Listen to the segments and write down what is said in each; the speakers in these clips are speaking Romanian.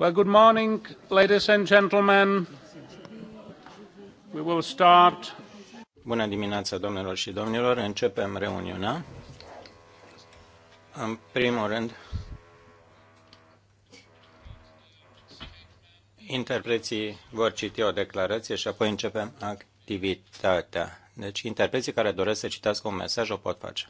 Well, good morning, ladies and gentlemen. We will start. Bună dimineața, domnilor și domnilor. Începem reuniunea. În primul rând, interpreții vor citi o declarație și apoi începem activitatea. Deci, interpreții care doresc să citească un mesaj o pot face.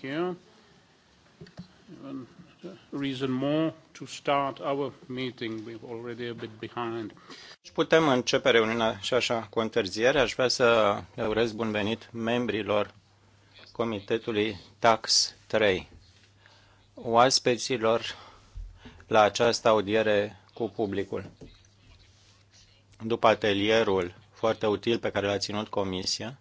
here. you. Even reason more to start our meeting. We're already a bit behind. Deci putem începe reuniunea și așa cu întârziere. Aș vrea să le urez bun venit membrilor Comitetului Tax 3, oaspeților la această audiere cu publicul. După atelierul foarte util pe care l-a ținut Comisia,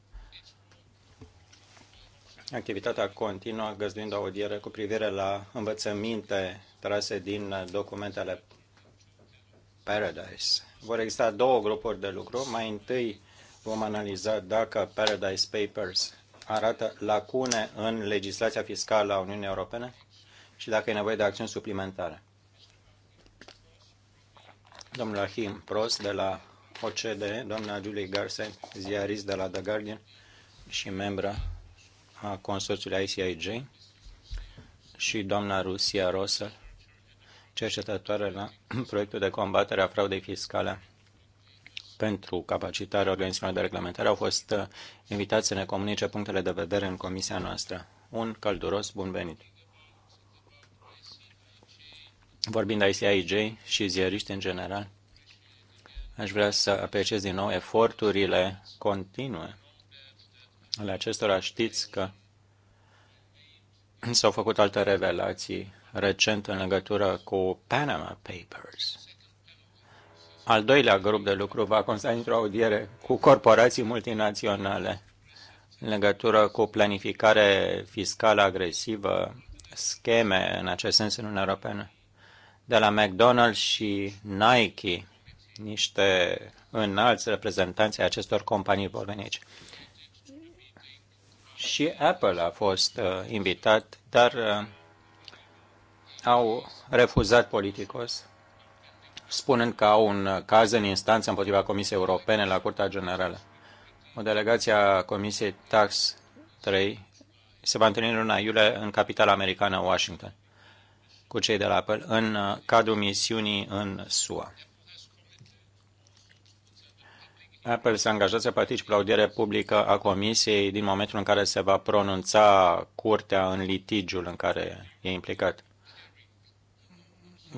activitatea continuă găzduind audiere cu privire la învățăminte trase din documentele Paradise. Vor exista două grupuri de lucru. Mai întâi vom analiza dacă Paradise Papers arată lacune în legislația fiscală a Uniunii Europene și dacă e nevoie de acțiuni suplimentare. Domnul Achim Prost de la OCDE, doamna Julie Garse, ziarist de la The Guardian și membra a consorțiului ICIJ și doamna Rusia Rosă, cercetătoare la proiectul de combatere a fraudei fiscale pentru capacitarea organismelor de reglementare, au fost uh, invitați să ne comunice punctele de vedere în comisia noastră. Un călduros bun venit! Vorbind de ICIJ și ziariști în general, aș vrea să apreciez din nou eforturile continue ale acestora știți că s-au făcut alte revelații recent în legătură cu Panama Papers. Al doilea grup de lucru va consta într-o audiere cu corporații multinaționale în legătură cu planificare fiscală agresivă, scheme în acest sens în Uniunea Europeană, de la McDonald's și Nike, niște înalți reprezentanți ai acestor companii vor veni aici. Și Apple a fost uh, invitat, dar uh, au refuzat politicos, spunând că au un caz în instanță împotriva Comisiei Europene la Curtea Generală. O delegație a Comisiei Tax 3 se va întâlni în luna iulie în capitala americană Washington cu cei de la Apple în uh, cadrul misiunii în SUA. Apple se angajează să participe la audiere publică a comisiei din momentul în care se va pronunța curtea în litigiul în care e implicat.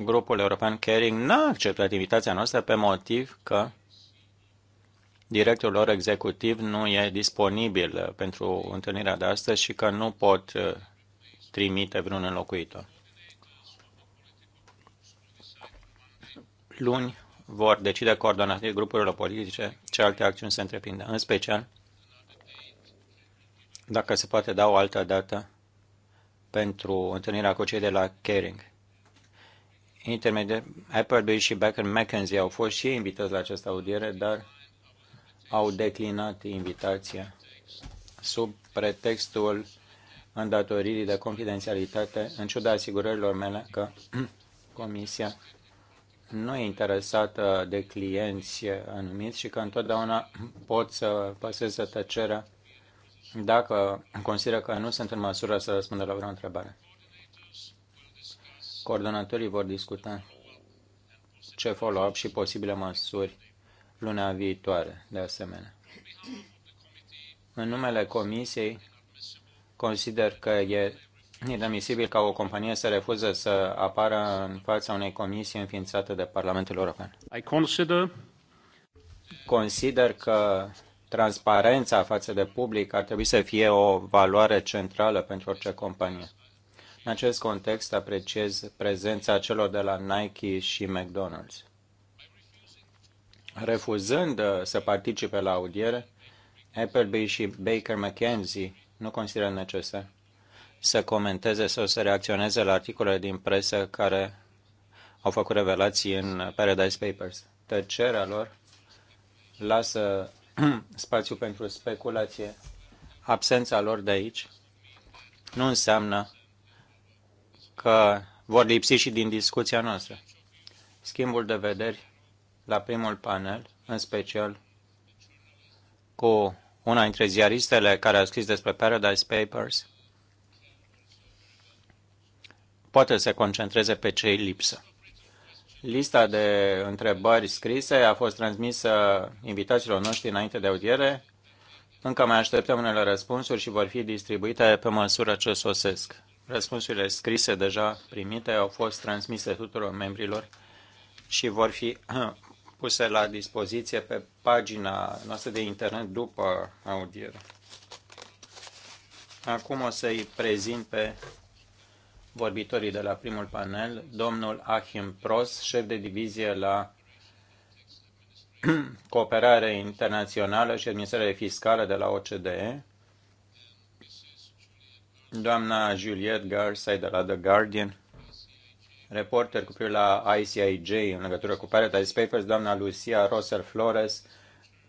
Grupul European Caring n-a acceptat invitația noastră pe motiv că directorul lor executiv nu e disponibil pentru întâlnirea de astăzi și că nu pot uh, trimite vreun înlocuitor. Luni vor decide coordonativ grupurile politice ce alte acțiuni se întreprinde. În special, dacă se poate da o altă dată pentru întâlnirea cu cei de la Caring. Intermediar Appleby și Becker McKenzie au fost și invitați la această audiere, dar au declinat invitația sub pretextul îndatoririi de confidențialitate, în ciuda asigurărilor mele că Comisia nu e interesată de clienți anumiți și că întotdeauna pot să păseze tăcerea dacă consideră că nu sunt în măsură să răspundă la vreo întrebare. Coordonatorii vor discuta ce follow-up și posibile măsuri luna viitoare, de asemenea. În numele Comisiei, consider că e inadmisibil ca o companie să refuze să apară în fața unei comisii înființate de Parlamentul European. I consider... consider că transparența față de public ar trebui să fie o valoare centrală pentru orice companie. În acest context apreciez prezența celor de la Nike și McDonald's. Refuzând uh, să participe la audiere, Appleby și Baker McKenzie nu consideră necesar să comenteze sau să reacționeze la articole din presă care au făcut revelații în Paradise Papers. Tăcerea lor lasă spațiu pentru speculație. Absența lor de aici nu înseamnă că vor lipsi și din discuția noastră. Schimbul de vederi la primul panel, în special cu una dintre ziaristele care a scris despre Paradise Papers, poate să se concentreze pe ce lipsă. Lista de întrebări scrise a fost transmisă invitațiilor noștri înainte de audiere. Încă mai așteptăm unele răspunsuri și vor fi distribuite pe măsură ce sosesc. Răspunsurile scrise deja primite au fost transmise tuturor membrilor și vor fi puse la dispoziție pe pagina noastră de internet după audiere. Acum o să-i prezint pe vorbitorii de la primul panel, domnul Achim Pros, șef de divizie la cooperare internațională și administrare fiscală de la OCDE, doamna Juliette Garsai de la The Guardian, reporter cu privire la ICIJ în legătură cu Paradise Papers, doamna Lucia Rosser Flores,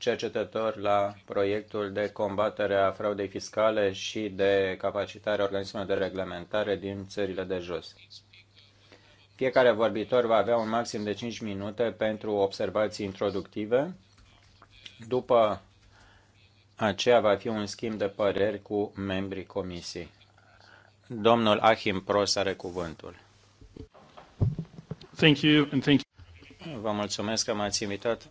cercetători la proiectul de combatere a fraudei fiscale și de capacitare a organismelor de reglementare din țările de jos. Fiecare vorbitor va avea un maxim de 5 minute pentru observații introductive. După aceea va fi un schimb de păreri cu membrii comisiei. Domnul Achim Pros are cuvântul. Thank you and thank you. Vă mulțumesc că m-ați invitat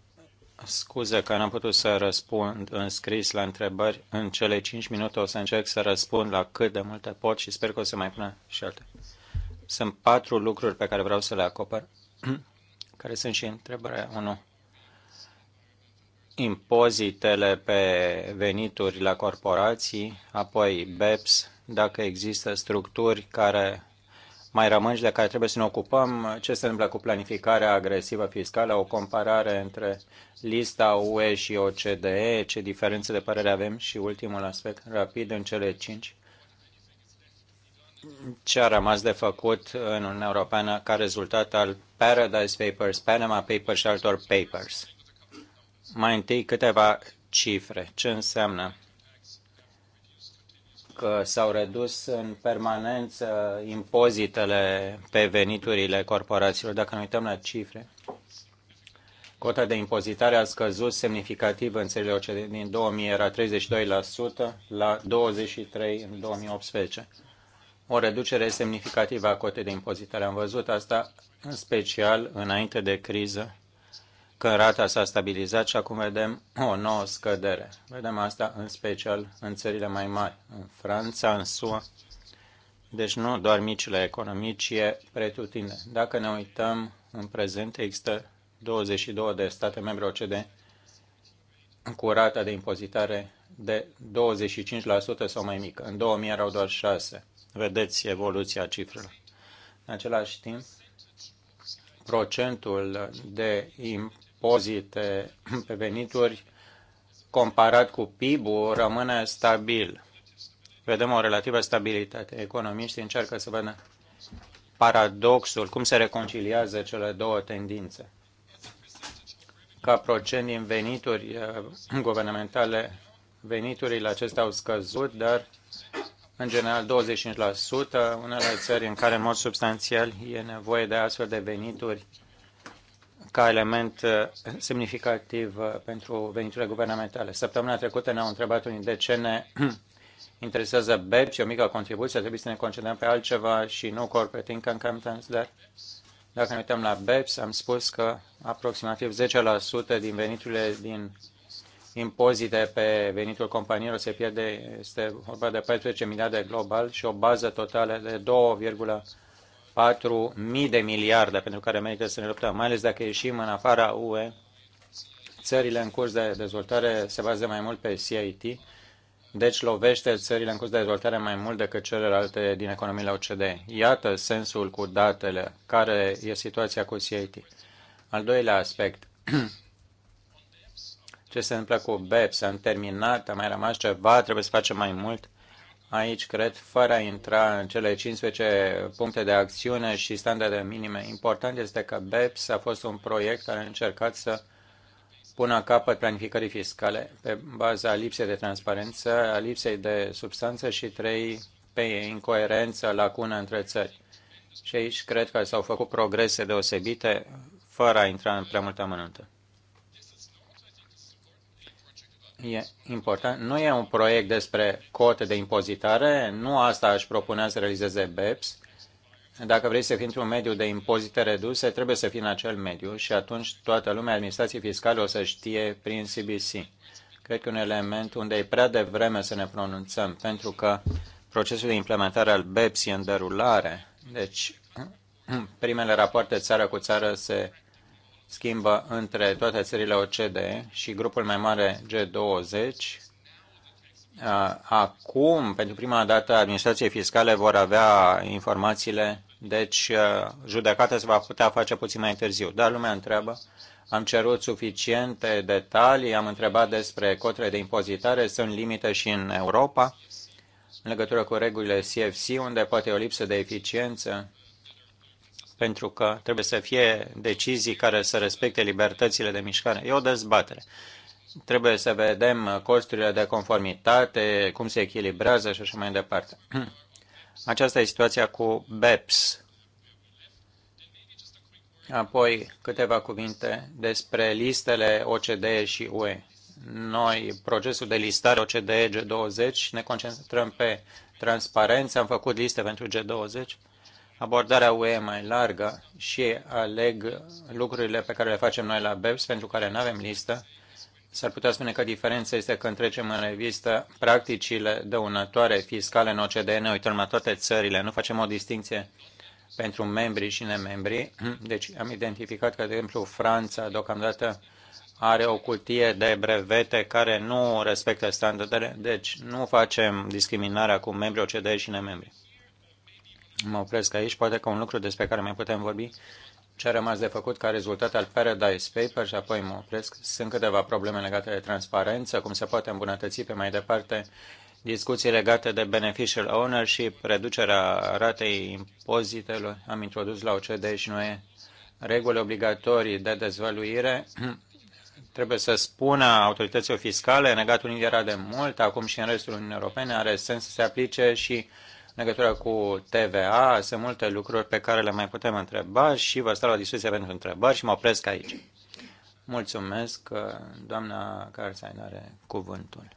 scuze că n-am putut să răspund în scris la întrebări. În cele 5 minute o să încerc să răspund la cât de multe pot și sper că o să mai pună și alte. Sunt patru lucruri pe care vreau să le acopăr, care sunt și întrebarea 1. Impozitele pe venituri la corporații, apoi BEPS, dacă există structuri care mai și de care trebuie să ne ocupăm, ce se întâmplă cu planificarea agresivă fiscală, o comparare între lista UE și OCDE, ce diferențe de părere avem și ultimul aspect, rapid în cele cinci, ce a rămas de făcut în Uniunea Europeană ca rezultat al Paradise Papers, Panama Papers și altor papers. Mai întâi câteva cifre. Ce înseamnă că s-au redus în permanență impozitele pe veniturile corporațiilor. Dacă ne uităm la cifre, cota de impozitare a scăzut semnificativ în țările OCDE. Din 2000 era 32% la 23% în 2018. O reducere semnificativă a cotei de impozitare. Am văzut asta în special înainte de criză când rata s-a stabilizat și acum vedem o nouă scădere. Vedem asta în special în țările mai mari, în Franța, în SUA. Deci nu doar micile economii, ci e pretutine. Dacă ne uităm în prezent, există 22 de state membre OCDE cu rata de impozitare de 25% sau mai mică. În 2000 erau doar 6. Vedeți evoluția cifrelor. În același timp, procentul de imp impozite pe venituri comparat cu PIB-ul rămâne stabil. Vedem o relativă stabilitate. Economiștii încearcă să vadă paradoxul, cum se reconciliază cele două tendințe. Ca procent din venituri eh, guvernamentale, veniturile acestea au scăzut, dar în general 25%, unele țări în care în mod substanțial e nevoie de astfel de venituri ca element uh, semnificativ uh, pentru veniturile guvernamentale. Săptămâna trecută ne-au întrebat unii de ce ne interesează BEPS, o mică contribuție, trebuie să ne concentrăm pe altceva și nu corporate income competence, dar dacă ne uităm la BEPS, am spus că aproximativ 10% din veniturile din impozite pe venitul companiilor se pierde, este vorba de 14 miliarde global și o bază totală de 4.000 de miliarde pentru care merită să ne luptăm, mai ales dacă ieșim în afara UE. Țările în curs de dezvoltare se bazează mai mult pe CIT, deci lovește țările în curs de dezvoltare mai mult decât celelalte din economiile OCDE. Iată sensul cu datele, care e situația cu CIT. Al doilea aspect, ce se întâmplă cu BEPS, am terminat, a mai rămas ceva, trebuie să facem mai mult aici, cred, fără a intra în cele 15 puncte de acțiune și standarde minime. Important este că BEPS a fost un proiect care a încercat să pună capăt planificării fiscale pe baza lipsei de transparență, a lipsei de substanță și trei pe incoerență, lacună între țări. Și aici cred că s-au făcut progrese deosebite fără a intra în prea multă amănunte. E important. Nu e un proiect despre cote de impozitare, nu asta aș propunea să realizeze BEPS. Dacă vrei să fii într-un mediu de impozite reduse, trebuie să fii în acel mediu și atunci toată lumea administrației fiscale o să știe prin CBC. Cred că un element unde e prea devreme să ne pronunțăm, pentru că procesul de implementare al BEPS e în derulare. Deci, primele rapoarte țară cu țară se schimbă între toate țările OCDE și grupul mai mare G20. Acum, pentru prima dată, administrației fiscale vor avea informațiile, deci judecata se va putea face puțin mai târziu. Dar lumea întreabă, am cerut suficiente detalii, am întrebat despre cotele de impozitare, sunt limite și în Europa, în legătură cu regulile CFC, unde poate e o lipsă de eficiență pentru că trebuie să fie decizii care să respecte libertățile de mișcare. E o dezbatere. Trebuie să vedem costurile de conformitate, cum se echilibrează și așa mai departe. Aceasta e situația cu BEPS. Apoi câteva cuvinte despre listele OCDE și UE. Noi, procesul de listare OCDE G20, ne concentrăm pe transparență. Am făcut liste pentru G20 abordarea UE mai largă și aleg lucrurile pe care le facem noi la BEPS, pentru care nu avem listă, s-ar putea spune că diferența este când trecem în revistă practicile dăunătoare fiscale în OCDE, ne uităm la toate țările, nu facem o distinție pentru membri și nemembri. Deci am identificat că, de exemplu, Franța deocamdată are o cutie de brevete care nu respectă standardele, deci nu facem discriminarea cu membrii OCDE și nemembrii. Mă opresc aici, poate că un lucru despre care mai putem vorbi, ce a rămas de făcut ca rezultat al Paradise Paper și apoi mă opresc, sunt câteva probleme legate de transparență, cum se poate îmbunătăți pe mai departe discuții legate de beneficial ownership, reducerea ratei impozitelor. Am introdus la OCD și noi reguli obligatorii de dezvăluire. Trebuie să spună autorității fiscale, negatul era de mult, acum și în restul Uniunii Europene are sens să se aplice și în legătură cu TVA, sunt multe lucruri pe care le mai putem întreba și vă stau la discuție pentru întrebări și mă opresc aici. Mulțumesc, doamna Carțain are cuvântul.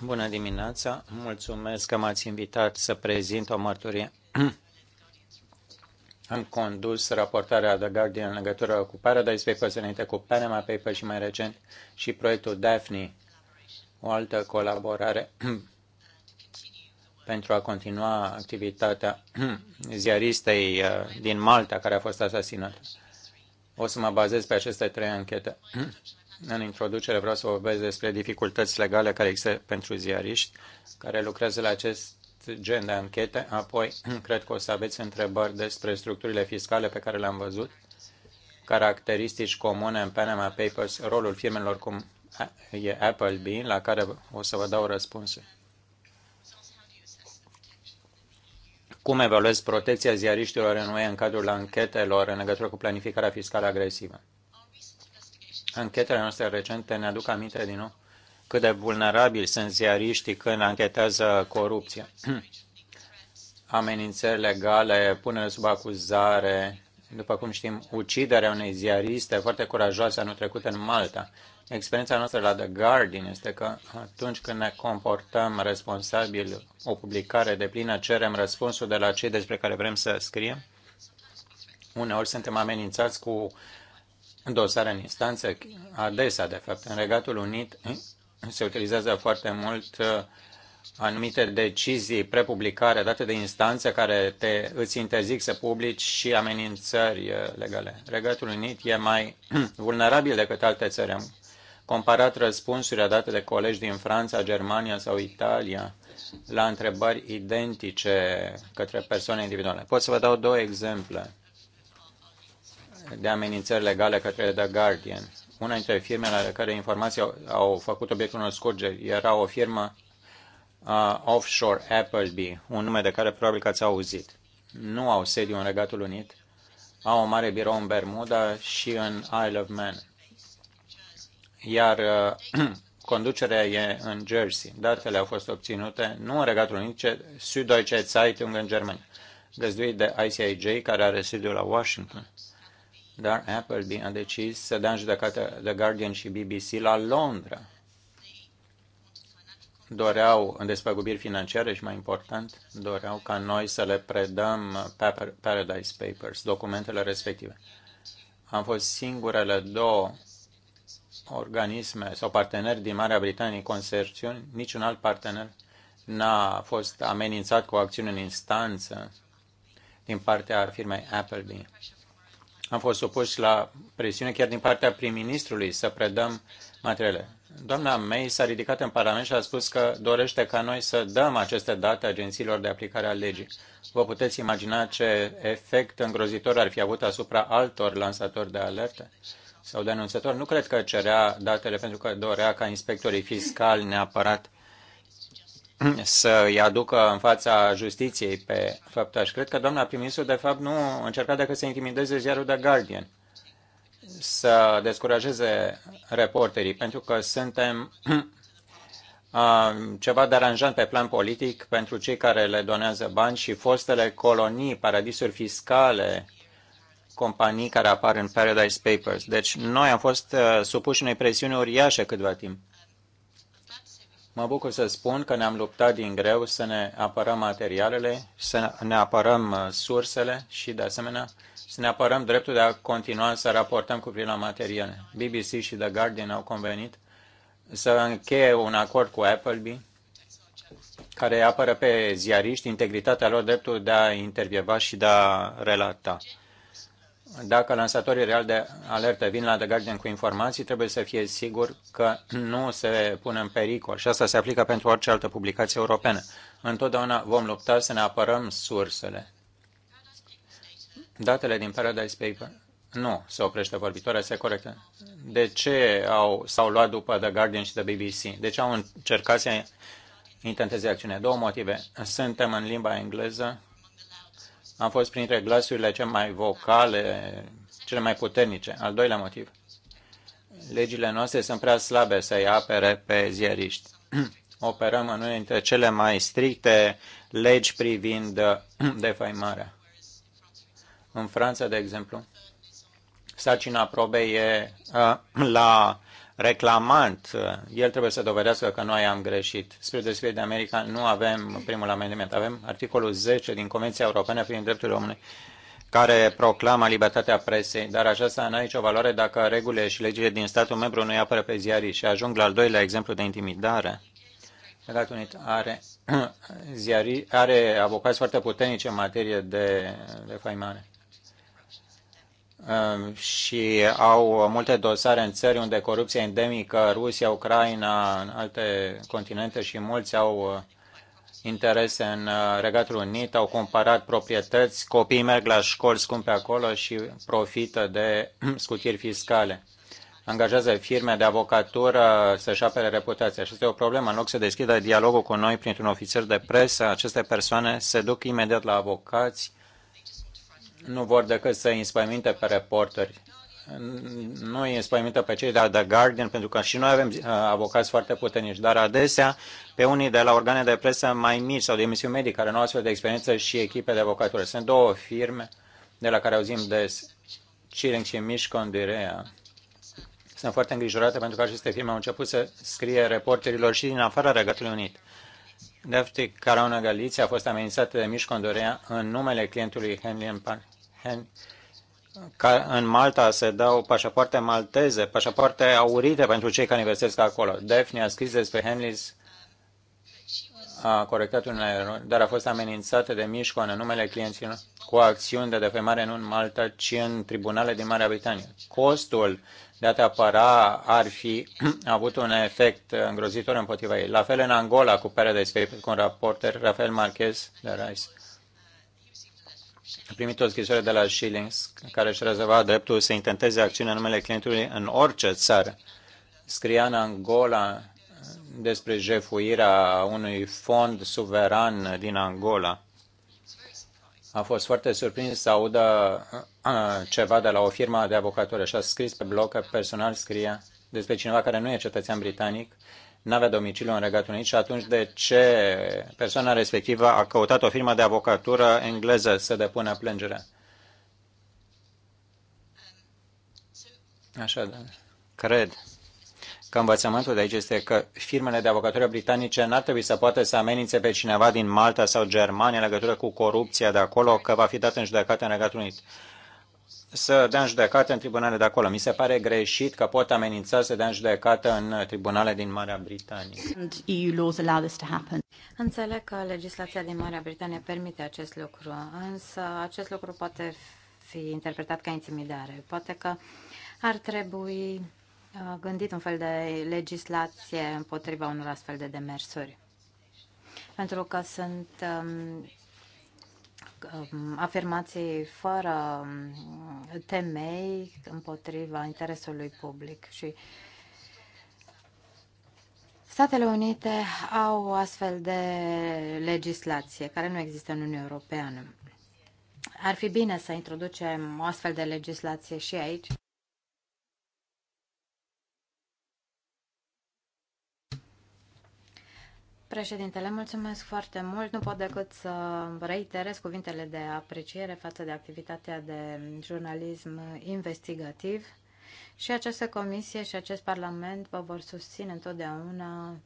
Bună dimineața, mulțumesc că m-ați invitat să prezint o mărturie. Am condus raportarea The Guardian în legătură cu Paradise Papers înainte cu Panama Papers și mai recent și proiectul Daphne, o altă colaborare pentru a continua activitatea ziaristei uh, din Malta care a fost asasinată. O să mă bazez pe aceste trei anchete. În introducere vreau să vorbesc despre dificultăți legale care există pentru ziariști care lucrează la acest gen de anchete. Apoi, cred că o să aveți întrebări despre structurile fiscale pe care le-am văzut, caracteristici comune în Panama Papers, rolul firmelor cum e Apple Bean, la care o să vă dau răspunsuri. cum evaluezi protecția ziariștilor în UE în cadrul anchetelor în legătură cu planificarea fiscală agresivă. Anchetele noastre recente ne aduc aminte din nou cât de vulnerabili sunt ziariștii când anchetează corupția. Amenințări legale, punere sub acuzare, după cum știm, uciderea unei ziariste foarte curajoase anul trecut în Malta. Experiența noastră la The Guardian este că atunci când ne comportăm responsabil, o publicare de plină, cerem răspunsul de la cei despre care vrem să scriem. Uneori suntem amenințați cu dosare în instanță, adesea, de fapt. În Regatul Unit se utilizează foarte mult uh, anumite decizii prepublicare date de instanțe care te, îți interzic să publici și amenințări uh, legale. Regatul Unit e mai vulnerabil decât alte țări. Am comparat răspunsurile date de colegi din Franța, Germania sau Italia la întrebări identice către persoane individuale. Pot să vă dau două exemple de amenințări legale către The Guardian. Una dintre firmele la care informații au, au făcut obiectul unor scurgeri era o firmă uh, offshore, Appleby, un nume de care probabil că ați auzit. Nu au sediu în Regatul Unit, au o mare birou în Bermuda și în Isle of Man iar uh, conducerea e în Jersey. Datele au fost obținute nu în Regatul Unit, ci Süddeutsche Zeitung în Germania, găzduit de ICIJ, care are sediul la Washington. Dar Appleby a decis să dea în judecată The Guardian și BBC la Londra. Doreau în despăgubiri financiare și, mai important, doreau ca noi să le predăm Paradise Papers, documentele respective. Am fost singurele două organisme sau parteneri din Marea Britanie, consorțiuni, niciun alt partener n-a fost amenințat cu o acțiune în instanță din partea firmei Appleby. Am fost supuși la presiune chiar din partea prim-ministrului să predăm materiale. Doamna May s-a ridicat în Parlament și a spus că dorește ca noi să dăm aceste date agențiilor de aplicare a legii. Vă puteți imagina ce efect îngrozitor ar fi avut asupra altor lansatori de alerte? sau de anunțător, nu cred că cerea datele pentru că dorea ca inspectorii fiscali neapărat să îi aducă în fața justiției pe făptași. Cred că doamna primisul de fapt, nu încerca decât să intimideze ziarul de Guardian, să descurajeze reporterii, pentru că suntem ceva deranjant pe plan politic pentru cei care le donează bani și fostele colonii, paradisuri fiscale, companii care apar în Paradise Papers. Deci noi am fost uh, supuși unei presiuni uriașe câtva timp. Mă bucur să spun că ne-am luptat din greu să ne apărăm materialele, să ne apărăm uh, sursele și, de asemenea, să ne apărăm dreptul de a continua să raportăm cu privire la materiale. BBC și The Guardian au convenit să încheie un acord cu Appleby care apără pe ziariști integritatea lor, dreptul de a intervieva și de a relata dacă lansatorii reali de alertă vin la The Guardian cu informații, trebuie să fie sigur că nu se pune în pericol. Și asta se aplică pentru orice altă publicație europeană. Întotdeauna vom lupta să ne apărăm sursele. Datele din Paradise Paper. Nu, se oprește vorbitoarea, se corectă. De ce au, s-au luat după The Guardian și The BBC? De ce au încercat să intenteze acțiune? Două motive. Suntem în limba engleză, am fost printre glasurile cele mai vocale, cele mai puternice. Al doilea motiv. Legile noastre sunt prea slabe să-i apere pe ziariști. Operăm în unele dintre cele mai stricte legi privind defaimarea. În Franța, de exemplu, sarcina probei e la reclamant, uh, el trebuie să dovedească că noi am greșit. Spre deosebire de America, nu avem primul amendament. Avem articolul 10 din Convenția Europeană privind drepturile omului, care proclamă libertatea presei, dar aceasta nu are nicio valoare dacă regulile și legile din statul membru nu i apără pe ziarii. Și ajung la al doilea exemplu de intimidare. Regatul Unit are, ziarii, are avocați foarte puternici în materie de, de faimare. Um, și au multe dosare în țări unde corupția endemică, Rusia, Ucraina, în alte continente și mulți au uh, interese în uh, Regatul Unit, au cumpărat proprietăți, copiii merg la școli scumpe acolo și profită de scutiri fiscale. Angajează firme de avocatură să-și apere reputația. Și este o problemă. În loc să deschidă dialogul cu noi printr-un ofițer de presă, aceste persoane se duc imediat la avocați nu vor decât să înspăimintă pe reporteri. Nu îi înspăimintă pe cei de la The Guardian, pentru că și noi avem uh, avocați foarte puternici, dar adesea pe unii de la organe de presă mai mici sau de emisiuni medii care nu au astfel de experiență și echipe de avocatură. Sunt două firme de la care auzim des, Ciring și Mișcondirea. Sunt foarte îngrijorate pentru că aceste firme au început să scrie reporterilor și din afara Regatului Unit. Deftic Carauna Galiția a fost amenințată de Mișcondorea în numele clientului Henley Park ca în Malta se dau pașapoarte malteze, pașapoarte aurite pentru cei care investesc acolo. Daphne a scris despre Hamlis, a corectat un erori, dar a fost amenințată de Mișco în numele clienților cu acțiuni de defemare nu în Malta, ci în tribunale din Marea Britanie. Costul de a te apăra ar fi avut un efect îngrozitor împotriva ei. La fel în Angola, cu pere de cu un raporter, Rafael Marquez de Rice a primit o scrisoare de la Schillings care își rezerva dreptul să intenteze acțiune în numele clientului în orice țară. Scria în Angola despre jefuirea unui fond suveran din Angola. A fost foarte surprins să audă uh, ceva de la o firmă de avocatură și a scris pe bloc personal scria despre cineva care nu e cetățean britanic nu avea domiciliu în Regatul Unit și atunci de ce persoana respectivă a căutat o firmă de avocatură engleză să depună plângerea? Așa, da. cred că învățământul de aici este că firmele de avocatură britanice n-ar trebui să poată să amenințe pe cineva din Malta sau Germania în legătură cu corupția de acolo, că va fi dat în judecată în Regatul Unit să dea în judecată în tribunale de acolo. Mi se pare greșit că pot amenința să dea în judecată în tribunale din Marea Britanie. Înțeleg că legislația din Marea Britanie permite acest lucru, însă acest lucru poate fi interpretat ca intimidare. Poate că ar trebui uh, gândit un fel de legislație împotriva unor astfel de demersuri. Pentru că sunt um, Um, afirmații fără um, temei împotriva interesului public și Statele Unite au astfel de legislație care nu există în Uniunea Europeană. Ar fi bine să introducem o astfel de legislație și aici. Președintele, mulțumesc foarte mult. Nu pot decât să reiterez cuvintele de apreciere față de activitatea de jurnalism investigativ și această comisie și acest parlament vă vor susține întotdeauna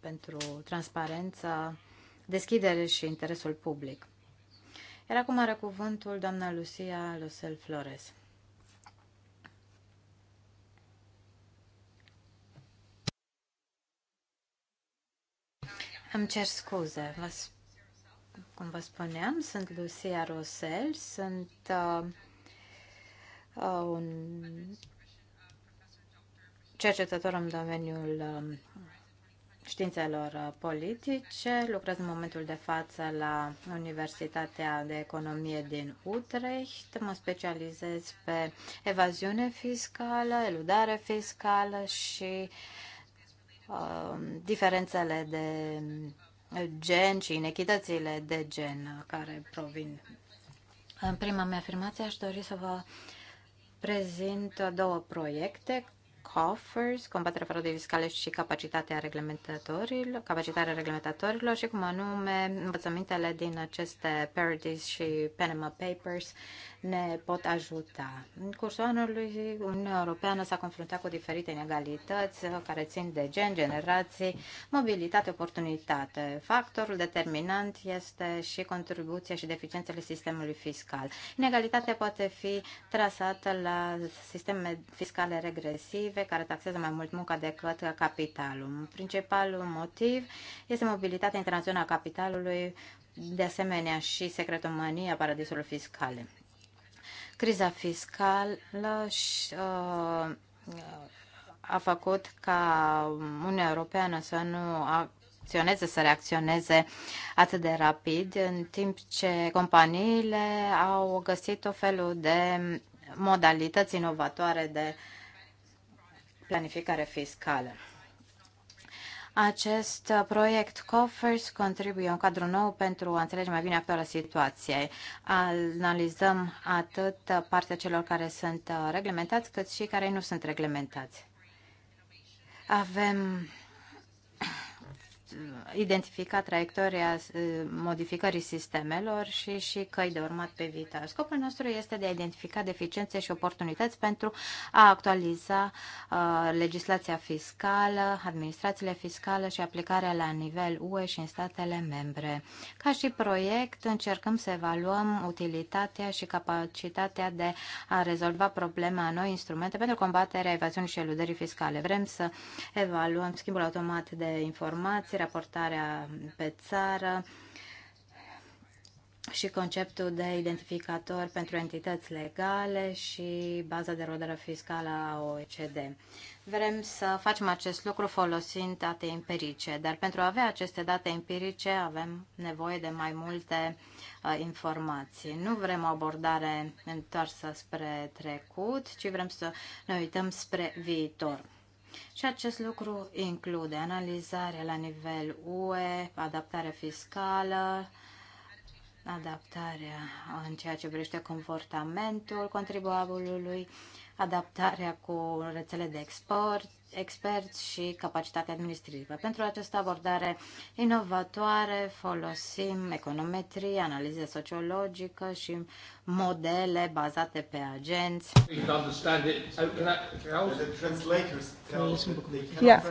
pentru transparența, deschidere și interesul public. Iar acum are cuvântul doamna Lucia Losel Flores. Îmi cer scuze, vă, cum vă spuneam, sunt Lucia Rosel, sunt uh, uh un cercetător în domeniul um, uh, științelor politice, lucrez în momentul de față la Universitatea de Economie din Utrecht, mă specializez pe evaziune fiscală, eludare fiscală și uh, Um, diferențele de gen și inechitățile de gen care provin. În prima mea afirmație aș dori să vă prezint două proiecte COFFERS, combaterea fraudei fiscale și capacitatea reglementatorilor, capacitarea reglementatorilor și cum anume învățămintele din aceste Parodies și Panama Papers ne pot ajuta. În cursul anului, Uniunea Europeană s-a confruntat cu diferite inegalități care țin de gen, generații, mobilitate, oportunitate. Factorul determinant este și contribuția și deficiențele sistemului fiscal. Inegalitatea poate fi trasată la sisteme fiscale regresive care taxează mai mult munca decât capitalul. Principalul motiv este mobilitatea internațională a capitalului, de asemenea și secretomania paradisului fiscale. Criza fiscală și, uh, a făcut ca Uniunea Europeană să nu acționeze, să reacționeze atât de rapid, în timp ce companiile au găsit o felul de modalități inovatoare de planificare fiscală. Acest proiect COFERS contribuie un cadru nou pentru a înțelege mai bine actuala situație. Analizăm atât partea celor care sunt reglementați, cât și care nu sunt reglementați. Avem identifica traiectoria eh, modificării sistemelor și, și căi de urmat pe viitor. Scopul nostru este de a identifica deficiențe și oportunități pentru a actualiza uh, legislația fiscală, administrațiile fiscale și aplicarea la nivel UE și în statele membre. Ca și proiect, încercăm să evaluăm utilitatea și capacitatea de a rezolva problema noi instrumente pentru combaterea evaziunii și eludării fiscale. Vrem să evaluăm schimbul automat de informații, raportarea pe țară și conceptul de identificator pentru entități legale și baza de rodare fiscală a OECD. Vrem să facem acest lucru folosind date empirice, dar pentru a avea aceste date empirice avem nevoie de mai multe uh, informații. Nu vrem o abordare întoarsă spre trecut, ci vrem să ne uităm spre viitor. Și acest lucru include analizarea la nivel UE, adaptarea fiscală, adaptarea în ceea ce privește comportamentul contribuabilului, adaptarea cu rețele de export, experți și capacitatea administrativă. Pentru această abordare inovatoare folosim econometrie, analize sociologică și modele bazate pe agenți. Yeah.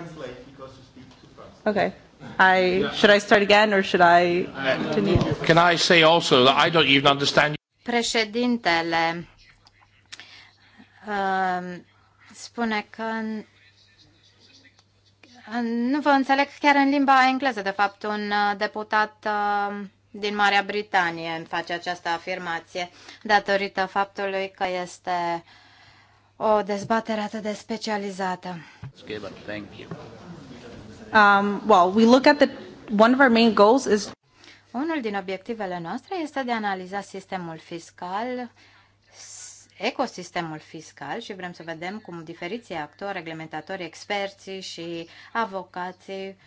Okay. I should I start again or should I continue? Can I say also that I don't even understand Președintele Ehm, spune că nu vă înțeleg chiar în limba engleză, de fapt, un uh, deputat ehm, din Marea Britanie îmi face această afirmație, datorită faptului că este o dezbatere atât de specializată. Um, well, we look at the, one of our main goals is... Unul din obiectivele noastre este de a analiza sistemul fiscal ecosistemul fiscal și vrem să vedem cum diferiții actori, reglementatori, experții și avocații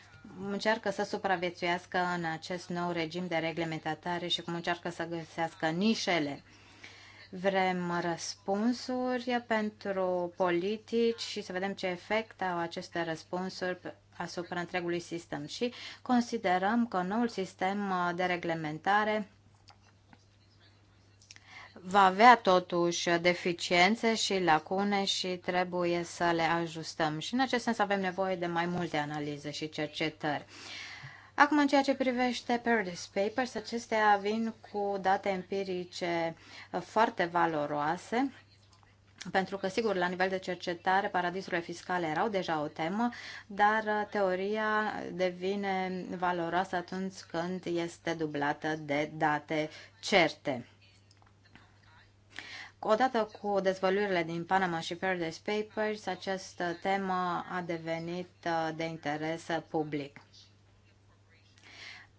încearcă să supraviețuiască în acest nou regim de reglementare și cum încearcă să găsească nișele. Vrem răspunsuri pentru politici și să vedem ce efect au aceste răspunsuri asupra întregului sistem și considerăm că noul sistem de reglementare va avea totuși deficiențe și lacune și trebuie să le ajustăm. Și în acest sens avem nevoie de mai multe analize și cercetări. Acum, în ceea ce privește Paradise Papers, acestea vin cu date empirice foarte valoroase, pentru că, sigur, la nivel de cercetare, paradisurile fiscale erau deja o temă, dar teoria devine valoroasă atunci când este dublată de date certe. Odată cu dezvăluirile din Panama și Paradise Papers, această temă a devenit uh, de interes public.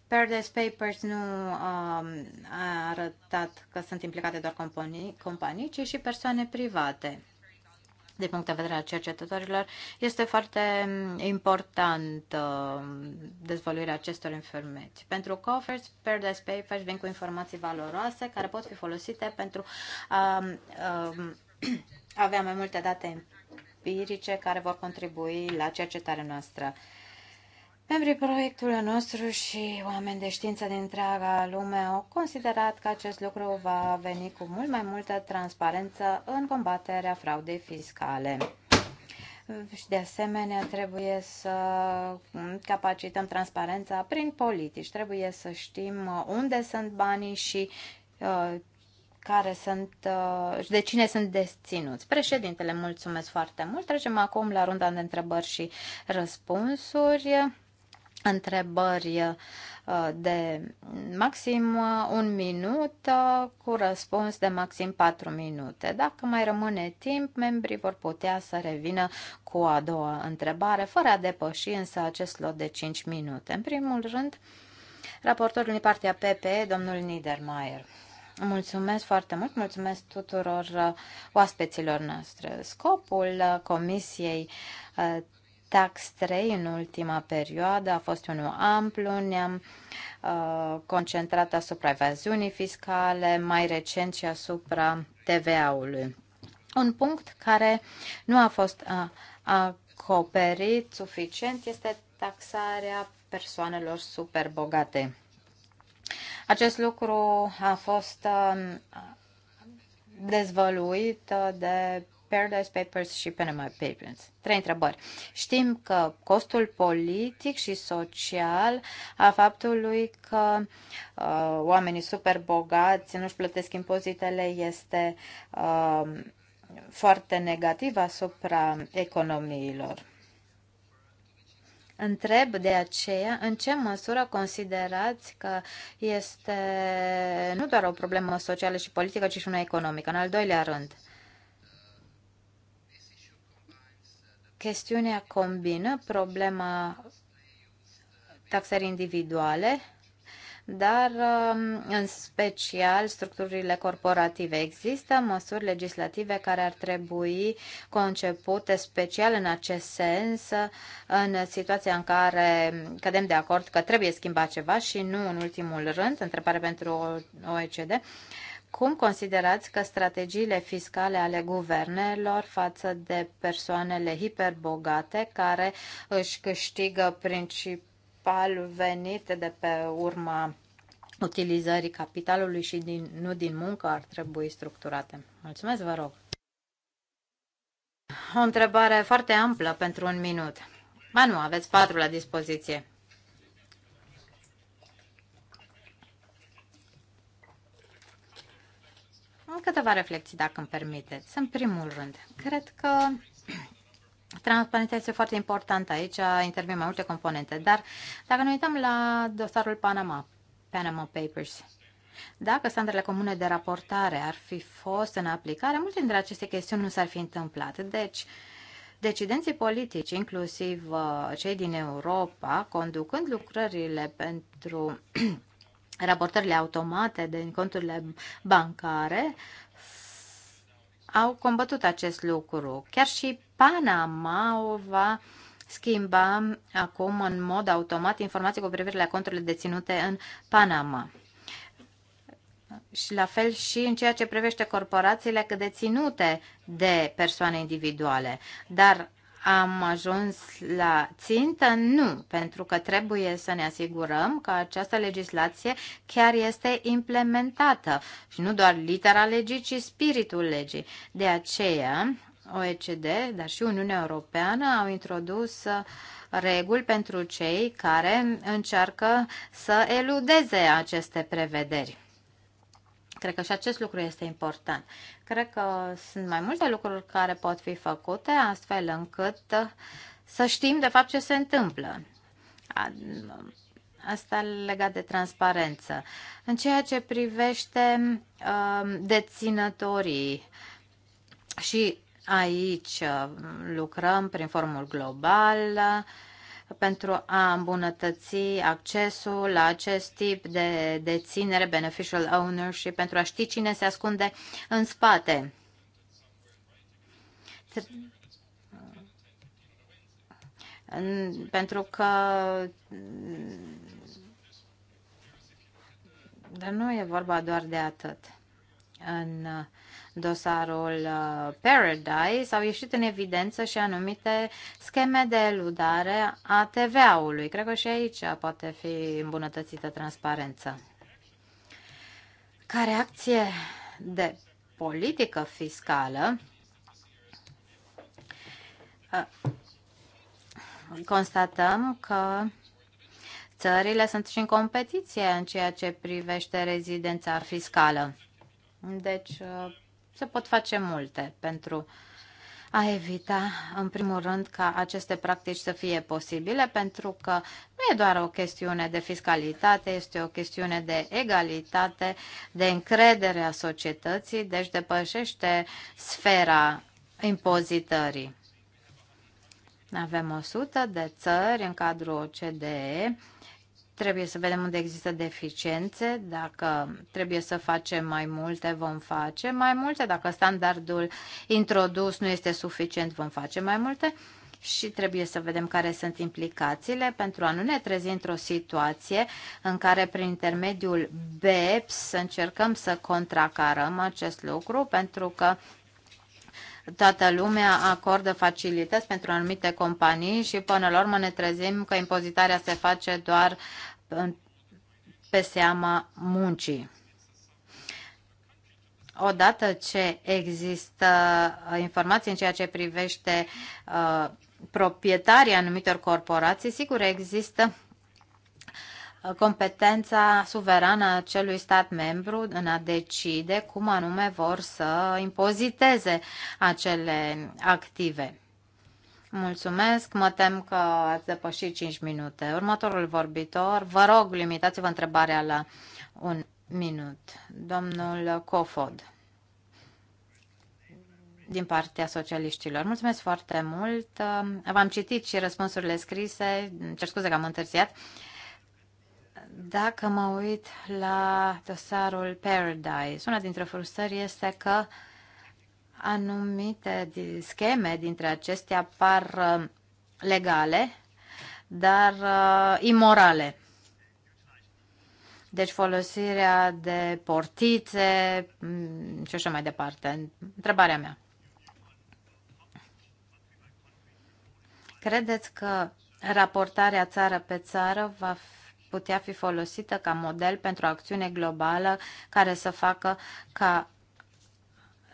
Paradise Papers nu um, a arătat că sunt implicate doar companii, companii, ci și persoane private din punct de vedere al cercetătorilor, este foarte important um, dezvăluirea acestor informații. Pentru covers, Paradise Papers vin cu informații valoroase care pot fi folosite pentru a, um, avea mai multe date empirice care vor contribui la cercetarea noastră. Membrii proiectului nostru și oameni de știință din întreaga lume au considerat că acest lucru va veni cu mult mai multă transparență în combaterea fraudei fiscale. Și de asemenea trebuie să capacităm transparența prin politici. Trebuie să știm uh, unde sunt banii și uh, care sunt, uh, de cine sunt deținuți. Președintele, mulțumesc foarte mult. Trecem acum la runda de întrebări și răspunsuri întrebări uh, de maxim uh, un minut uh, cu răspuns de maxim 4 minute. Dacă mai rămâne timp, membrii vor putea să revină cu a doua întrebare, fără a depăși însă acest lot de 5 minute. În primul rând, raportorul din partea PPE, domnul Niedermayer. Mulțumesc foarte mult, mulțumesc tuturor oaspeților noastre. Scopul Comisiei Tax 3 în ultima perioadă a fost unul amplu, ne-am uh, concentrat asupra evaziunii fiscale, mai recent și asupra TVA-ului. Un punct care nu a fost uh, acoperit suficient este taxarea persoanelor super bogate. Acest lucru a fost uh, dezvăluit de Paradise Papers și Panama Papers. Trei întrebări. Știm că costul politic și social a faptului că uh, oamenii super bogați nu-și plătesc impozitele este uh, foarte negativ asupra economiilor. Întreb de aceea în ce măsură considerați că este nu doar o problemă socială și politică, ci și una economică. În al doilea rând, uh, chestiunea combină problema taxării individuale, dar um, în special structurile corporative. Există măsuri legislative care ar trebui concepute special în acest sens, în situația în care cădem de acord că trebuie schimbat ceva și nu în ultimul rând, întrebare pentru OECD, cum considerați că strategiile fiscale ale guvernelor față de persoanele hiperbogate care își câștigă principalul venit de pe urma utilizării capitalului și din, nu din muncă ar trebui structurate? Mulțumesc, vă rog. O întrebare foarte amplă pentru un minut. Ba nu, aveți patru la dispoziție. câteva reflexii, dacă îmi permiteți. În primul rând, cred că Transparența este foarte importantă aici, intervin mai multe componente, dar dacă ne uităm la dosarul Panama, Panama Papers, dacă standardele comune de raportare ar fi fost în aplicare, multe dintre aceste chestiuni nu s-ar fi întâmplat. Deci, decidenții politici, inclusiv uh, cei din Europa, conducând lucrările pentru raportările automate din conturile bancare au combătut acest lucru. Chiar și Panama o va schimba acum în mod automat informații cu privire la conturile deținute în Panama. Și la fel și în ceea ce privește corporațiile deținute de persoane individuale. Dar am ajuns la țintă? Nu, pentru că trebuie să ne asigurăm că această legislație chiar este implementată și nu doar litera legii, ci spiritul legii. De aceea, OECD, dar și Uniunea Europeană au introdus uh, reguli pentru cei care încearcă să eludeze aceste prevederi. Cred că și acest lucru este important. Cred că sunt mai multe lucruri care pot fi făcute astfel încât să știm de fapt ce se întâmplă. Asta legat de transparență. În ceea ce privește um, deținătorii și aici um, lucrăm prin formul global, pentru a îmbunătăți accesul la acest tip de deținere, beneficial ownership, pentru a ști cine se ascunde în spate. Pentru că dar nu e vorba doar de atât. În uh, dosarul uh, Paradise, au ieșit în evidență și anumite scheme de eludare a TVA-ului. Cred că și aici poate fi îmbunătățită transparența. Ca reacție de politică fiscală, uh, constatăm că țările sunt și în competiție în ceea ce privește rezidența fiscală. Deci, uh, se pot face multe pentru a evita, în primul rând, ca aceste practici să fie posibile, pentru că nu e doar o chestiune de fiscalitate, este o chestiune de egalitate, de încredere a societății, deci depășește sfera impozitării. Avem 100 de țări în cadrul OCDE Trebuie să vedem unde există deficiențe, dacă trebuie să facem mai multe, vom face mai multe, dacă standardul introdus nu este suficient, vom face mai multe și trebuie să vedem care sunt implicațiile pentru a nu ne trezi într-o situație în care prin intermediul BEPS să încercăm să contracarăm acest lucru pentru că toată lumea acordă facilități pentru anumite companii și până la urmă ne trezim că impozitarea se face doar pe seama muncii. Odată ce există uh, informații în ceea ce privește uh, proprietarii anumitor corporații, sigur există competența suverană a celui stat membru în a decide cum anume vor să impoziteze acele active. Mulțumesc, mă tem că ați depășit 5 minute. Următorul vorbitor, vă rog, limitați-vă întrebarea la un minut. Domnul Cofod, din partea socialiștilor. Mulțumesc foarte mult. V-am citit și răspunsurile scrise, cer scuze că am întârziat. Uh, dacă mă uit la dosarul Paradise, una dintre frustrări este că anumite scheme dintre acestea par uh, legale, dar uh, imorale. Deci folosirea de portițe mm, și așa mai departe. Întrebarea mea. Credeți că raportarea țară pe țară va putea fi folosită ca model pentru o acțiune globală care să facă ca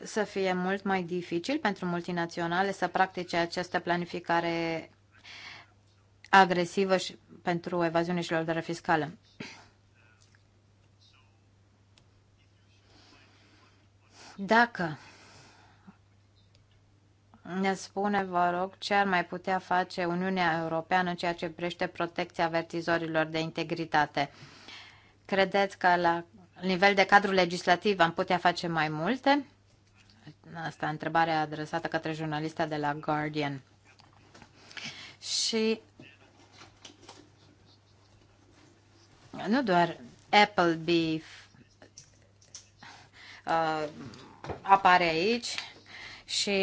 să fie mult mai dificil pentru multinaționale să practice această planificare agresivă și pentru evaziune și lăudare fiscală. Dacă ne spune, vă rog, ce ar mai putea face Uniunea Europeană în ceea ce privește protecția avertizorilor de integritate? Credeți că la nivel de cadru legislativ am putea face mai multe? Asta e întrebarea adresată către jurnalista de la Guardian. Și nu doar Beef uh, apare aici, și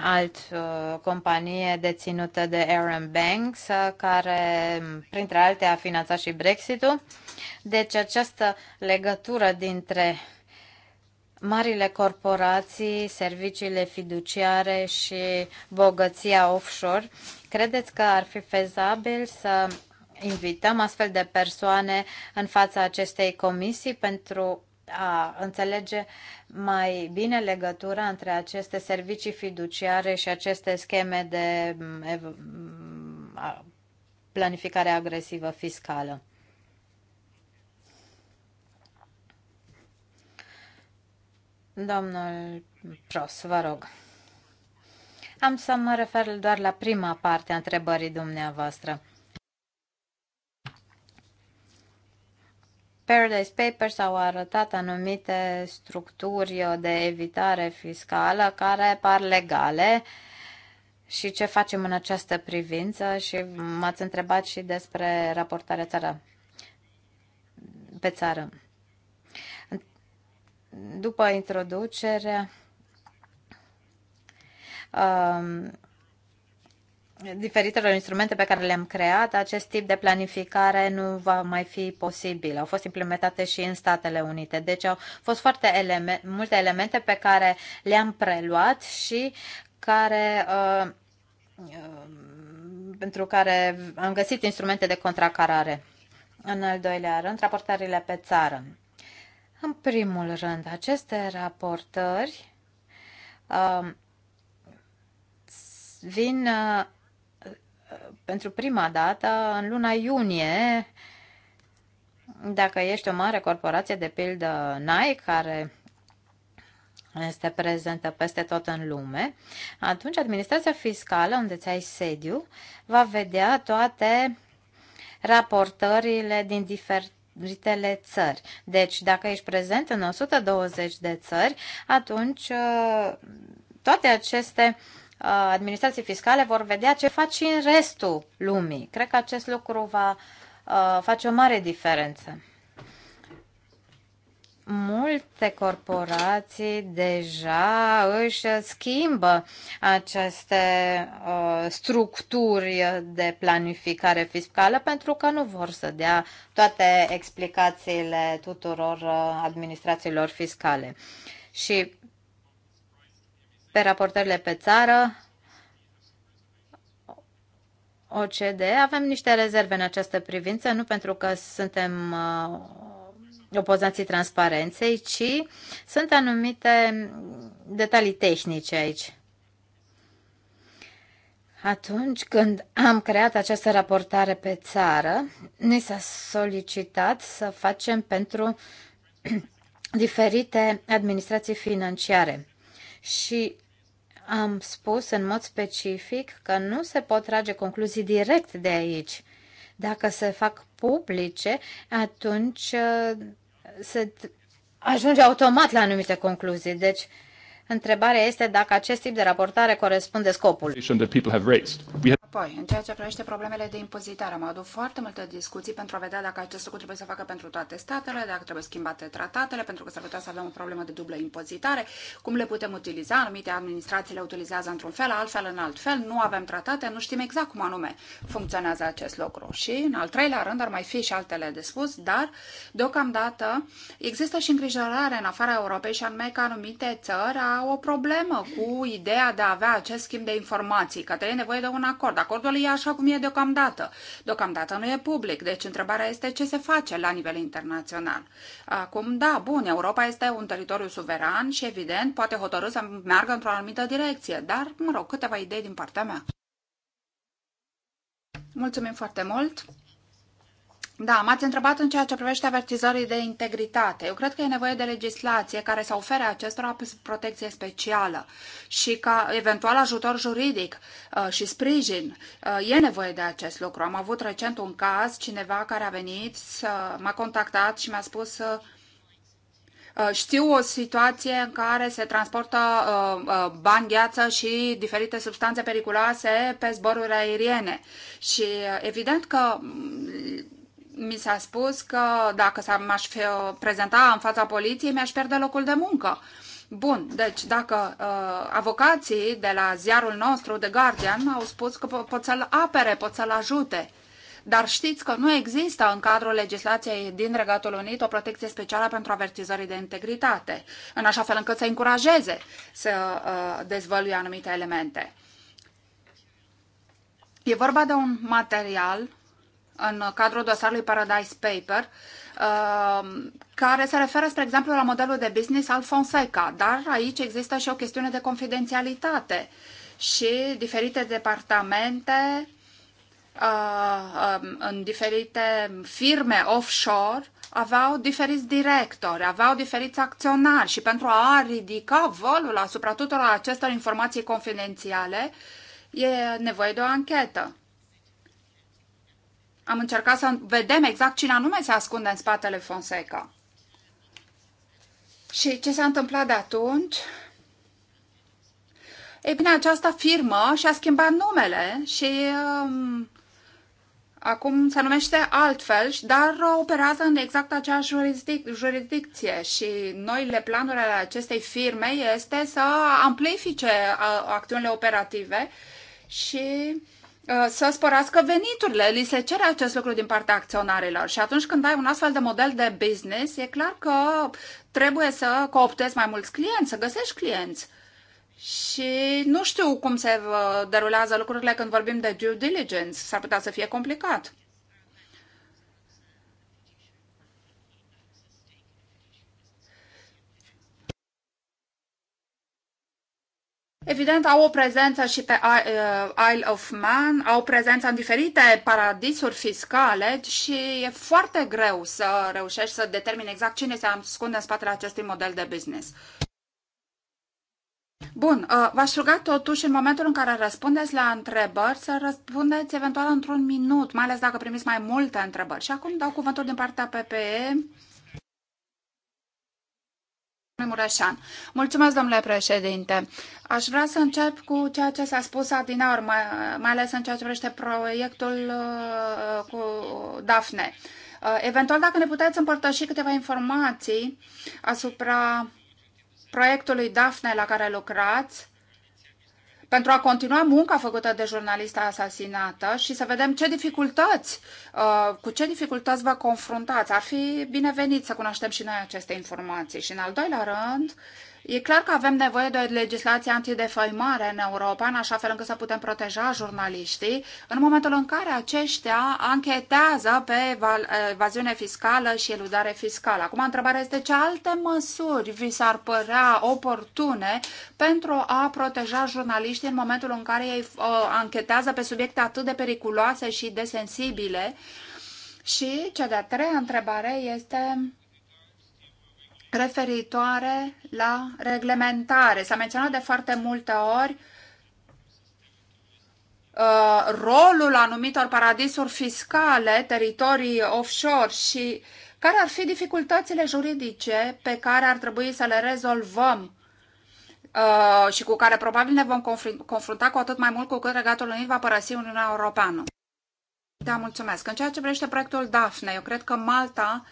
alt uh, companie deținută de Aaron Banks, uh, care, printre alte, a finanțat și Brexit-ul. Deci această legătură dintre marile corporații, serviciile fiduciare și bogăția offshore, credeți că ar fi fezabil să invităm astfel de persoane în fața acestei comisii pentru a înțelege mai bine legătura între aceste servicii fiduciare și aceste scheme de mm, mm, planificare agresivă fiscală. Domnul Pros, vă rog. Am să mă refer doar la prima parte a întrebării dumneavoastră. Paradise Papers au arătat anumite structuri de evitare fiscală care par legale și ce facem în această privință și m-ați întrebat și despre raportarea țară pe țară. După introducere, um, diferitelor instrumente pe care le-am creat, acest tip de planificare nu va mai fi posibil. Au fost implementate și în Statele Unite. Deci au fost foarte eleme- multe elemente pe care le-am preluat și care uh, uh, pentru care am găsit instrumente de contracarare. În al doilea rând, raportările pe țară. În primul rând, aceste raportări uh, vin uh, pentru prima dată în luna iunie. Dacă ești o mare corporație, de pildă Nike, care este prezentă peste tot în lume, atunci administrația fiscală, unde ți-ai sediu, va vedea toate raportările din diferitele țări. Deci, dacă ești prezent în 120 de țări, atunci uh, toate aceste uh, Uh, administrații fiscale vor vedea ce faci în restul lumii. Cred că acest lucru va uh, face o mare diferență. Multe corporații deja își schimbă aceste uh, structuri de planificare fiscală pentru că nu vor să dea toate explicațiile tuturor uh, administrațiilor fiscale. Și pe raportările pe țară, OCD, avem niște rezerve în această privință, nu pentru că suntem uh, opozanții transparenței, ci sunt anumite detalii tehnice aici. Atunci când am creat această raportare pe țară, ni s-a solicitat să facem pentru diferite administrații financiare. Și am spus în mod specific că nu se pot trage concluzii direct de aici. Dacă se fac publice, atunci uh, se ajunge automat la anumite concluzii. Deci, întrebarea este dacă acest tip de raportare corespunde scopului. Apoi, în ceea ce privește problemele de impozitare, am avut foarte multe discuții pentru a vedea dacă acest lucru trebuie să facă pentru toate statele, dacă trebuie schimbate tratatele, pentru că s-ar putea să avem o problemă de dublă impozitare, cum le putem utiliza, anumite administrații le utilizează într-un fel, altfel în alt fel, nu avem tratate, nu știm exact cum anume funcționează acest lucru. Și, în al treilea rând, ar mai fi și altele de spus, dar, deocamdată, există și îngrijorare în afara Europei și anume că anumite țări au o problemă cu ideea de a avea acest schimb de informații, că trebuie nevoie de un acord acordul e așa cum e deocamdată. Deocamdată nu e public, deci întrebarea este ce se face la nivel internațional. Acum, da, bun, Europa este un teritoriu suveran și evident poate hotărâ să meargă într-o anumită direcție, dar, mă rog, câteva idei din partea mea. Mulțumim foarte mult! Da, m-ați întrebat în ceea ce privește avertizorii de integritate. Eu cred că e nevoie de legislație care să ofere acestora protecție specială și ca eventual ajutor juridic uh, și sprijin. Uh, e nevoie de acest lucru. Am avut recent un caz, cineva care a venit, m-a contactat și mi-a spus uh, știu o situație în care se transportă bani, gheață și diferite substanțe periculoase pe zboruri aeriene. Și evident că mm, mi s-a spus că dacă m-aș uh, prezenta în fața poliției, mi-aș pierde locul de muncă. Bun, deci dacă uh, avocații de la ziarul nostru, The Guardian, au spus că po- pot să-l apere, pot să-l ajute, dar știți că nu există în cadrul legislației din Regatul Unit o protecție specială pentru avertizorii de integritate, în așa fel încât să încurajeze să uh, dezvăluie anumite elemente. E vorba de un material în cadrul dosarului Paradise Paper, uh, care se referă, spre exemplu, la modelul de business al Fonseca, dar aici există și o chestiune de confidențialitate și diferite departamente uh, um, în diferite firme offshore aveau diferiți directori, aveau diferiți acționari și pentru a ridica volul asupra tuturor acestor informații confidențiale e nevoie de o anchetă. Am încercat să vedem exact cine anume se ascunde în spatele Fonseca. Și ce s-a întâmplat de atunci? Ei bine, această firmă și-a schimbat numele și um, acum se numește altfel, dar operează în exact aceeași jurisdic- jurisdicție și noile planuri ale acestei firme este să amplifice acțiunile operative și Uh, să sporească veniturile. Li se cere acest lucru din partea acționarilor și atunci când ai un astfel de model de business, e clar că trebuie să cooptezi mai mulți clienți, să găsești clienți. Și nu știu cum se uh, derulează lucrurile când vorbim de due diligence. S-ar putea să fie complicat. Evident, au o prezență și pe uh, Isle of Man, au prezență în diferite paradisuri fiscale și e foarte greu să reușești să determini exact cine se ascunde în spatele acestui model de business. Bun, uh, v-aș ruga totuși în momentul în care răspundeți la întrebări să răspundeți eventual într-un minut, mai ales dacă primiți mai multe întrebări. Și acum dau cuvântul din partea PPE Mureșan. Mulțumesc, domnule președinte. Aș vrea să încep cu ceea ce s-a spus adinaur, mai, mai ales în ceea ce privește proiectul uh, cu Dafne. Uh, eventual, dacă ne puteți împărtăși câteva informații asupra proiectului Dafne la care lucrați, pentru a continua munca făcută de jurnalista asasinată și să vedem ce dificultăți, uh, cu ce dificultăți vă confruntați. Ar fi binevenit să cunoaștem și noi aceste informații. Și în al doilea rând, E clar că avem nevoie de o legislație antidefăimare în Europa, în așa fel încât să putem proteja jurnaliștii, în momentul în care aceștia anchetează pe evaziune fiscală și eludare fiscală. Acum, întrebarea este ce alte măsuri vi s-ar părea oportune pentru a proteja jurnaliștii în momentul în care ei uh, anchetează pe subiecte atât de periculoase și de sensibile. Și cea de-a treia întrebare este referitoare la reglementare. S-a menționat de foarte multe ori uh, rolul anumitor paradisuri fiscale, teritorii offshore și care ar fi dificultățile juridice pe care ar trebui să le rezolvăm uh, și cu care probabil ne vom confrunta cu atât mai mult cu cât Regatul Unit va părăsi Uniunea Europeană. Da, mulțumesc. În ceea ce privește proiectul DAFNE, eu cred că Malta uh,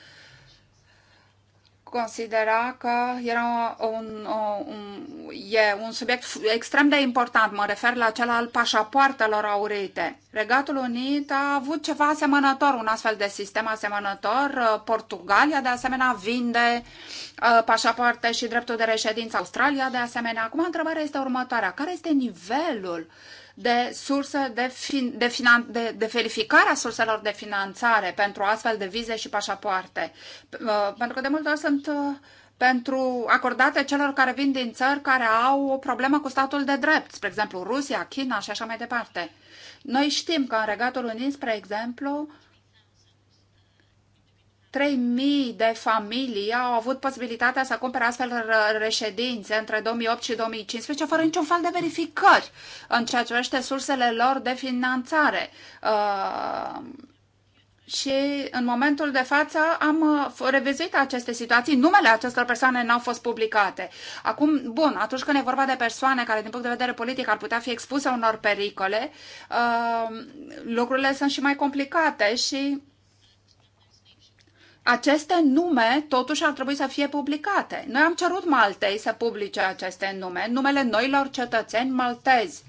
considera că era un, un, e un subiect extrem de important. Mă refer la cel al pașapoartelor aurite. Regatul Unit a avut ceva asemănător, un astfel de sistem asemănător. Uh, Portugalia, de asemenea, vinde uh, pașapoarte și dreptul de reședință. Australia, de asemenea. Acum, întrebarea este următoarea. Care este nivelul de surse de, fin, de, finan, de, de verificarea surselor de finanțare pentru astfel de vize și pașapoarte. Uh, pentru că de multe ori sunt uh, pentru acordate celor care vin din țări care au o problemă cu statul de drept, spre exemplu Rusia, China și așa mai departe. Noi știm că în Regatul Unit, spre exemplu, 3.000 de familii au avut posibilitatea să cumpere astfel reședințe între 2008 și 2015 fără niciun fel de verificări în ceea ce privește sursele lor de finanțare. Uh, și în momentul de față am uh, revizuit aceste situații. Numele acestor persoane n-au fost publicate. Acum, bun, atunci când e vorba de persoane care, din punct de vedere politic, ar putea fi expuse unor pericole, uh, lucrurile sunt și mai complicate și aceste nume totuși ar trebui să fie publicate. Noi am cerut Maltei să publice aceste nume, numele noilor cetățeni maltezi.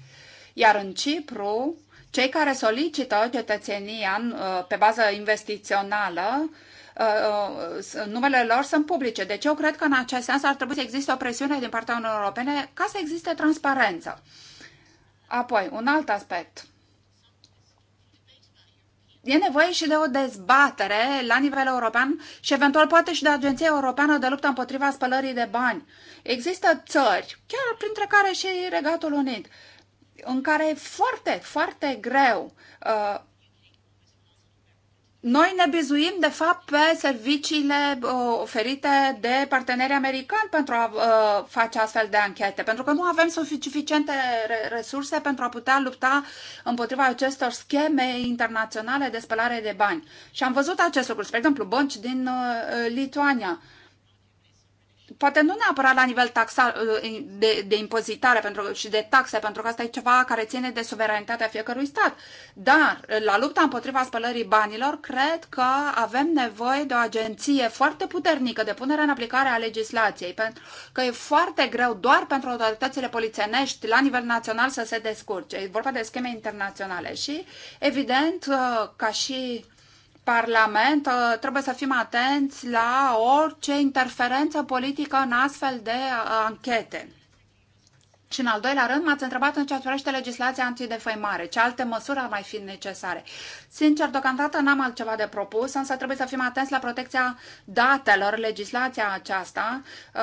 Iar în Cipru, cei care solicită cetățenia uh, pe bază investițională, uh, uh, numele lor sunt publice. Deci eu cred că în acest sens ar trebui să existe o presiune din partea Uniunii Europene ca să existe transparență. Apoi, un alt aspect – e nevoie și de o dezbatere la nivel european și eventual poate și de Agenția Europeană de Luptă împotriva spălării de bani. Există țări, chiar printre care și Regatul Unit, în care e foarte, foarte greu uh, noi ne bizuim, de fapt, pe serviciile uh, oferite de parteneri americani pentru a uh, face astfel de anchete, pentru că nu avem suficiente resurse pentru a putea lupta împotriva acestor scheme internaționale de spălare de bani. Și am văzut acest lucru, spre exemplu, bănci din uh, Lituania. Uh, poate nu neapărat la nivel taxa, uh, de, de impozitare pentru, și de taxe, pentru că asta e ceva care ține de suveranitatea fiecărui stat, dar uh, la lupta împotriva spălării banilor, cred că avem nevoie de o agenție foarte puternică de punere în aplicare a legislației, pentru că e foarte greu doar pentru autoritățile polițienești la nivel național să se descurce. E vorba de scheme internaționale și, evident, uh, ca și Parlament uh, trebuie să fim atenți la orice interferență politică în astfel de uh, anchete. Și în al doilea rând m-ați întrebat în ce privește legislația antidefăimare, ce alte măsuri ar mai fi necesare. Sincer, deocamdată n-am altceva de propus, însă trebuie să fim atenți la protecția datelor, legislația aceasta, uh,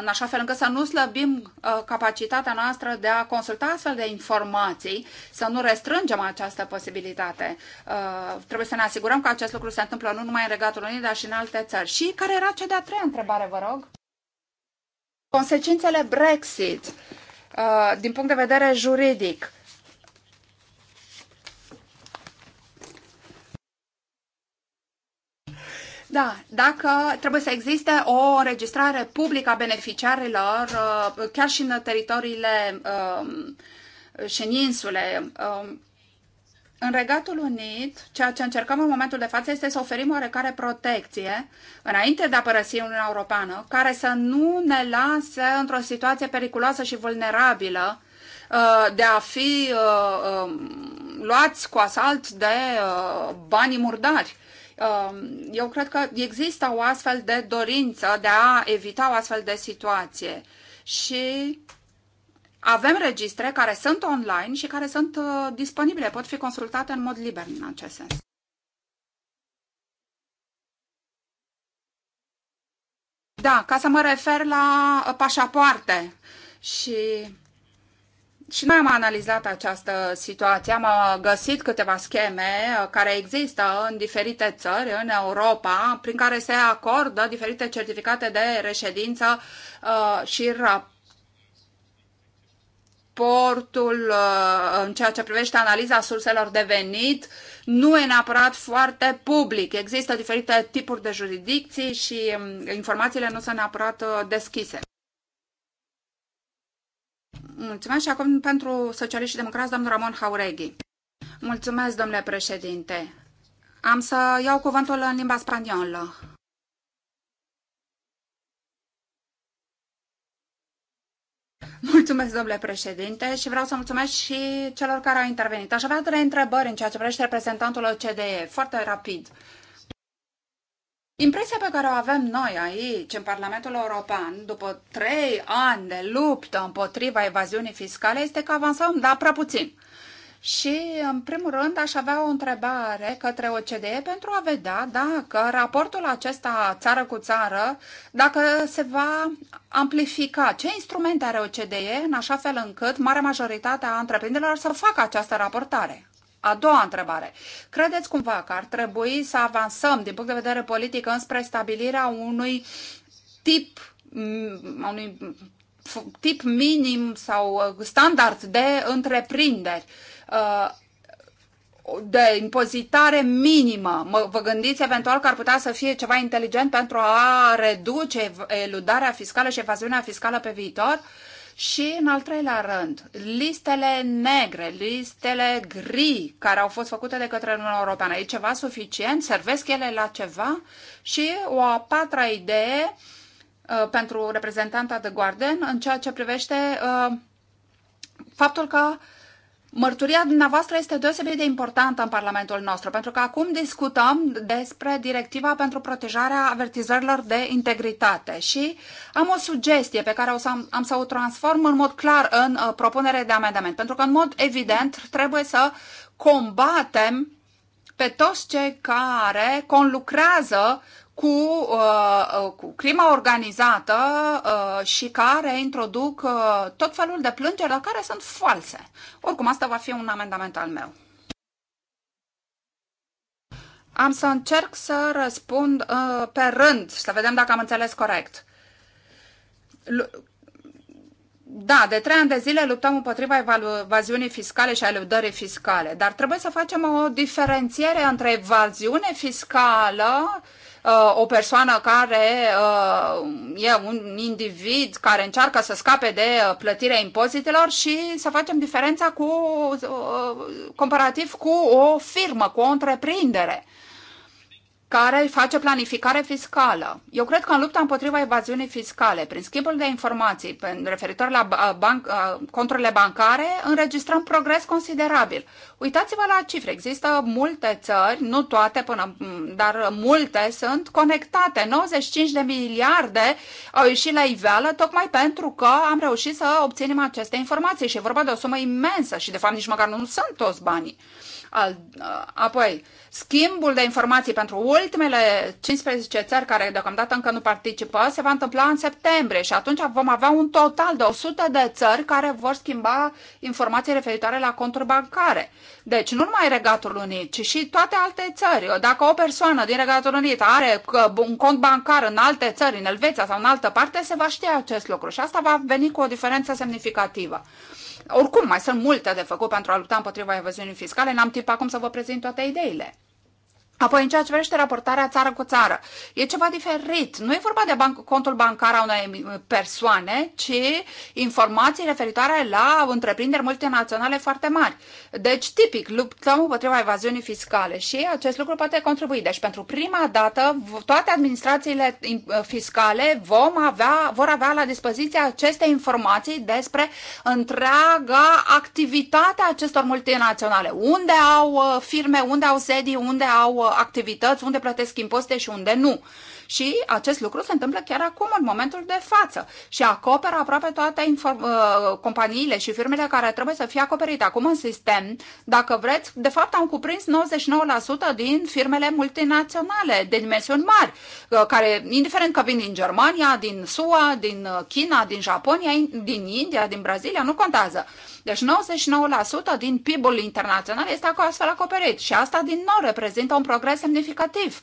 în așa fel încât să nu slăbim uh, capacitatea noastră de a consulta astfel de informații, să nu restrângem această posibilitate. Uh, trebuie să ne asigurăm că acest lucru se întâmplă nu numai în Regatul Unit, dar și în alte țări. Și care era cea de-a treia întrebare, vă rog? Consecințele Brexit Uh, din punct de vedere juridic. Da, dacă trebuie să existe o înregistrare publică a beneficiarilor, uh, chiar și în teritoriile um, uh, și în insule, um, în Regatul Unit, ceea ce încercăm în momentul de față este să oferim oarecare protecție înainte de a părăsi Uniunea Europeană, care să nu ne lase într-o situație periculoasă și vulnerabilă uh, de a fi uh, um, luați cu asalt de uh, banii murdari. Um, eu cred că există o astfel de dorință de a evita o astfel de situație și avem registre care sunt online și care sunt uh, disponibile, pot fi consultate în mod liber în acest sens. Da, ca să mă refer la uh, pașapoarte și și noi am analizat această situație, am uh, găsit câteva scheme care există în diferite țări, în Europa, prin care se acordă diferite certificate de reședință și raport raportul uh, în ceea ce privește analiza surselor de venit nu e neapărat foarte public. Există diferite tipuri de jurisdicții și um, informațiile nu sunt neapărat uh, deschise. Mulțumesc și acum pentru socialiști și democrați, domnul Ramon Haureghi. Mulțumesc, domnule președinte. Am să iau cuvântul în limba spaniolă. Mulțumesc, domnule președinte, și vreau să mulțumesc și celor care au intervenit. Aș avea trei întrebări în ceea ce privește reprezentantul OCDE, foarte rapid. Impresia pe care o avem noi aici, în Parlamentul European, după trei ani de luptă împotriva evaziunii fiscale, este că avansăm, dar prea puțin. Și, în primul rând, aș avea o întrebare către OCDE pentru a vedea dacă raportul acesta țară cu țară, dacă se va amplifica. Ce instrumente are OCDE în așa fel încât marea majoritate a întreprinderilor să facă această raportare? A doua întrebare. Credeți cumva că ar trebui să avansăm din punct de vedere politic înspre stabilirea unui tip unui tip minim sau uh, standard de întreprinderi, uh, de impozitare minimă. Vă gândiți eventual că ar putea să fie ceva inteligent pentru a reduce eludarea fiscală și evaziunea fiscală pe viitor? Și, în al treilea rând, listele negre, listele gri care au fost făcute de către Uniunea Europeană. E ceva suficient? Servesc ele la ceva? Și o a patra idee uh, Uh, pentru reprezentanta de Guarden în ceea ce privește uh, faptul că Mărturia dumneavoastră este deosebit de importantă în Parlamentul nostru, pentru că acum discutăm despre directiva pentru protejarea avertizărilor de integritate și am o sugestie pe care o să am, am să o transform în mod clar în uh, propunere de amendament, pentru că în mod evident trebuie să combatem pe toți cei care conlucrează cu, uh, cu crima organizată uh, și care introduc uh, tot felul de plângeri, dar care sunt false. Oricum, asta va fi un amendament al meu. Am să încerc să răspund uh, pe rând, să vedem dacă am înțeles corect. L- da, de trei ani de zile luptăm împotriva evaziunii fiscale și a eludării fiscale, dar trebuie să facem o diferențiere între evaziune fiscală uh, Uh, o persoană care uh, e un individ care încearcă să scape de uh, plătirea impozitelor și să facem diferența cu, comparativ cu o firmă, cu o întreprindere care face planificare fiscală. Eu cred că în lupta împotriva evaziunii fiscale, prin schimbul de informații referitor la banc, conturile bancare, înregistrăm progres considerabil. Uitați-vă la cifre. Există multe țări, nu toate până, dar multe sunt conectate. 95 de miliarde au ieșit la iveală tocmai pentru că am reușit să obținem aceste informații și e vorba de o sumă imensă și de fapt nici măcar nu sunt toți banii. apoi, Schimbul de informații pentru ultimele 15 țări care deocamdată încă nu participă se va întâmpla în septembrie și atunci vom avea un total de 100 de țări care vor schimba informații referitoare la conturi bancare. Deci nu numai Regatul Unit, ci și toate alte țări. Dacă o persoană din Regatul Unit are uh, un cont bancar în alte țări, în Elveția sau în altă parte, se va ști acest lucru și asta va veni cu o diferență semnificativă. Oricum, mai sunt multe de făcut pentru a lupta împotriva evaziunii fiscale, n-am timp acum să vă prezint toate ideile. Apoi, în ceea ce vrește raportarea țară cu țară, e ceva diferit. Nu e vorba de banc, contul bancar a unei persoane, ci informații referitoare la întreprinderi multinaționale foarte mari. Deci, tipic, luptăm împotriva evaziunii fiscale și acest lucru poate contribui. Deci, pentru prima dată, toate administrațiile fiscale vom avea, vor avea la dispoziție aceste informații despre întreaga activitate a acestor multinaționale. Unde au uh, firme, unde au sedii, unde au uh, activități unde plătesc impozite și unde nu și acest lucru se întâmplă chiar acum, în momentul de față și acoperă aproape toate uh, companiile și firmele care trebuie să fie acoperite acum în sistem. Dacă vreți, de fapt am cuprins 99% din firmele multinaționale de dimensiuni mari, uh, care, indiferent că vin din Germania, din SUA, din uh, China, din Japonia, din India, din Brazilia, nu contează. Deci 99% din PIB-ul internațional este astfel acoperit și asta din nou reprezintă un progres semnificativ.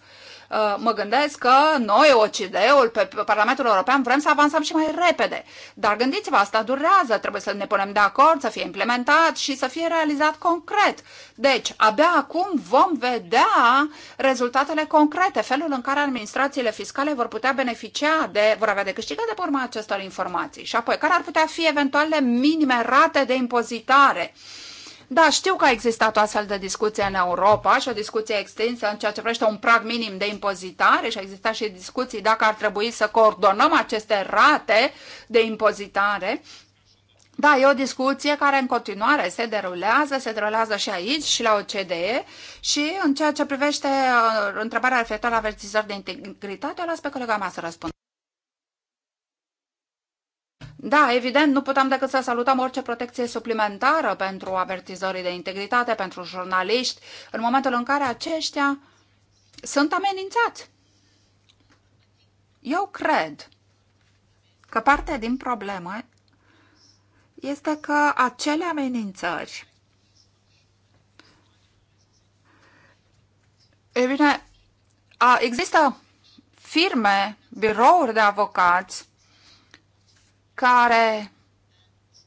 Uh, mă gândesc că noi, ocd ul pe Parlamentul European, vrem să avansăm și mai repede. Dar gândiți-vă, asta durează, trebuie să ne punem de acord, să fie implementat și să fie realizat concret. Deci, abia acum vom vedea rezultatele concrete, felul în care administrațiile fiscale vor putea beneficia de, vor avea de câștigat de pe urma acestor informații. Și apoi, care ar putea fi eventuale minime rate de impozitare? Da, știu că a existat o astfel de discuție în Europa și o discuție extinsă în ceea ce privește un prag minim de impozitare și a existat și discuții dacă ar trebui să coordonăm aceste rate de impozitare. Da, e o discuție care în continuare se derulează, se derulează și aici și la OCDE și în ceea ce privește uh, întrebarea referitoare la avertizări de integritate, o las pe colega mea să răspundă. Da, evident, nu putem decât să salutăm orice protecție suplimentară pentru avertizorii de integritate, pentru jurnaliști, în momentul în care aceștia sunt amenințați. Eu cred că partea din problemă este că acele amenințări E bine, există firme, birouri de avocați care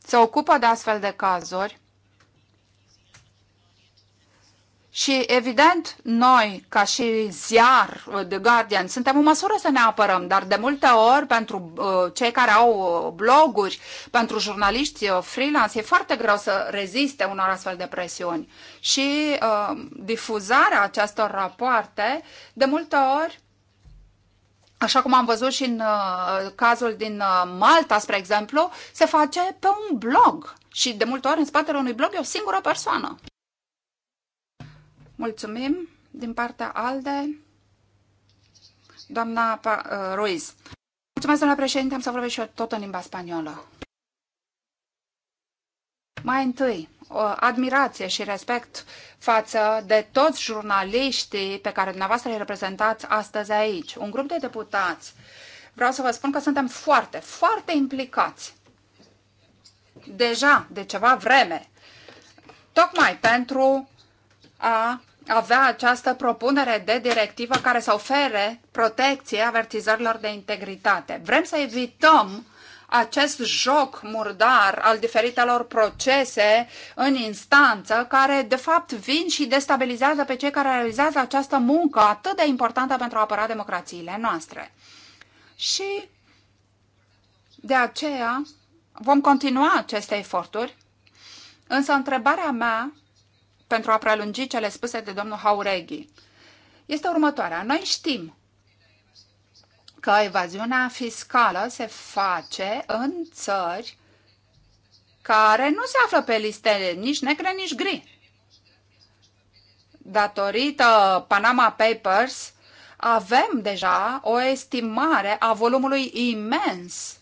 se ocupă de astfel de cazuri și, evident, noi, ca și ziar uh, The Guardian, suntem în măsură să ne apărăm, dar de multe ori, pentru uh, cei care au uh, bloguri, pentru jurnaliști freelance, e foarte greu să reziste unor astfel de presiuni. Și uh, difuzarea acestor rapoarte, de multe ori, Așa cum am văzut și în uh, cazul din uh, Malta, spre exemplu, se face pe un blog și de multe ori în spatele unui blog e o singură persoană. Mulțumim din partea ALDE, doamna pa, uh, Ruiz. Mulțumesc, doamna președinte, am să vorbesc și eu tot în limba spaniolă. Mai întâi, o admirație și respect față de toți jurnaliștii pe care dumneavoastră îi reprezentați astăzi aici. Un grup de deputați. Vreau să vă spun că suntem foarte, foarte implicați. Deja de ceva vreme. Tocmai pentru a avea această propunere de directivă care să ofere protecție avertizărilor de integritate. Vrem să evităm acest joc murdar al diferitelor procese în instanță, care de fapt vin și destabilizează pe cei care realizează această muncă atât de importantă pentru a apăra democrațiile noastre. Și de aceea vom continua aceste eforturi, însă întrebarea mea, pentru a prelungi cele spuse de domnul Haureghi, este următoarea. Noi știm că evaziunea fiscală se face în țări care nu se află pe listele nici negre, nici gri. Datorită Panama Papers, avem deja o estimare a volumului imens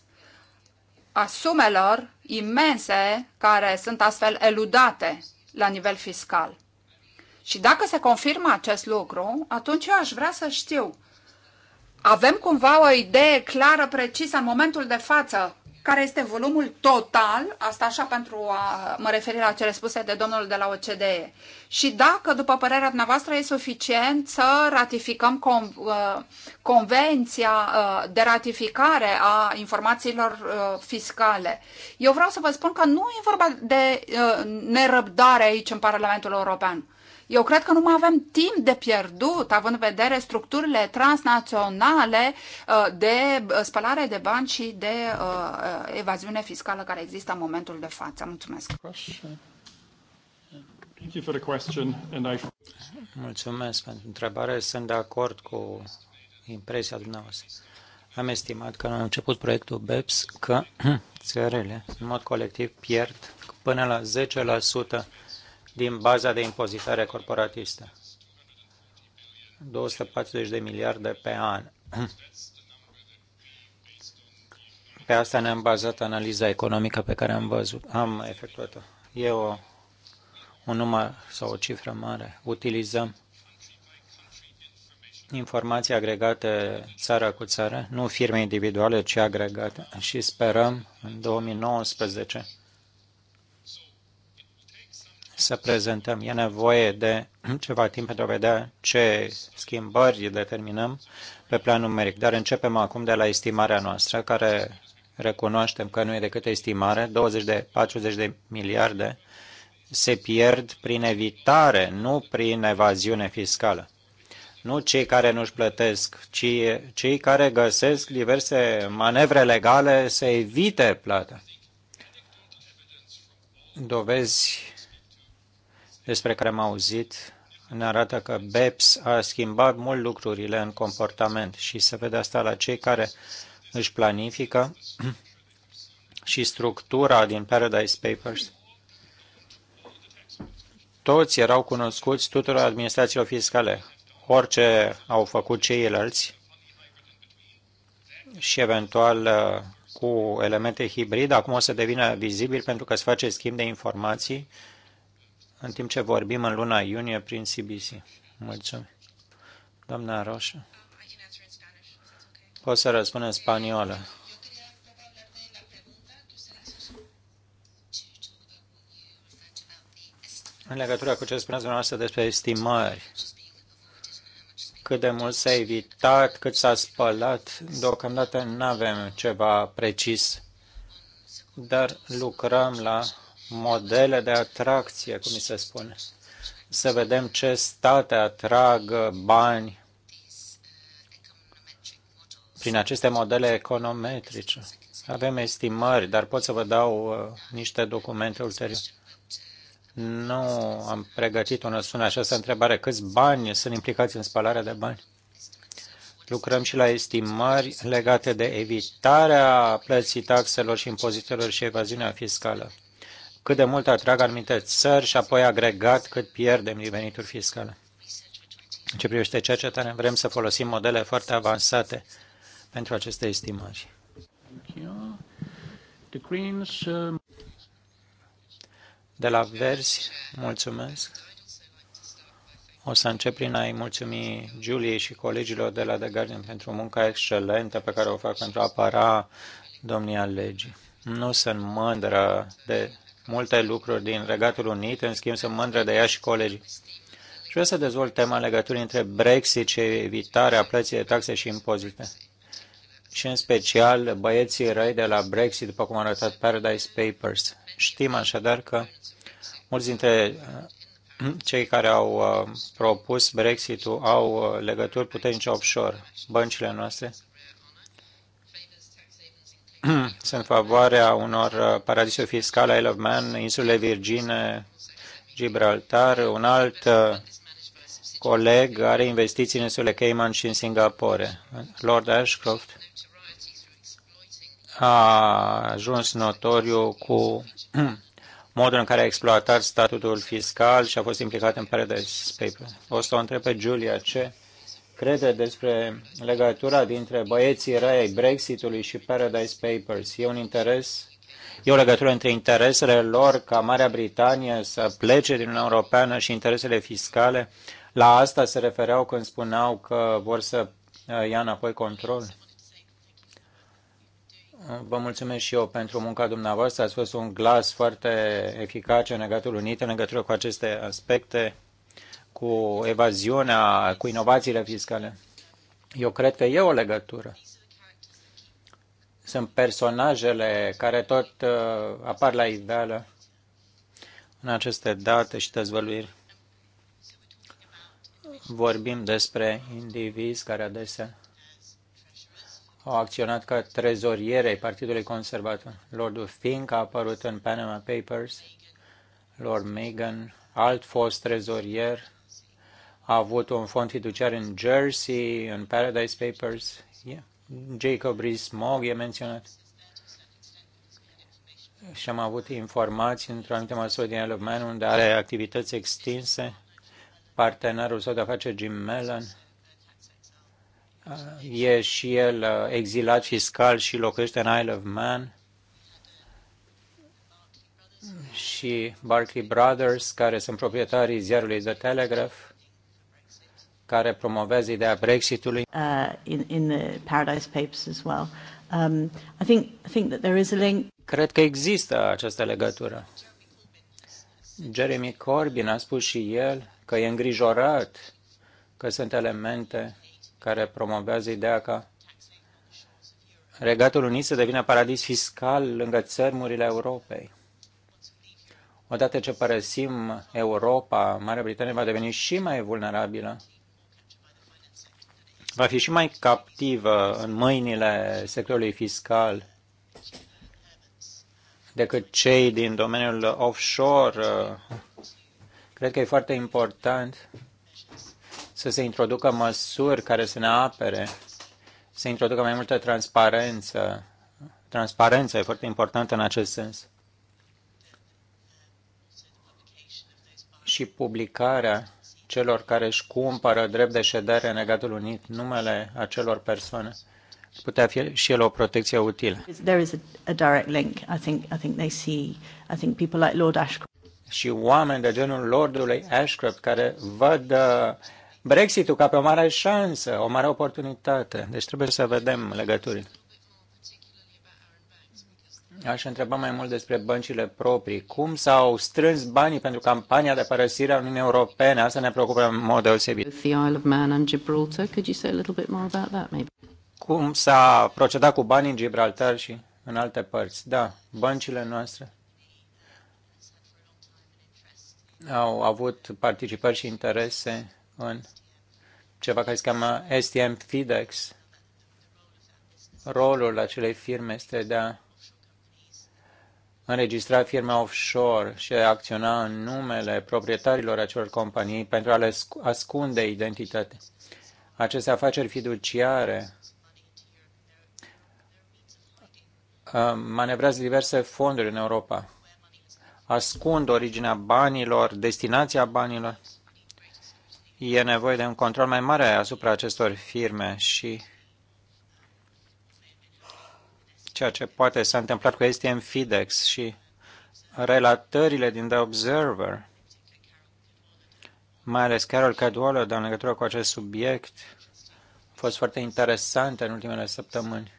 a sumelor imense care sunt astfel eludate la nivel fiscal. Și dacă se confirmă acest lucru, atunci eu aș vrea să știu avem cumva o idee clară, precisă în momentul de față care este volumul total, asta așa pentru a mă referi la cele spuse de domnul de la OCDE. Și dacă, după părerea dumneavoastră, e suficient să ratificăm con, uh, convenția uh, de ratificare a informațiilor uh, fiscale. Eu vreau să vă spun că nu e vorba de nerăbdare aici în Parlamentul European. Eu cred că nu mai avem timp de pierdut, având în vedere structurile transnaționale uh, de uh, spălare de bani și de uh, evaziune fiscală care există în momentul de față. Mulțumesc! Mulțumesc pentru întrebare. Sunt de acord cu impresia dumneavoastră. Am estimat că la început proiectul BEPS că țările, în mod colectiv, pierd până la 10% din baza de impozitare corporatistă. 240 de miliarde pe an. Pe asta ne-am bazat analiza economică pe care am văzut, am efectuat-o. E o, un număr sau o cifră mare. Utilizăm informații agregate țară cu țară, nu firme individuale, ci agregate. Și sperăm în 2019 să prezentăm. E nevoie de ceva timp pentru a vedea ce schimbări determinăm pe plan numeric. Dar începem acum de la estimarea noastră, care recunoaștem că nu e decât o estimare, 20 de 40 de miliarde se pierd prin evitare, nu prin evaziune fiscală. Nu cei care nu-și plătesc, ci cei care găsesc diverse manevre legale să evite plata. Dovezi despre care am auzit ne arată că BEPS a schimbat mult lucrurile în comportament și se vede asta la cei care își planifică și structura din Paradise Papers. Toți erau cunoscuți tuturor administrațiilor fiscale, orice au făcut ceilalți și eventual uh, cu elemente hibride, acum o să devină vizibil pentru că se face schimb de informații în timp ce vorbim în luna iunie prin CBC. Mulțumim. Doamna Roșu. Pot să răspund în spaniolă. În legătură cu ce spuneați dumneavoastră despre estimări, cât de mult s-a evitat, cât s-a spălat, deocamdată nu avem ceva precis, dar lucrăm la modele de atracție, cum se spune. Să vedem ce state atrag bani prin aceste modele econometrice. Avem estimări, dar pot să vă dau uh, niște documente ulterior. Nu am pregătit o sună această întrebare. Câți bani sunt implicați în spalarea de bani? Lucrăm și la estimări legate de evitarea plății taxelor și impozitelor și evaziunea fiscală cât de mult atrag anumite țări și apoi agregat cât pierdem din venituri fiscale. În ce privește cercetarea, vrem să folosim modele foarte avansate pentru aceste estimări. Uh, de la Verzi, mulțumesc. O să încep prin a-i mulțumi Juliei și colegilor de la The Guardian pentru munca excelentă pe care o fac pentru a apăra domnia legii. Nu sunt mândră de multe lucruri din Regatul Unit, în schimb sunt mândră de ea și colegii. Și vreau să dezvolt tema legăturii între Brexit și evitarea plății de taxe și impozite. Și în special băieții răi de la Brexit, după cum a arătat Paradise Papers. Știm așadar că mulți dintre uh, cei care au uh, propus Brexit-ul au uh, legături puternice offshore, băncile noastre sunt favoarea unor uh, paradisuri fiscale, Isle of Man, insule Virgine, Gibraltar. Un alt uh, coleg are investiții în insulele Cayman și în Singapore. Lord Ashcroft a ajuns notoriu cu modul în care a exploatat statutul fiscal și a fost implicat în Paradise Papers. O să o întreb pe Julia ce crede despre legătura dintre băieții răi Brexitului și Paradise Papers. E un interes E o legătură între interesele lor ca Marea Britanie să plece din Uniunea Europeană și interesele fiscale. La asta se refereau când spuneau că vor să uh, ia înapoi control. Vă mulțumesc și eu pentru munca dumneavoastră. Ați fost un glas foarte eficace în Negatul Unit în legătură cu aceste aspecte cu evaziunea, cu inovațiile fiscale. Eu cred că e o legătură. Sunt personajele care tot uh, apar la iveală în aceste date și dezvăluiri. Vorbim despre indivizi care adesea au acționat ca trezoriere ai Partidului Conservator. Lordul Fink a apărut în Panama Papers, Lord Megan, alt fost trezorier a avut un fond fiduciar în Jersey, în Paradise Papers. Yeah. Jacob Rees-Mogg e menționat. Și am avut informații într-o anumită măsură din Man unde are activități extinse. Partenerul său de afaceri, Jim Mellon, uh, e și el uh, exilat fiscal și locuiește în Isle of Man și Barclay Brothers, care sunt proprietarii ziarului The Telegraph, care promovează ideea Brexitului. Uh, in, in the Paradise Papers as well. Um, I think, I think that there is a link. Cred că există această legătură. Jeremy Corbyn a spus și el că e îngrijorat că sunt elemente care promovează ideea că Regatul Unit să devină paradis fiscal lângă țărmurile Europei. Odată ce părăsim Europa, Marea Britanie va deveni și mai vulnerabilă va fi și mai captivă în mâinile sectorului fiscal decât cei din domeniul offshore. Cred că e foarte important să se introducă măsuri care să ne apere, să se introducă mai multă transparență. Transparența e foarte importantă în acest sens. Și publicarea celor care își cumpără drept de ședere în Regatul Unit, numele acelor persoane, putea fi și el o protecție utilă. There is a, a direct link. I think, I think they see, I think people like Lord Ashcroft. Și oameni de genul Lordului Ashcroft care văd uh, Brexitul ca pe o mare șansă, o mare oportunitate. Deci trebuie să vedem legăturile. Aș întreba mai mult despre băncile proprii. Cum s-au strâns banii pentru campania de părăsire a Uniunii Europene? Asta ne preocupă în mod deosebit. Cum s-a procedat cu banii în Gibraltar și în alte părți? Da, băncile noastre au avut participări și interese în ceva care se cheamă STM FIDEX. Rolul acelei firme este de a înregistra firme offshore și a acționa în numele proprietarilor acelor companii pentru a le ascunde identitatea. Aceste afaceri fiduciare uh, manevrează diverse fonduri în Europa. Ascund originea banilor, destinația banilor. E nevoie de un control mai mare asupra acestor firme și ceea ce poate s-a întâmplat cu STM FIDEX și relatările din The Observer, mai ales Carol Cadwallo, dar în legătură cu acest subiect, a fost foarte interesante în ultimele săptămâni.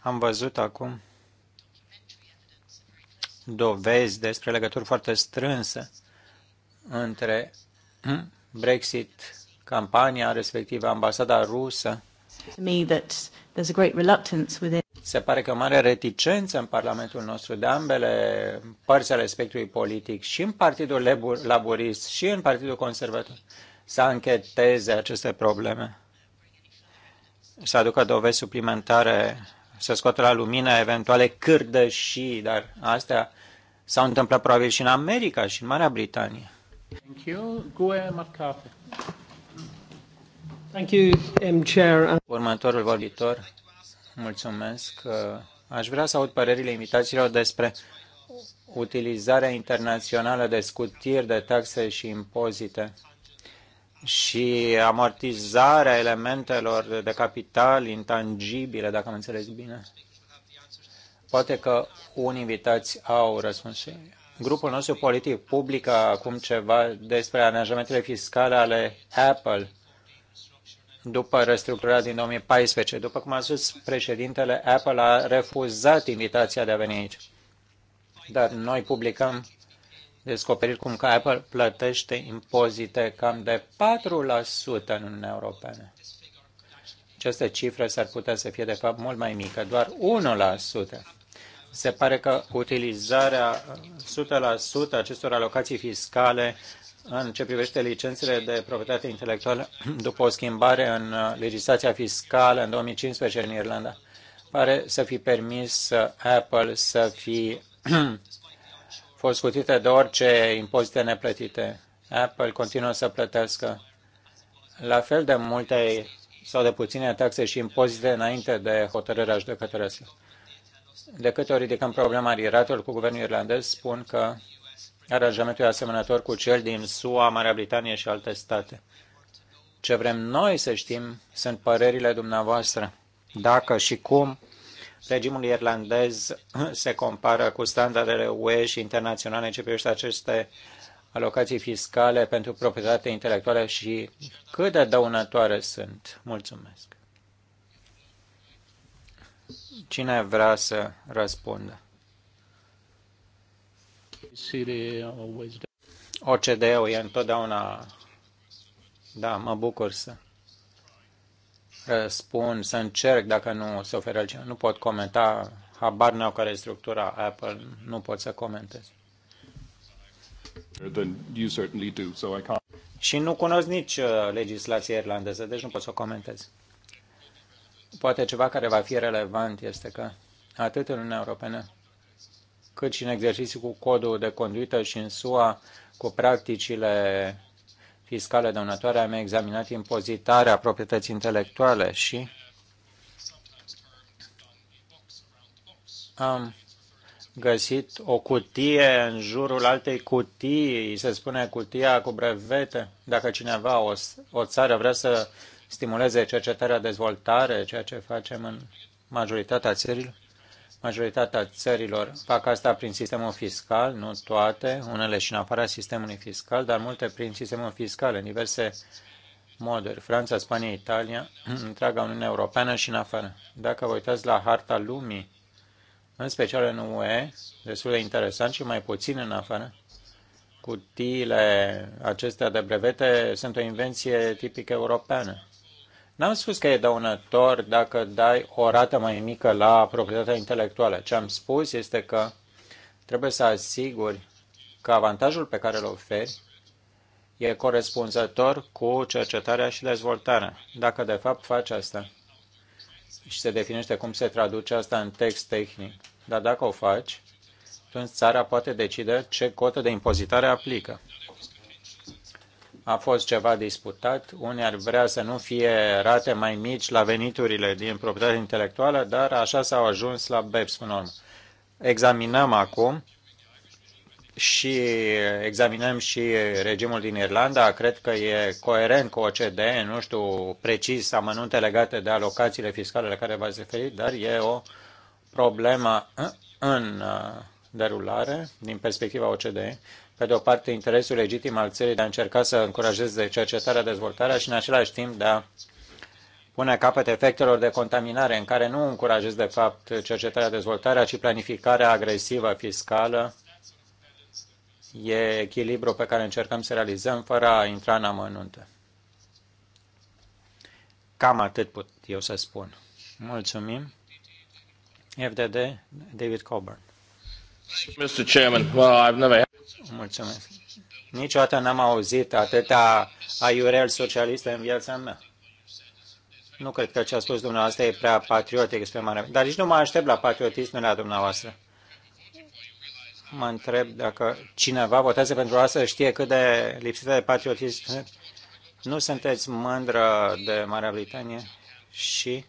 Am văzut acum dovezi despre legături foarte strânse între Brexit, campania respectivă, ambasada rusă, se pare că o mare reticență în Parlamentul nostru de ambele părți ale spectrului politic, și în Partidul Laborist, și în Partidul Conservator, să încheteze aceste probleme, să aducă dovezi suplimentare, să scoată la lumină eventuale și, dar astea s-au întâmplat probabil și în America și în Marea Britanie. Thank you. Gue Următorul vorbitor. Mulțumesc. Aș vrea să aud părerile invitațiilor despre utilizarea internațională de scutiri de taxe și impozite și amortizarea elementelor de capital intangibile, dacă am înțeles bine. Poate că unii invitați au răspuns. Grupul nostru politic publică acum ceva despre aranjamentele fiscale ale Apple după restructurarea din 2014. După cum a spus președintele, Apple a refuzat invitația de a veni aici. Dar noi publicăm descoperit cum că Apple plătește impozite cam de 4% în Uniunea Europeană. Aceste cifre s-ar putea să fie, de fapt, mult mai mică, doar 1%. Se pare că utilizarea 100% acestor alocații fiscale în ce privește licențele de proprietate intelectuală după o schimbare în uh, legislația fiscală în 2015 în Irlanda. Pare să fi permis uh, Apple să fi fost scutite de orice impozite neplătite. Apple continuă să plătească la fel de multe sau de puține taxe și impozite înainte de hotărârea judecătoresc. De câte ori ridicăm problema Iratul cu guvernul irlandez, spun că aranjamentul asemănător cu cel din SUA, Marea Britanie și alte state. Ce vrem noi să știm sunt părerile dumneavoastră. Dacă și cum regimul irlandez se compară cu standardele UE și internaționale ce privește aceste alocații fiscale pentru proprietate intelectuală și cât de dăunătoare sunt. Mulțumesc. Cine vrea să răspundă? OCDE-ul e întotdeauna... Da, mă bucur să răspund, să încerc dacă nu se oferă altceva. Nu pot comenta, habar n-au care structura Apple, nu pot să comentez. Do, so Și nu cunosc nici uh, legislația irlandeză, deci nu pot să o comentez. Poate ceva care va fi relevant este că atât în Uniunea Europeană cât și în exerciții cu codul de conduită și în SUA cu practicile fiscale dăunătoare, am examinat impozitarea proprietății intelectuale și am găsit o cutie în jurul altei cutii, se spune cutia cu brevete. Dacă cineva, o, o țară vrea să stimuleze cercetarea, dezvoltare, ceea ce facem în majoritatea țărilor, Majoritatea țărilor fac asta prin sistemul fiscal, nu toate, unele și în afara sistemului fiscal, dar multe prin sistemul fiscal, în diverse moduri. Franța, Spania, Italia, întreaga Uniune Europeană și în afară. Dacă vă uitați la harta lumii, în special în UE, destul de interesant și mai puțin în afară, cutiile acestea de brevete sunt o invenție tipic europeană. N-am spus că e dăunător dacă dai o rată mai mică la proprietatea intelectuală. Ce am spus este că trebuie să asiguri că avantajul pe care îl oferi e corespunzător cu cercetarea și dezvoltarea. Dacă de fapt faci asta și se definește cum se traduce asta în text tehnic, dar dacă o faci, atunci țara poate decide ce cotă de impozitare aplică a fost ceva disputat. Unii ar vrea să nu fie rate mai mici la veniturile din proprietate intelectuală, dar așa s-au ajuns la BEPS până urmă. Examinăm acum și examinăm și regimul din Irlanda. Cred că e coerent cu OCDE, nu știu precis amănunte legate de alocațiile fiscale la care v-ați referit, dar e o problemă în uh, derulare din perspectiva OCDE pe de o parte, interesul legitim al țării de a încerca să încurajeze cercetarea, dezvoltarea și, în același timp, de a pune capăt efectelor de contaminare, în care nu încurajez, de fapt, cercetarea, dezvoltarea, ci planificarea agresivă fiscală. E echilibru pe care încercăm să realizăm fără a intra în amănunte. Cam atât pot eu să spun. Mulțumim. FDD, David Coburn. Mr. Chairman, well, I've never Mulțumesc. Niciodată n-am auzit atâta aiurel socialiste în viața mea. Nu cred că ce a spus dumneavoastră e prea patriotic spre mare. Dar nici nu mă aștept la patriotism la dumneavoastră. Mă întreb dacă cineva votează pentru asta știe cât de lipsită de patriotism. Nu sunteți mândră de Marea Britanie și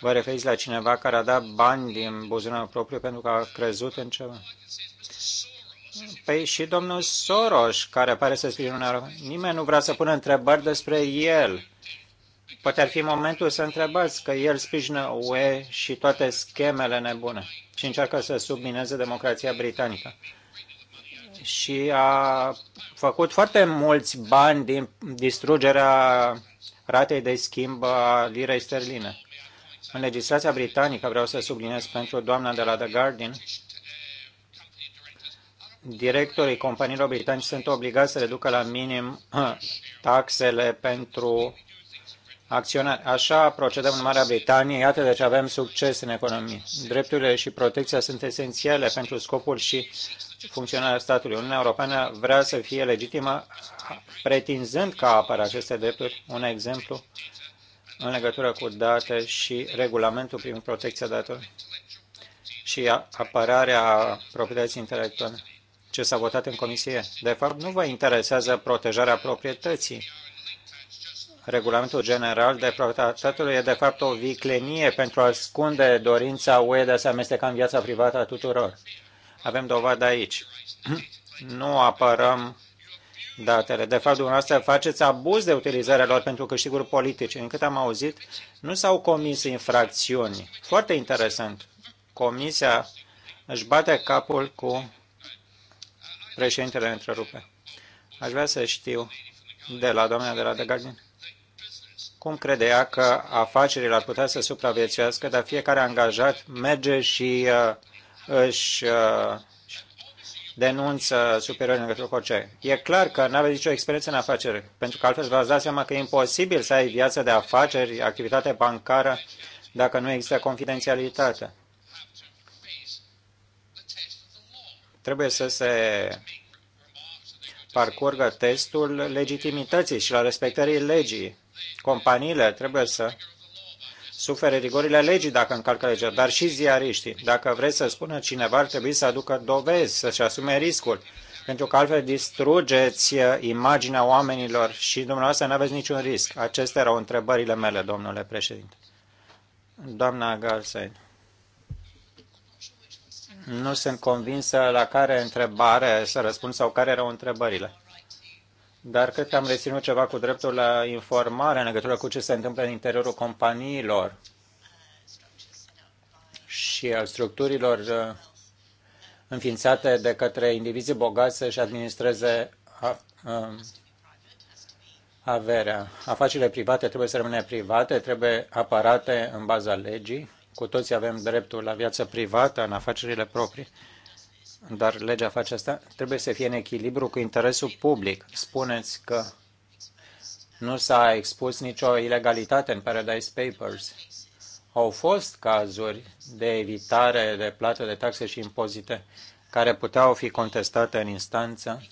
vă referiți la cineva care a dat bani din buzunarul propriu pentru că a crezut în ceva. Păi și domnul Soros, care pare să fie un nimeni nu vrea să pună întrebări despre el. Poate ar fi momentul să întrebați că el sprijină UE și toate schemele nebune și încearcă să submineze democrația britanică. Și a făcut foarte mulți bani din distrugerea ratei de schimb a lirei sterline. În legislația britanică, vreau să subliniez pentru doamna de la The Guardian, directorii companiilor britanice sunt obligați să reducă la minim taxele pentru acționari. Așa procedăm în Marea Britanie, iată de ce avem succes în economie. Drepturile și protecția sunt esențiale pentru scopul și funcționarea statului. Uniunea Europeană vrea să fie legitimă pretinzând că apără aceste drepturi. Un exemplu în legătură cu date și regulamentul privind protecția datelor și apărarea proprietății intelectuale ce s-a votat în comisie. De fapt, nu vă interesează protejarea proprietății. Regulamentul general de proprietatului e de fapt o viclenie pentru a ascunde dorința UE de a se amesteca în viața privată a tuturor. Avem dovadă aici. Nu apărăm datele. De fapt, dumneavoastră faceți abuz de utilizarea lor pentru câștiguri politice. Încât am auzit, nu s-au comis infracțiuni. Foarte interesant. Comisia își bate capul cu Președintele întrerupe. Aș vrea să știu de la doamna de la The Guardian cum credea că afacerile ar putea să supraviețuiască, dar fiecare angajat merge și uh, își uh, denunță superiorii în legătură cu orice. E clar că nu aveți nicio experiență în afaceri, pentru că altfel v-ați dat seama că e imposibil să ai viață de afaceri, activitate bancară, dacă nu există confidențialitate. Trebuie să se parcurgă testul legitimității și la respectării legii. Companiile trebuie să sufere rigorile legii dacă încalcă legea, dar și ziariștii. Dacă vreți să spună cineva, ar trebui să aducă dovezi, să-și asume riscul, pentru că altfel distrugeți uh, imaginea oamenilor și dumneavoastră nu aveți niciun risc. Acestea erau întrebările mele, domnule președinte. Doamna Galsen. Nu sunt convinsă la care întrebare să răspund sau care erau întrebările. Dar cred că am reținut ceva cu dreptul la informare în legătură cu ce se întâmplă în interiorul companiilor și al structurilor uh, înființate de către indivizii bogați să-și administreze uh, um, averea. Afacerile private trebuie să rămână private, trebuie aparate în baza legii cu toții avem dreptul la viață privată, în afacerile proprii. Dar legea face asta. Trebuie să fie în echilibru cu interesul public. Spuneți că nu s-a expus nicio ilegalitate în Paradise Papers. Au fost cazuri de evitare de plată de taxe și impozite care puteau fi contestate în instanță.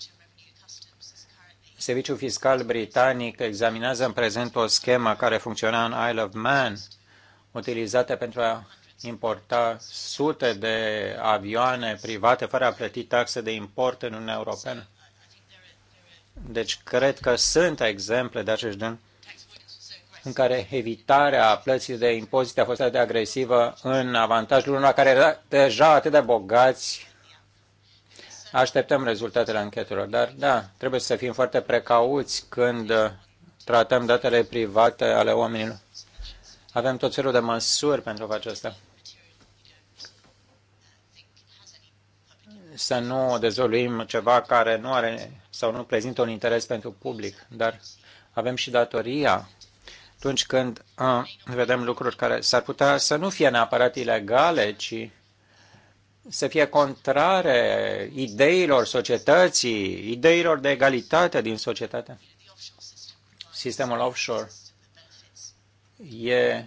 Serviciul fiscal britanic examinează în prezent o schemă care funcționa în Isle of Man utilizate pentru a importa sute de avioane private fără a plăti taxe de import în Uniunea Europeană. Deci cred că sunt exemple de acest gen în care evitarea plății de impozite a fost atât de agresivă în avantajul unor care era deja atât de bogați. Așteptăm rezultatele anchetelor, dar da, trebuie să fim foarte precauți când tratăm datele private ale oamenilor avem tot felul de măsuri pentru asta. Să nu dezvoluim ceva care nu are sau nu prezintă un interes pentru public, dar avem și datoria atunci când a, vedem lucruri care s-ar putea să nu fie neapărat ilegale, ci să fie contrare ideilor societății, ideilor de egalitate din societate. Sistemul offshore e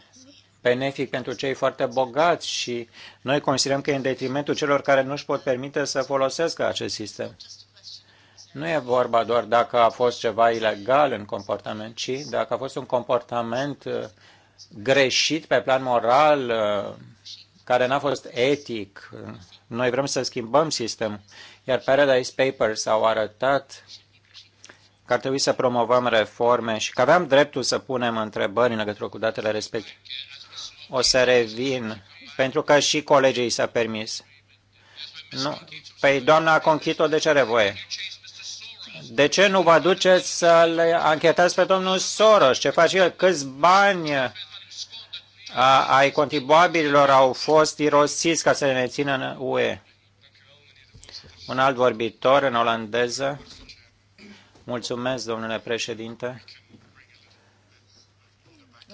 benefic pentru cei foarte bogați și noi considerăm că e în detrimentul celor care nu își pot permite să folosească acest sistem. Nu e vorba doar dacă a fost ceva ilegal în comportament, ci dacă a fost un comportament uh, greșit pe plan moral, uh, care n-a fost etic. Noi vrem să schimbăm sistemul. Iar Paradise Papers au arătat că ar trebui să promovăm reforme și că aveam dreptul să punem întrebări în legătură cu datele respective. O să revin, pentru că și colegii s-a permis. Nu. Păi doamna Conchito, de ce are voie? De ce nu vă duceți să le anchetați pe domnul Soros? Ce face el? Câți bani a, ai contribuabililor au fost irosiți ca să ne țină în UE? Un alt vorbitor în olandeză. Mulțumesc, domnule președinte.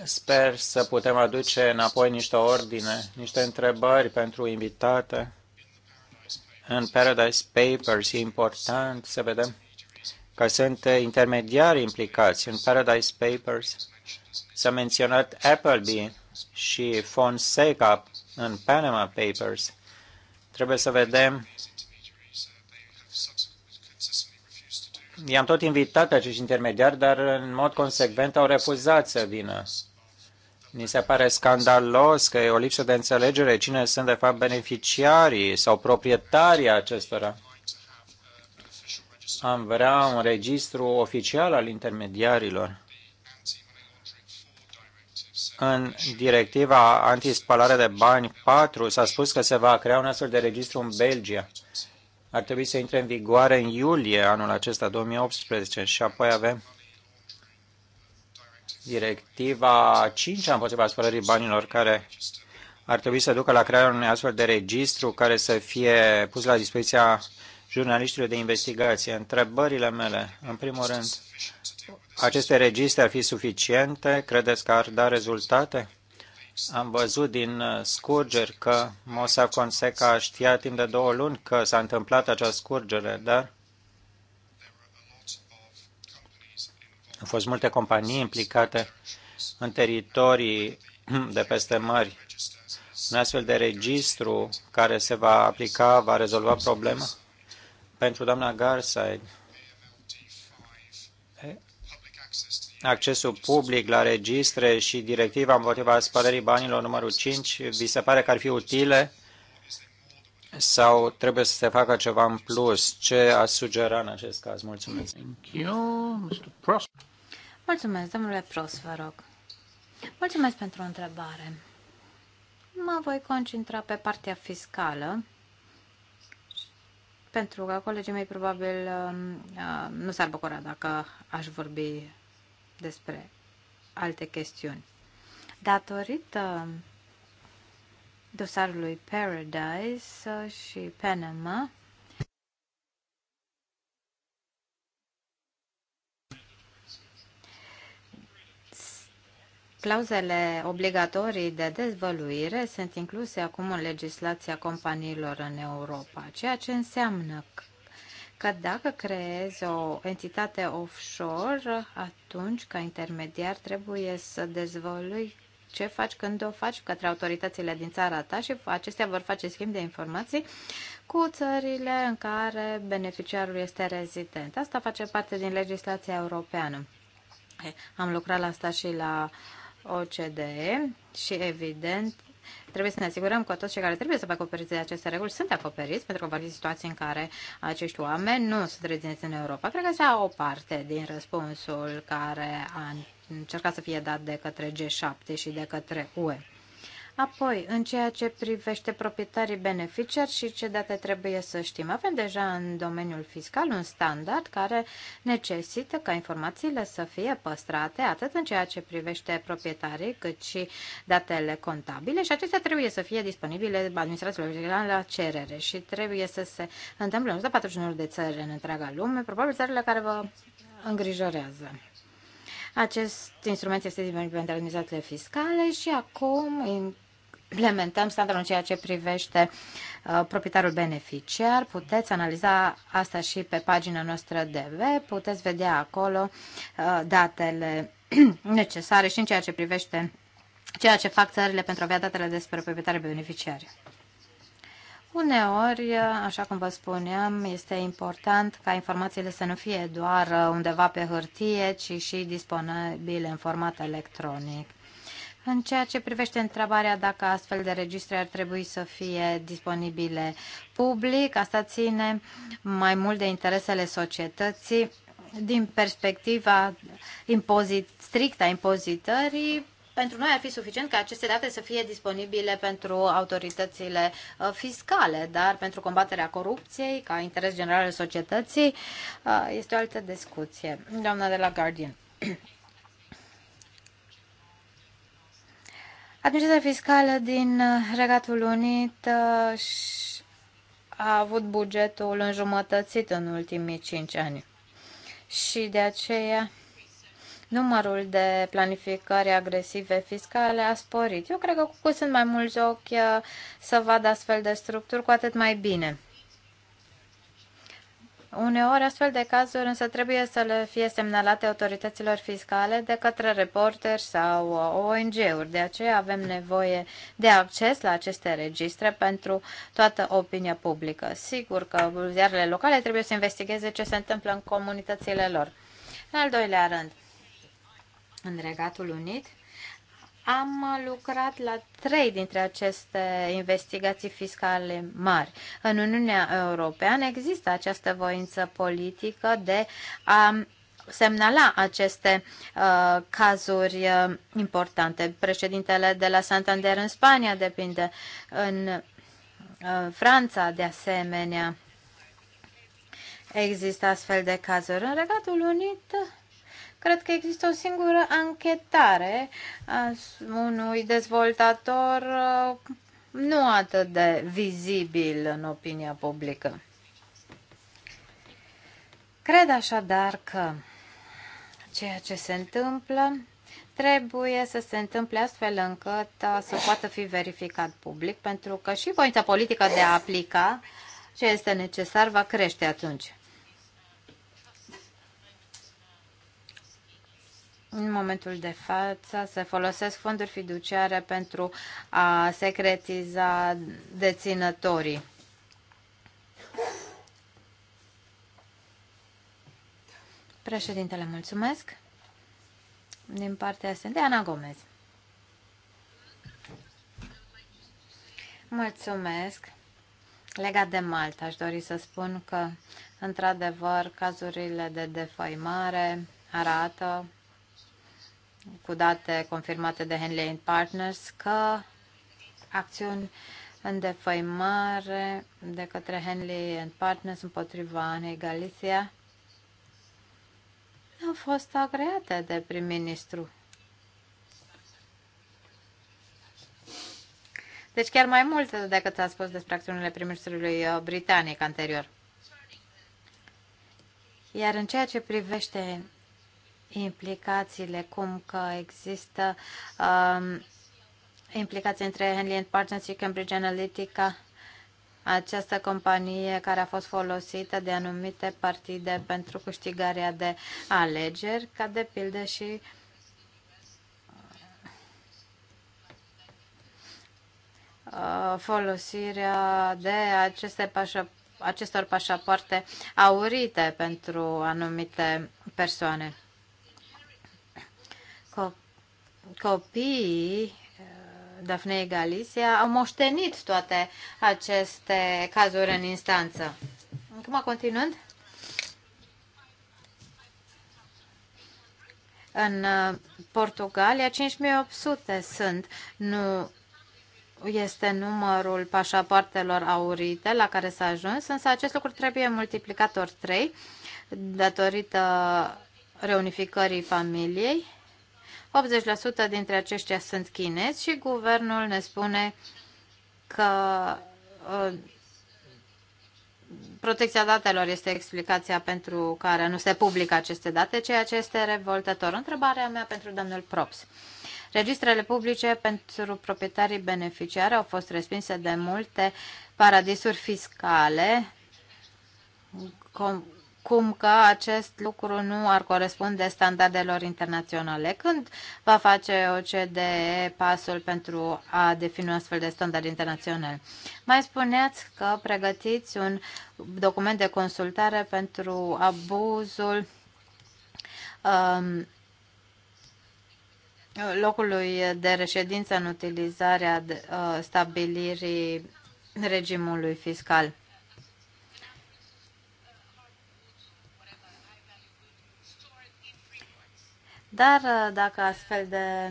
Sper să putem aduce înapoi niște ordine, niște întrebări pentru invitate. În Paradise Papers e important să vedem că sunt intermediari implicați. În Paradise Papers s-a menționat Appleby și Fonseca în Panama Papers. Trebuie să vedem I-am tot invitat pe acești intermediari, dar în mod consecvent au refuzat să vină. Ni se pare scandalos că e o lipsă de înțelegere cine sunt de fapt beneficiarii sau proprietarii acestora. Am vrea un registru oficial al intermediarilor. În directiva antispalare de bani 4 s-a spus că se va crea un astfel de registru în Belgia ar trebui să intre în vigoare în iulie anul acesta, 2018, și apoi avem directiva 5 împotriva spălării banilor care ar trebui să ducă la crearea unui astfel de registru care să fie pus la dispoziția jurnaliștilor de investigație. Întrebările mele, în primul rând, aceste registre ar fi suficiente? Credeți că ar da rezultate? Am văzut din uh, scurgeri că Mosa Conseca știa timp de două luni că s-a întâmplat acea scurgere, dar au fost multe companii implicate în teritorii de peste mări. Un astfel de registru care se va aplica va rezolva problema? Pentru doamna Garside, accesul public la registre și directiva împotriva spălării banilor numărul 5, vi se pare că ar fi utile sau trebuie să se facă ceva în plus? Ce a sugera în acest caz? Mulțumesc. Thank you, Mr. Prost. Mulțumesc, domnule Prost, vă rog. Mulțumesc pentru o întrebare. Mă voi concentra pe partea fiscală, pentru că colegii mei probabil uh, uh, nu s-ar bucura dacă aș vorbi despre alte chestiuni. Datorită dosarului Paradise și Panama, Clauzele obligatorii de dezvăluire sunt incluse acum în legislația companiilor în Europa, ceea ce înseamnă că dacă creezi o entitate offshore, atunci ca intermediar trebuie să dezvolui ce faci când o faci către autoritățile din țara ta și acestea vor face schimb de informații cu țările în care beneficiarul este rezident. Asta face parte din legislația europeană. Am lucrat la asta și la OCDE și evident trebuie să ne asigurăm că toți cei care trebuie să fie acoperiți de aceste reguli sunt acoperiți, pentru că vor fi situații în care acești oameni nu sunt rezidenți în Europa. Cred că asta o parte din răspunsul care a încercat să fie dat de către G7 și de către UE. Apoi, în ceea ce privește proprietarii beneficiari și ce date trebuie să știm, avem deja în domeniul fiscal un standard care necesită ca informațiile să fie păstrate atât în ceea ce privește proprietarii cât și datele contabile și acestea trebuie să fie disponibile administrațiilor generale la cerere și trebuie să se întâmple în 141 de țări în întreaga lume, probabil țările care vă îngrijorează. Acest instrument este disponibil pentru administrațiile fiscale și acum implementăm standardul în ceea ce privește uh, proprietarul beneficiar. Puteți analiza asta și pe pagina noastră de web. Puteți vedea acolo uh, datele necesare și în ceea ce privește ceea ce fac țările pentru a avea datele despre proprietarii beneficiari. Uneori, uh, așa cum vă spuneam, este important ca informațiile să nu fie doar undeva pe hârtie, ci și disponibile în format electronic. În ceea ce privește întrebarea dacă astfel de registre ar trebui să fie disponibile public, asta ține mai mult de interesele societății din perspectiva impozit, stricta impozitării, pentru noi ar fi suficient ca aceste date să fie disponibile pentru autoritățile uh, fiscale, dar pentru combaterea corupției, ca interes general al societății, uh, este o altă discuție. Doamna de la Guardian. Administrația fiscală din uh, Regatul Unit uh, a avut bugetul înjumătățit în ultimii cinci ani și de aceea numărul de planificări agresive fiscale a sporit. Eu cred că cu cât sunt mai mulți ochi uh, să vadă astfel de structuri, cu atât mai bine. Uneori, astfel de cazuri însă trebuie să le fie semnalate autorităților fiscale de către reporteri sau uh, ONG-uri. De aceea avem nevoie de acces la aceste registre pentru toată opinia publică. Sigur că ziarele locale trebuie să investigheze ce se întâmplă în comunitățile lor. În al doilea rând, în Regatul Unit, am lucrat la trei dintre aceste investigații fiscale mari. În Uniunea Europeană există această voință politică de a semnala aceste uh, cazuri uh, importante. Președintele de la Santander în Spania depinde, în uh, Franța de asemenea. Există astfel de cazuri. În Regatul Unit Cred că există o singură anchetare a unui dezvoltator uh, nu atât de vizibil în opinia publică. Cred așadar că ceea ce se întâmplă trebuie să se întâmple astfel încât uh, să poată fi verificat public, pentru că și voința politică de a aplica ce este necesar va crește atunci. în momentul de față se folosesc fonduri fiduciare pentru a secretiza deținătorii. Președintele, mulțumesc. Din partea de Ana Gomez. Mulțumesc. Legat de Malta, aș dori să spun că, într-adevăr, cazurile de defăimare arată cu date confirmate de Henley Partners că acțiuni în defăimare de către Henley and Partners împotriva Anei Galicia au fost agreate de prim-ministru. Deci chiar mai mult decât a spus despre acțiunile prim-ministrului uh, britanic anterior. Iar în ceea ce privește implicațiile, cum că există um, implicații între Henley and Partners și Cambridge Analytica, această companie care a fost folosită de anumite partide pentru câștigarea de alegeri, ca de pildă și uh, folosirea de aceste pașa, acestor pașapoarte aurite pentru anumite persoane copiii uh, Dafnei Galicia au moștenit toate aceste cazuri în instanță. Acum, continuând, în uh, Portugalia 5800 sunt, nu este numărul pașapoartelor aurite la care s-a ajuns, însă acest lucru trebuie multiplicat ori 3 datorită reunificării familiei 80% dintre aceștia sunt chinezi și guvernul ne spune că uh, protecția datelor este explicația pentru care nu se publică aceste date, ceea ce este revoltător. Întrebarea mea pentru domnul Props. Registrele publice pentru proprietarii beneficiari au fost respinse de multe paradisuri fiscale, cum că acest lucru nu ar corespunde standardelor internaționale. Când va face OCDE pasul pentru a defini un astfel de standard internațional? Mai spuneați că pregătiți un document de consultare pentru abuzul um, locului de reședință în utilizarea uh, stabilirii regimului fiscal. Dar uh, dacă astfel de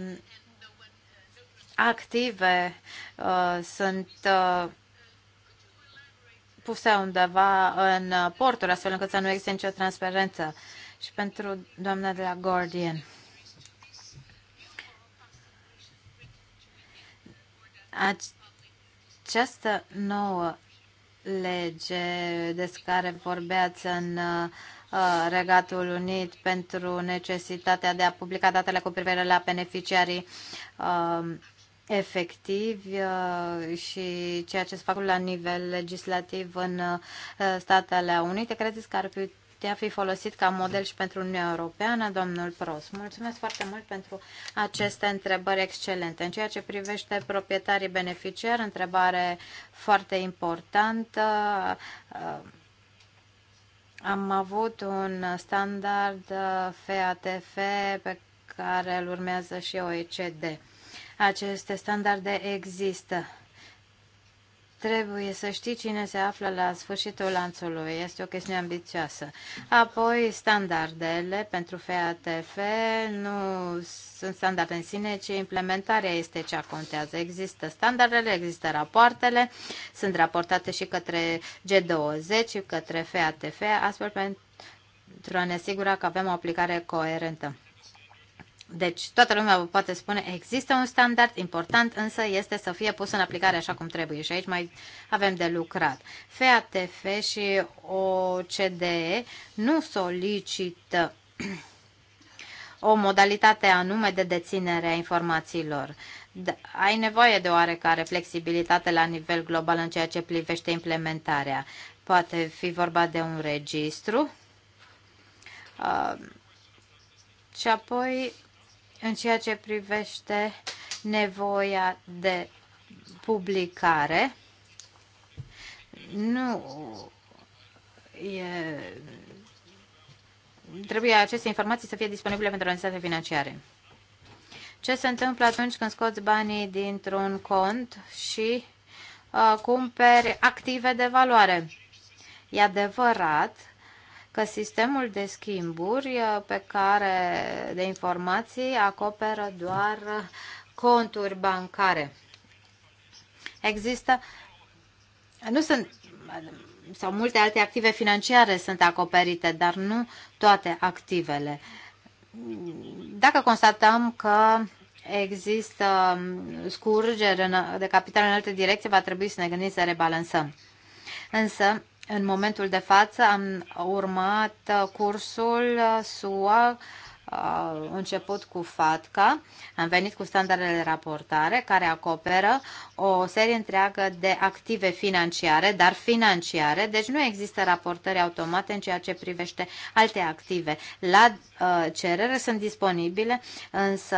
active uh, sunt uh, puse undeva în porturi, astfel încât să nu existe nicio transparență. Și pentru doamna de la Guardian. Această nouă lege despre care vorbeați în uh, Uh, Regatul Unit pentru necesitatea de a publica datele cu privire la beneficiarii um, efectivi uh, și ceea ce se fac la nivel legislativ în uh, Statele Unite. Credeți că ar putea fi folosit ca model și pentru Uniunea Europeană, domnul Pros? Mulțumesc foarte mult pentru aceste întrebări excelente. În ceea ce privește proprietarii beneficiari, întrebare foarte importantă am avut un standard FATF uh, pe care îl urmează și OECD. Aceste standarde există. Trebuie să știi cine se află la sfârșitul lanțului. Este o chestiune ambițioasă. Apoi, standardele pentru FATF nu sunt standarde în sine, ci implementarea este cea contează. Există standardele, există rapoartele, sunt raportate și către G20 și către FATF, astfel pentru a ne asigura că avem o aplicare coerentă. Deci, toată lumea vă poate spune, există un standard, important însă este să fie pus în aplicare așa cum trebuie și aici mai avem de lucrat. FATF și OCDE nu solicită o modalitate anume de deținere a informațiilor. Da, ai nevoie de oarecare flexibilitate la nivel global în ceea ce privește implementarea. Poate fi vorba de un registru. Uh, și apoi în ceea ce privește nevoia de publicare. Nu e, trebuie aceste informații să fie disponibile pentru organizații financiare. Ce se întâmplă atunci când scoți banii dintr-un cont și uh, cumperi active de valoare? E adevărat că sistemul de schimburi uh, pe care de informații acoperă doar uh, conturi bancare. Există nu sunt sau multe alte active financiare sunt acoperite, dar nu toate activele. Dacă constatăm că există um, scurgeri de capital în alte direcții, va trebui să ne gândim să rebalansăm. Însă, în momentul de față am urmat uh, cursul uh, SUA uh, început cu FATCA, am venit cu standardele de raportare care acoperă o serie întreagă de active financiare, dar financiare, deci nu există raportări automate în ceea ce privește alte active. La cerere sunt disponibile, însă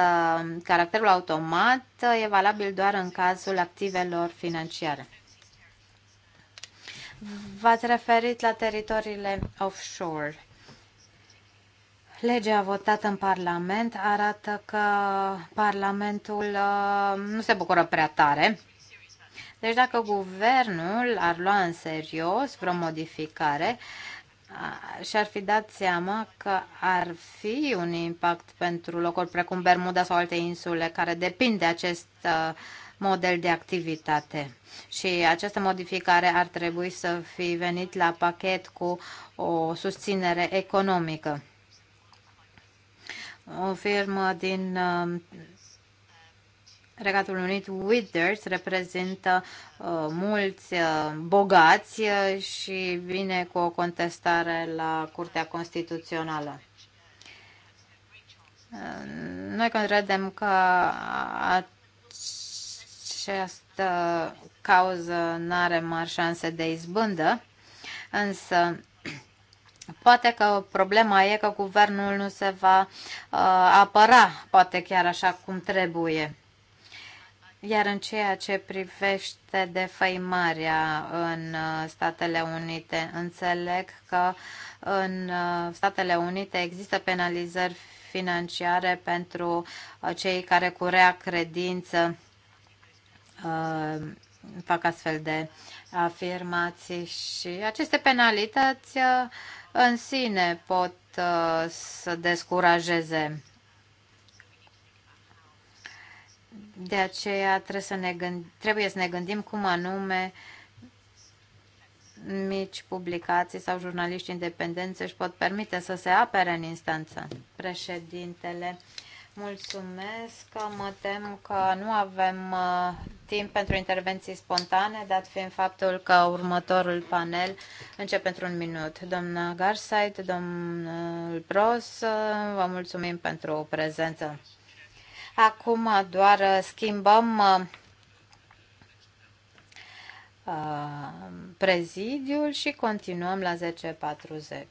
caracterul automat e valabil doar în cazul activelor financiare. V-ați referit la teritoriile offshore. Legea votată în Parlament arată că Parlamentul uh, nu se bucură prea tare. Deci dacă guvernul ar lua în serios vreo modificare, uh, și-ar fi dat seama că ar fi un impact pentru locuri precum Bermuda sau alte insule care depind de acest uh, model de activitate. Și această modificare ar trebui să fi venit la pachet cu o susținere economică. O firmă din um, Regatul Unit Withers reprezintă uh, mulți uh, bogați uh, și vine cu o contestare la Curtea Constituțională. noi credem că această cauză nu are mari șanse de izbândă, însă poate că problema e că guvernul nu se va uh, apăra, poate chiar așa cum trebuie. Iar în ceea ce privește defăimarea în uh, Statele Unite, înțeleg că în uh, Statele Unite există penalizări financiare pentru uh, cei care curea credință Uh, fac astfel de afirmații și aceste penalități uh, în sine pot uh, să descurajeze. De aceea trebuie să ne, gând, trebuie să ne gândim cum anume mici publicații sau jurnaliști independenți își pot permite să se apere în instanță. Președintele Mulțumesc. Mă tem că nu avem uh, timp pentru intervenții spontane, dat fiind faptul că următorul panel începe într-un minut. Doamna Garsait, domnul Bros, uh, vă mulțumim pentru prezență. Acum doar uh, schimbăm uh, uh, prezidiul și continuăm la 10.40.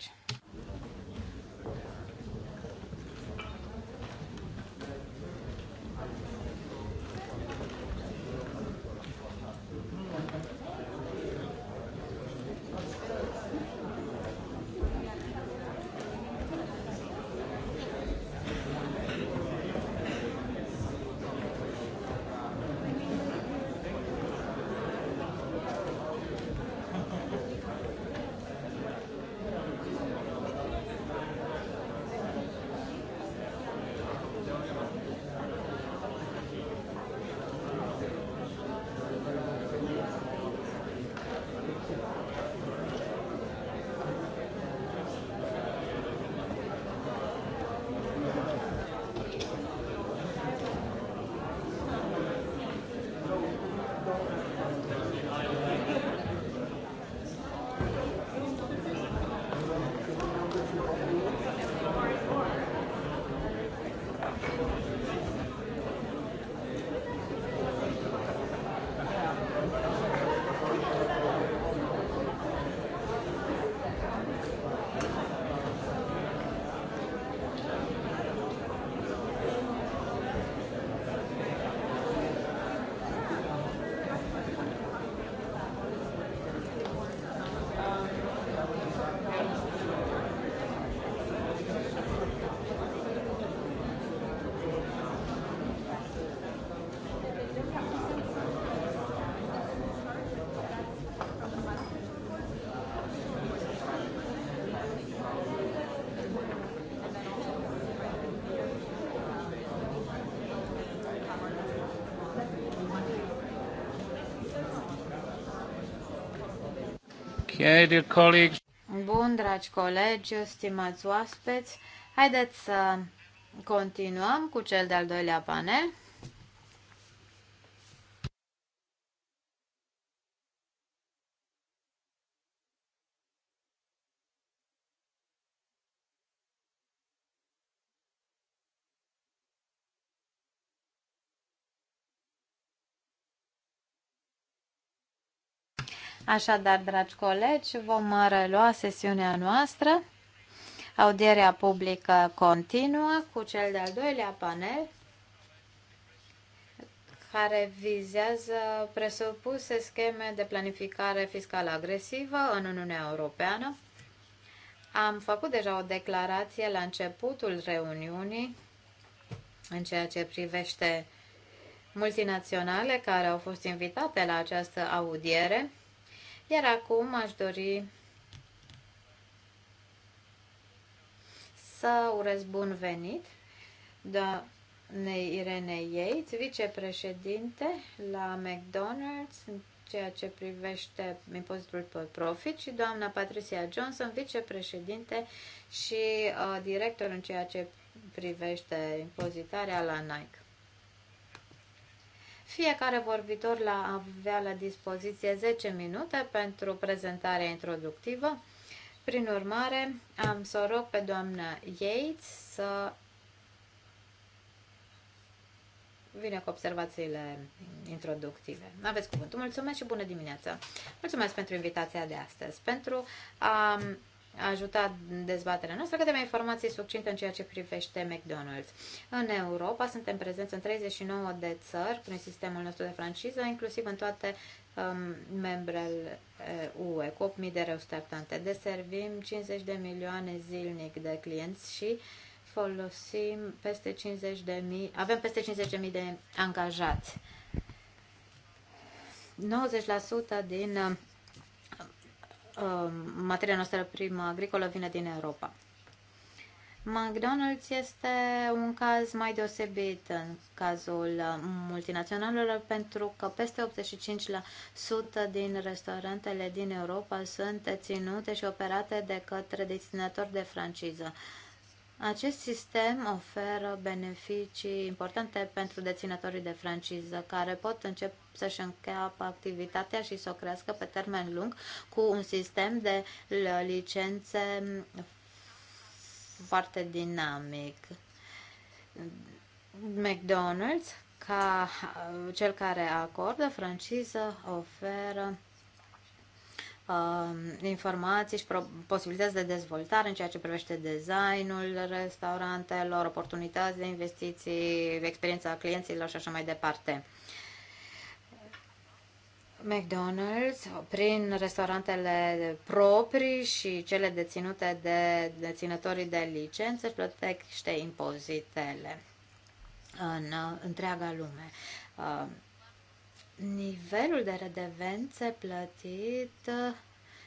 dear colleagues. Bun, dragi colegi, stimați oaspeți, haideți să continuăm cu cel de-al doilea panel. Așadar, dragi colegi, vom relua sesiunea noastră. Audierea publică continuă cu cel de-al doilea panel care vizează presupuse scheme de planificare fiscală agresivă în Uniunea Europeană. Am făcut deja o declarație la începutul reuniunii în ceea ce privește multinaționale care au fost invitate la această audiere. Iar acum aș dori să urez bun venit doamnei Irene Yates, vicepreședinte la McDonald's, ceea ce privește impozitul pe profit și doamna Patricia Johnson, vicepreședinte și uh, director în ceea ce privește impozitarea la Nike. Fiecare vorbitor la avea la dispoziție 10 minute pentru prezentarea introductivă. Prin urmare, am să o rog pe doamna Yates să vine cu observațiile introductive. Aveți cuvântul. Mulțumesc și bună dimineața! Mulțumesc pentru invitația de astăzi, pentru a Ajutat dezbaterea noastră câteva informații succinte în ceea ce privește McDonald's. În Europa suntem prezenți în 39 de țări prin sistemul nostru de franciză, inclusiv în toate um, membrele UE, uh, cu 8.000 de restaurante. Deservim 50 de milioane zilnic de clienți și folosim peste 50 de mii, avem peste 50 de angajați. 90% din uh, Um, materia noastră primă agricolă vine din Europa. McDonald's este un caz mai deosebit în cazul multinaționalelor pentru că peste 85% din restaurantele din Europa sunt ținute și operate de către deținători de franciză. Uh, acest sistem oferă beneficii importante pentru deținătorii de franciză, care pot începe să-și încheapă activitatea și să o crească pe termen lung cu un sistem de licențe foarte dinamic. McDonald's, ca cel care acordă franciză, oferă uh, informații și posibilități de dezvoltare în ceea ce privește designul restaurantelor, oportunități de investiții, experiența clienților și așa mai departe. McDonald's, prin restaurantele proprii și cele deținute de deținătorii de licență, plătește impozitele în uh, întreaga lume. Uh, nivelul de redevențe plătit uh,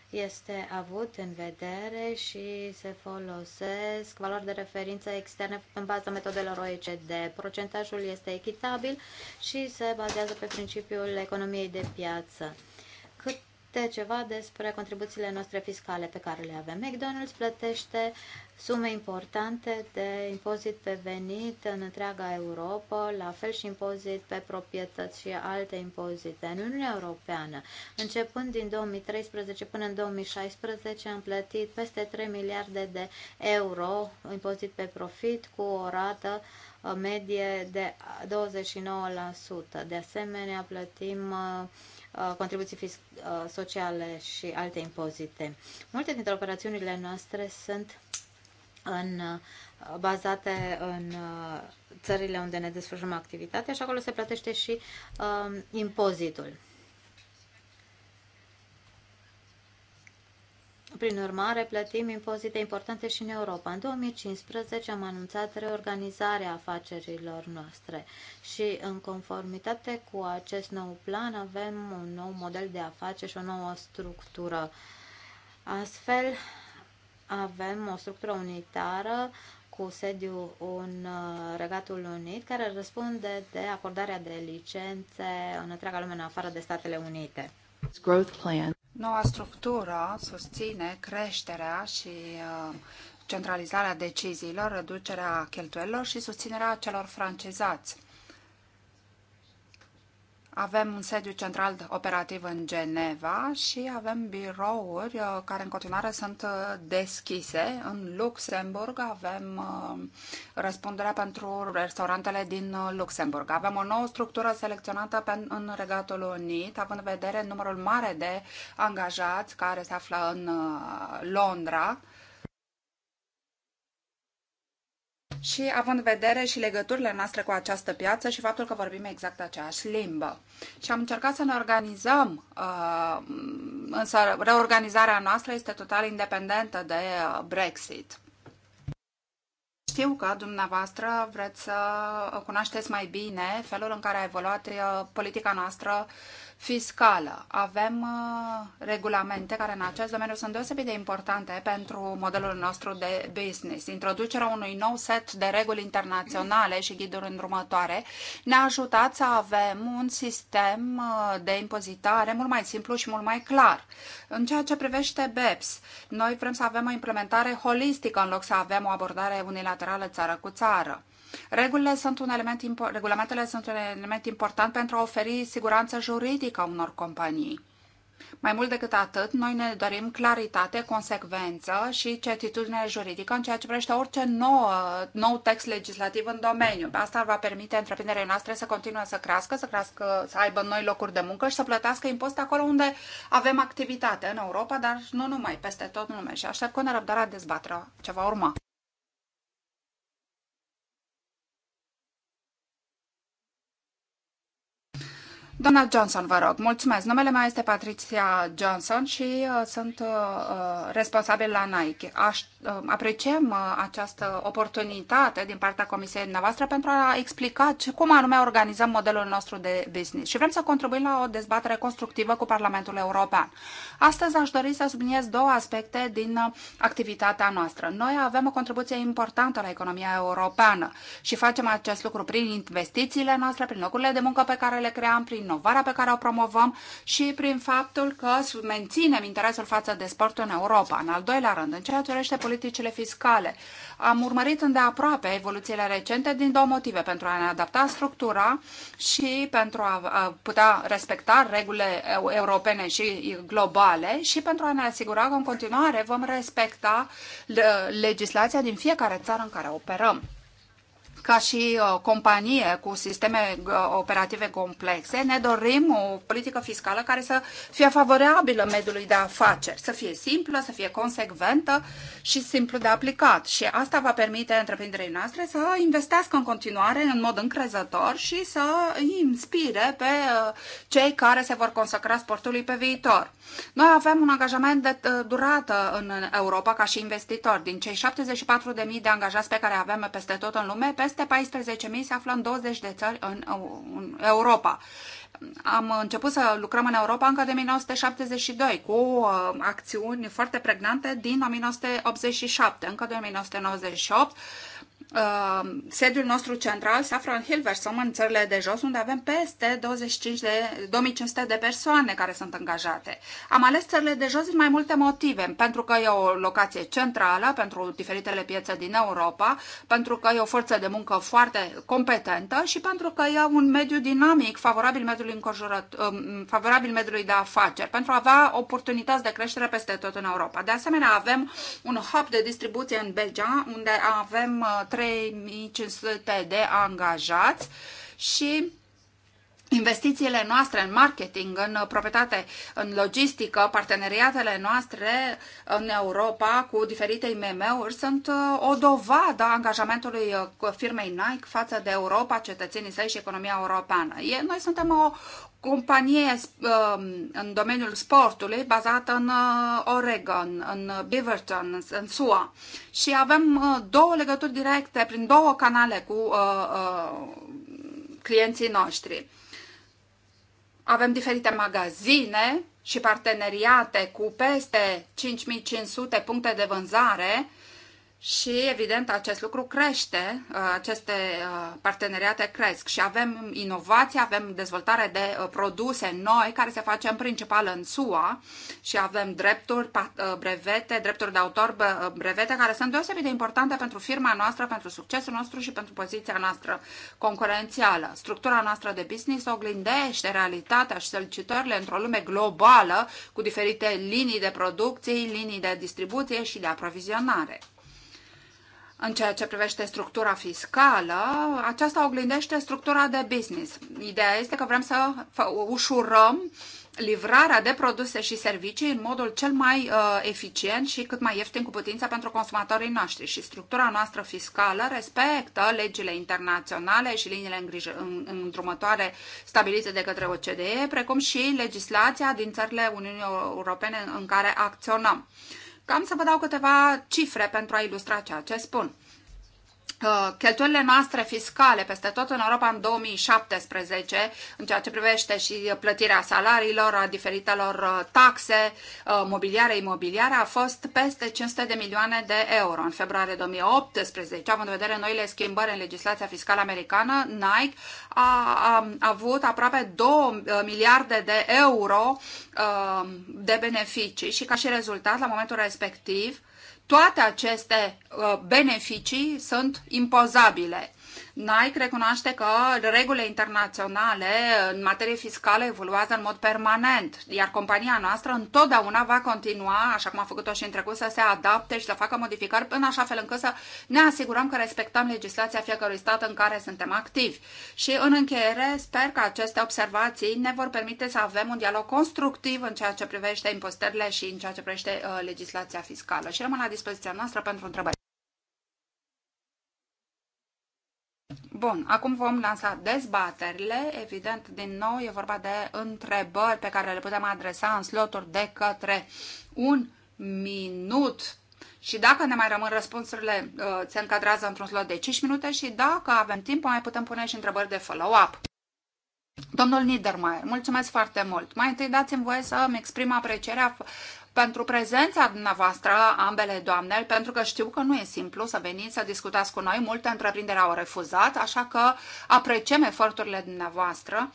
este avut în vedere și se folosesc valori de referință externe în baza metodelor OECD. Procentajul este echitabil și se bazează pe principiul economiei de piață câte ceva despre contribuțiile noastre fiscale pe care le avem. McDonald's plătește sume importante de impozit pe venit în întreaga Europa, la fel și impozit pe proprietăți și alte impozite în Uniunea Europeană. Începând din 2013 până în 2016 am plătit peste 3 miliarde de euro impozit pe profit cu o rată uh, medie de 29%. De asemenea, plătim uh, Uh, contribuții uh, sociale și alte impozite. Multe dintre operațiunile noastre sunt în, uh, bazate în țările unde ne desfășurăm activitatea și acolo se plătește și uh, impozitul. Prin urmare, plătim impozite importante și în Europa. În 2015 am anunțat reorganizarea afacerilor noastre și, în conformitate cu acest nou plan, avem un nou model de afaceri și o nouă structură. Astfel, avem o structură unitară cu sediu în uh, Regatul Unit, care răspunde de acordarea de licențe în întreaga lume, în afară de Statele Unite. Growth plan. Noua structură susține creșterea și uh, centralizarea deciziilor, reducerea cheltuielor și susținerea celor francezați. Avem un sediu central operativ în Geneva și avem birouri uh, care în continuare sunt uh, deschise. În Luxemburg avem uh, răspunderea pentru restaurantele din Luxemburg. Avem o nouă structură selecționată în Regatul Unit, având în vedere numărul mare de angajați care se află în Londra și având vedere și legăturile noastre cu această piață și faptul că vorbim exact aceeași limbă. Și am încercat să ne organizăm, uh, însă reorganizarea noastră este total independentă de uh, Brexit. Știu că dumneavoastră vreți să cunoașteți mai bine felul în care a evoluat uh, politica noastră uh, fiscală. Avem uh, regulamente care în acest domeniu sunt deosebit de importante pentru modelul nostru de business. Introducerea unui nou set de reguli internaționale și ghiduri îndrumătoare ne-a ajutat să avem un sistem uh, de impozitare mult mai simplu și mult mai clar. În ceea ce privește BEPS, noi vrem să avem o implementare holistică în loc să avem o abordare unilaterală țară cu țară. Regulile sunt un element, regulamentele sunt un element important pentru a oferi siguranță juridică juridică a unor companii. Mai mult decât atât, noi ne dorim claritate, consecvență și certitudine juridică în ceea ce privește orice nou, nou text legislativ în domeniu. Asta va permite întreprinderea noastre să continue să crească, să crească, să aibă noi locuri de muncă și să plătească impost acolo unde avem activitate în Europa, dar nu numai, peste tot în lume. Și aștept cu nerăbdarea dezbaterea ce va urma. Doamna Johnson, vă rog, mulțumesc. Numele meu este Patricia Johnson și uh, sunt uh, uh responsabil la Nike. Aș, uh, apreciem uh, această oportunitate din partea comisiei noastre pentru a explica ce, cum anume organizăm modelul nostru de business și vrem să contribuim la o dezbatere constructivă cu Parlamentul European. Astăzi aș dori să subliniez două aspecte din uh, activitatea noastră. Noi avem o contribuție importantă la economia europeană și facem acest lucru prin investițiile noastre, prin locurile de muncă pe care le creăm, prin inovarea pe care o promovăm și prin faptul că menținem interesul față de sportul în Europa. În al doilea rând, în ceea ce urește politicile fiscale, am urmărit îndeaproape evoluțiile recente din două motive, pentru a ne adapta structura și pentru a putea respecta regulile europene și globale și pentru a ne asigura că în continuare vom respecta legislația din fiecare țară în care operăm ca și uh, companie cu sisteme uh, operative complexe, ne dorim o politică fiscală care să fie favorabilă mediului de afaceri, să fie simplă, să fie consecventă și simplu de aplicat. Și asta va permite întreprinderii noastre să investească în continuare în mod încrezător și să îi inspire pe uh, cei care se vor consacra sportului pe viitor. Noi avem un angajament de durată în Europa ca și investitori. Din cei 74.000 de angajați pe care avem peste tot în lume, peste peste 14.000 se află în 20 de țări în, Europa. Am început să lucrăm în Europa încă de 1972, cu uh, acțiuni foarte pregnante din 1987, încă de 1998 Uh, sediul nostru central se află în Hilversum, în țările de jos, unde avem peste 25 de, 2500 de persoane care sunt angajate. Am ales țările de jos din mai multe motive, pentru că e o locație centrală pentru diferitele piețe din Europa, pentru că e o forță de muncă foarte competentă și pentru că e un mediu dinamic favorabil mediului, înconjurat, um, favorabil mediului de afaceri, pentru a avea oportunități de creștere peste tot în Europa. De asemenea, avem un hub de distribuție în Belgia, unde avem uh, 3500 de angajați și investițiile noastre în marketing, în proprietate, în logistică, parteneriatele noastre în Europa cu diferite IMM-uri sunt uh, o dovadă a angajamentului uh, firmei Nike față de Europa, cetățenii săi și economia europeană. Noi suntem o, companie um, în domeniul sportului bazată în uh, Oregon, în Beaverton, în SUA. Și avem uh, două legături directe prin două canale cu uh, clienții noștri. Avem diferite magazine și parteneriate cu peste 5500 puncte de vânzare și, evident, acest lucru crește, uh, aceste uh, parteneriate cresc și avem inovații, avem dezvoltare de uh, produse noi care se face în principal în SUA și avem drepturi, brevete, drepturi de autor, brevete care sunt deosebit de importante pentru firma noastră, pentru succesul nostru și pentru poziția noastră concurențială. Structura noastră de business oglindește realitatea și solicitările într-o lume globală cu diferite linii de producție, linii de distribuție și de aprovizionare. În ceea ce privește structura fiscală, aceasta oglindește structura de business. Ideea este că vrem să ușurăm livrarea de produse și servicii în modul cel mai uh, eficient și cât mai ieftin cu putință pentru consumatorii noștri. Și structura noastră fiscală respectă legile internaționale și liniile îngrijă, în, îndrumătoare stabilite de către OCDE, precum și legislația din țările Uniunii Europene în care acționăm. Uh, Cam să vă dau câteva cifre pentru a ilustra ceea ce spun cheltuielile noastre fiscale peste tot în Europa în 2017, în ceea ce privește și plătirea salariilor, a diferitelor uh, taxe uh, mobiliare, imobiliare, a fost peste 500 de milioane de euro. În februarie 2018, având în vedere noile schimbări în legislația fiscală americană, Nike a, a, a avut aproape 2 uh, miliarde de euro a, de beneficii și ca și rezultat, la momentul respectiv, toate aceste uh, beneficii sunt impozabile. Nike recunoaște că regulile internaționale în materie fiscală evoluează în mod permanent, iar compania noastră întotdeauna va continua, așa cum a făcut-o și în trecut, să se adapte și să facă modificări în așa fel încât să ne asigurăm că respectăm legislația fiecărui stat în care suntem activi. Și în încheiere, sper că aceste observații ne vor permite să avem un dialog constructiv în ceea ce privește impostările și în ceea ce privește uh, legislația fiscală. Și rămân la dispoziția noastră pentru întrebări. Bun, acum vom lansa dezbaterile. Evident, din nou e vorba de întrebări pe care le putem adresa în sloturi de către un minut. Și dacă ne mai rămân răspunsurile, uh, se încadrează într-un slot de 5 minute și dacă avem timp, mai putem pune și întrebări de follow-up. Domnul Niedermayer, mulțumesc foarte mult. Mai întâi dați-mi voie să îmi exprim aprecierea pentru prezența dumneavoastră, ambele doamne, pentru că știu că nu e simplu să veniți să discutați cu noi. Multe întreprinderi au refuzat, așa că apreciem eforturile dumneavoastră.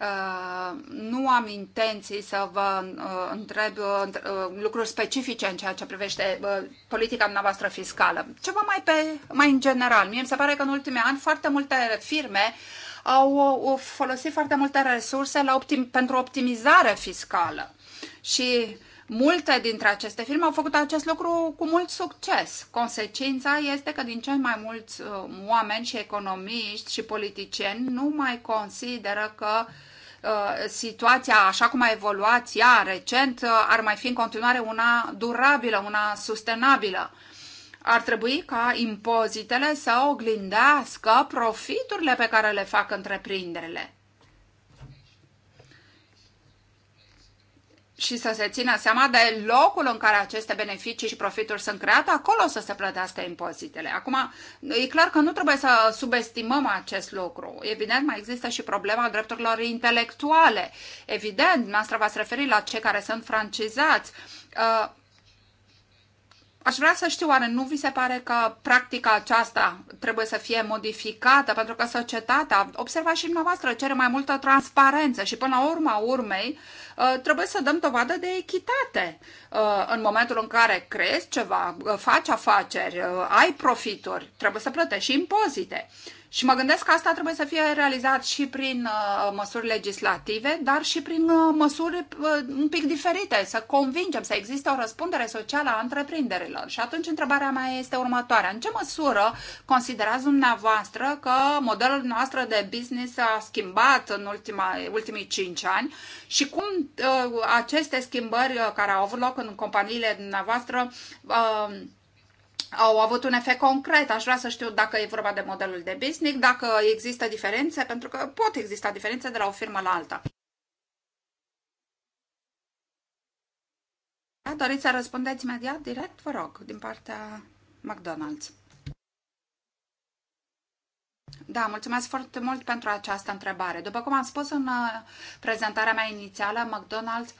Uh, nu am intenții să vă uh, întreb uh, uh lucruri specifice în ceea ce privește uh, politica noastră fiscală. Ceva mai, pe, mai în general. Mie mi se pare că în ultimii ani foarte multe firme au, uh, au folosit foarte multe resurse la optim, pentru optimizare fiscală. Și uh, Multe dintre aceste firme au făcut acest lucru cu mult succes. Consecința este că din cei mai mulți uh, oameni și economiști și politicieni nu mai consideră că uh, situația așa cum a evoluat ea recent uh, ar mai fi în continuare una durabilă, una sustenabilă. Ar trebui ca impozitele să oglindească profiturile pe care le fac întreprinderile. și să se țină seama de locul în care aceste beneficii și profituri sunt create, acolo să se plătească impozitele. Acum, e clar că nu trebuie să subestimăm acest lucru. Evident, mai există și problema drepturilor intelectuale. Evident, noastră v-ați referit la cei care sunt francizați. Uh, Aș vrea să știu, oare nu vi se pare că practica aceasta trebuie să fie modificată pentru că societatea, observați și dumneavoastră, cere mai multă transparență și până la urma urmei uh, trebuie să dăm dovadă de echitate uh, în momentul în care crezi ceva, uh, faci afaceri, ai profituri, trebuie să plătești impozite. Și mă gândesc că asta trebuie să fie realizat și prin uh, măsuri legislative, dar și prin uh, măsuri uh, un pic diferite, să convingem să existe o răspundere socială a întreprinderilor. Și atunci întrebarea mea este următoarea. În ce măsură considerați dumneavoastră că modelul noastră de business a schimbat în ultima, ultimii cinci ani și cum uh, aceste schimbări uh, care au avut loc în companiile dumneavoastră uh, au avut un efect concret. Aș vrea să știu dacă e vorba de modelul de business, dacă există diferențe, pentru că pot exista diferențe de la o firmă la alta. Da, doriți să răspundeți imediat, direct, vă rog, din partea McDonald's. Da, mulțumesc foarte mult pentru această întrebare. După cum am spus în uh, prezentarea mea inițială, McDonald's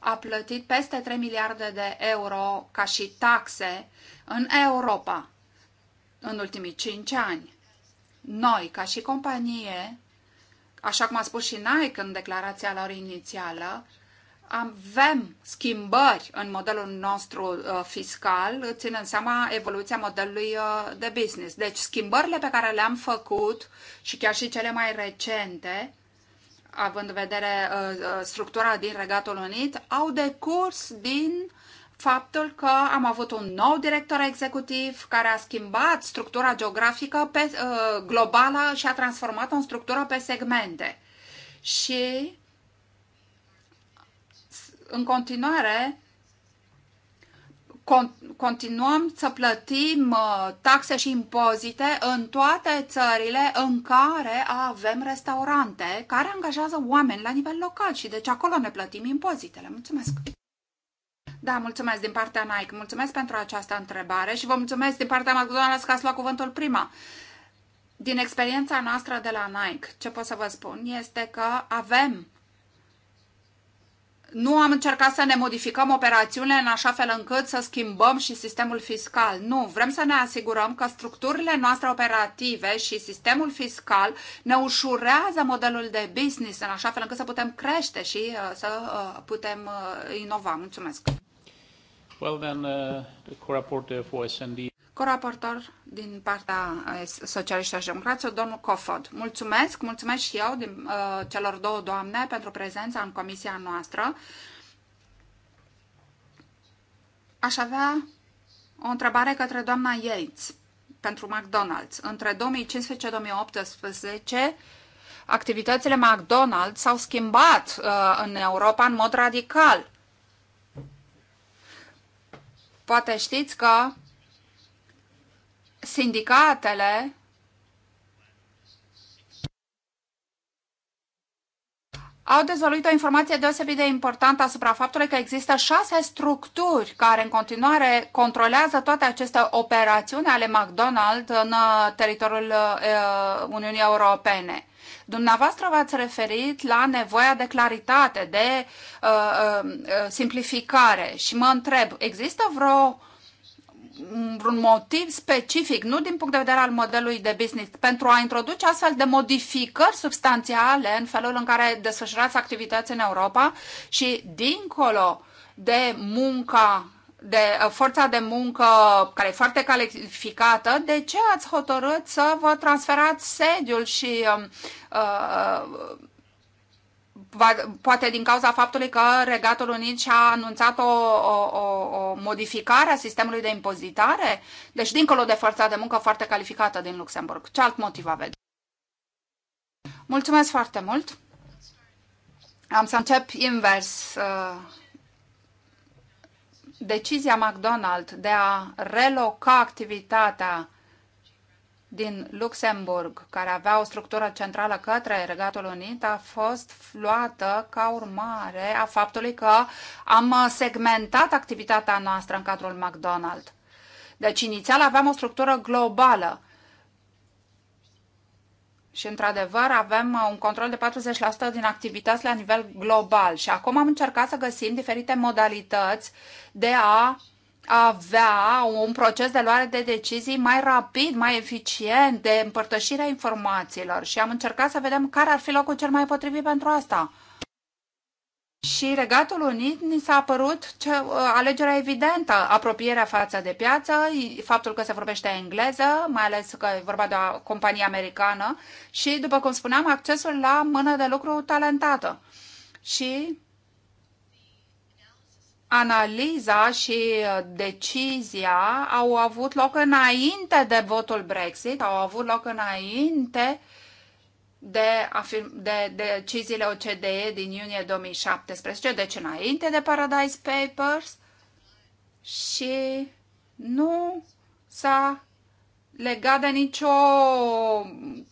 a plătit peste 3 miliarde de euro ca și taxe în Europa în ultimii 5 ani. Noi, ca și companie, așa cum a spus și Nike în declarația lor inițială, avem schimbări în modelul nostru uh, fiscal, ținând seama evoluția modelului uh, de business. Deci schimbările pe care le-am făcut și chiar și cele mai recente având în vedere uh, uh, structura din Regatul Unit, au decurs din faptul că am avut un nou director executiv care a schimbat structura geografică pe, uh, globală și a transformat-o în structură pe segmente. Și în continuare continuăm să plătim uh, taxe și impozite în toate țările în care avem restaurante care angajează oameni la nivel local și deci acolo ne plătim impozitele. Mulțumesc! Da, mulțumesc din partea Nike, mulțumesc pentru această întrebare și vă mulțumesc din partea McDonald's că ați luat cuvântul prima. Din experiența noastră de la Nike, ce pot să vă spun este că avem nu am încercat să ne modificăm operațiunile în așa fel încât să schimbăm și sistemul fiscal. Nu, vrem să ne asigurăm că structurile noastre operative și sistemul fiscal ne ușurează modelul de business în așa fel încât să putem crește și uh, să uh, putem uh, inova. Mulțumesc! Well then, uh, the Coraportor din partea eh, Socialiștilor și Democraților, domnul Cofod. Mulțumesc, mulțumesc și eu din, uh, celor două doamne pentru prezența în comisia noastră. Aș avea o întrebare către doamna Yates pentru McDonald's. Între 2015-2018, activitățile McDonald's s-au schimbat uh, în Europa în mod radical. Poate știți că sindicatele au dezvăluit o informație deosebit de importantă asupra faptului că există șase structuri care în continuare controlează toate aceste operațiuni ale McDonald's în uh, teritoriul uh, Uniunii Europene. Dumneavoastră v-ați referit la nevoia de claritate, de uh, uh, simplificare și mă întreb, există vreo un motiv specific, nu din punct de vedere al modelului de business, pentru a introduce astfel de modificări substanțiale în felul în care desfășurați activități în Europa și dincolo de munca de forța de muncă care e foarte calificată, de ce ați hotărât să vă transferați sediul și um, uh, poate din cauza faptului că Regatul Unit și-a anunțat o, o, o, o modificare a sistemului de impozitare? Deci, dincolo de forța de muncă foarte calificată din Luxemburg, ce alt motiv aveți? Mulțumesc foarte mult! Am să încep invers. Uh, decizia McDonald de a reloca activitatea din Luxemburg, care avea o structură centrală către Regatul Unit, a fost luată ca urmare a faptului că am segmentat activitatea noastră în cadrul McDonald. Deci, inițial aveam o structură globală și, într-adevăr, avem un control de 40% din activități la nivel global. Și acum am încercat să găsim diferite modalități de a uh, avea un proces de luare de decizii mai rapid, mai eficient, de a informațiilor și am încercat să vedem care ar fi locul cel mai potrivit pentru asta. Și Regatul Unit ni s-a părut ce, uh, alegerea evidentă, apropierea față de piață, faptul că se vorbește engleză, mai ales că e vorba de o companie americană și, după cum spuneam, accesul la mână de lucru talentată. Și analiza și uh, decizia au avut loc înainte de votul Brexit, au avut loc înainte de, de, de deciziile OCDE din iunie 2017, deci înainte de Paradise Papers și nu s-a legat de nicio,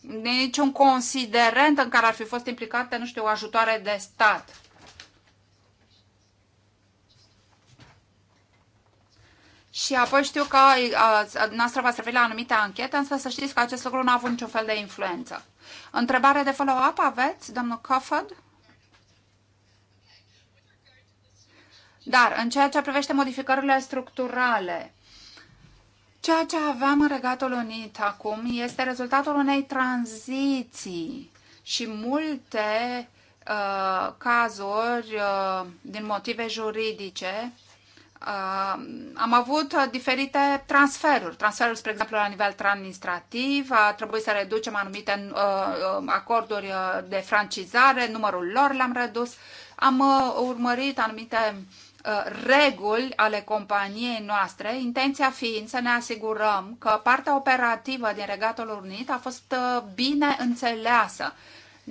de niciun considerent în care ar fi fost implicate, nu știu, ajutoare de stat. Și apoi știu că noastră va servi la anumite anchete, însă să știți că acest lucru nu a avut niciun fel de influență. Întrebare de follow-up aveți, domnul Cofford? Dar, în ceea ce privește modificările structurale, ceea ce aveam în Regatul Unit acum este rezultatul unei tranziții și multe uh, cazuri uh, din motive juridice Uh, am avut uh, diferite transferuri. Transferuri, spre exemplu, la nivel administrativ, a trebuit să reducem anumite uh, uh acorduri uh, de francizare, numărul lor l-am redus. Am uh, urmărit anumite reguli ale companiei noastre, intenția fiind să ne asigurăm că partea operativă din Regatul Unit a fost bine înțeleasă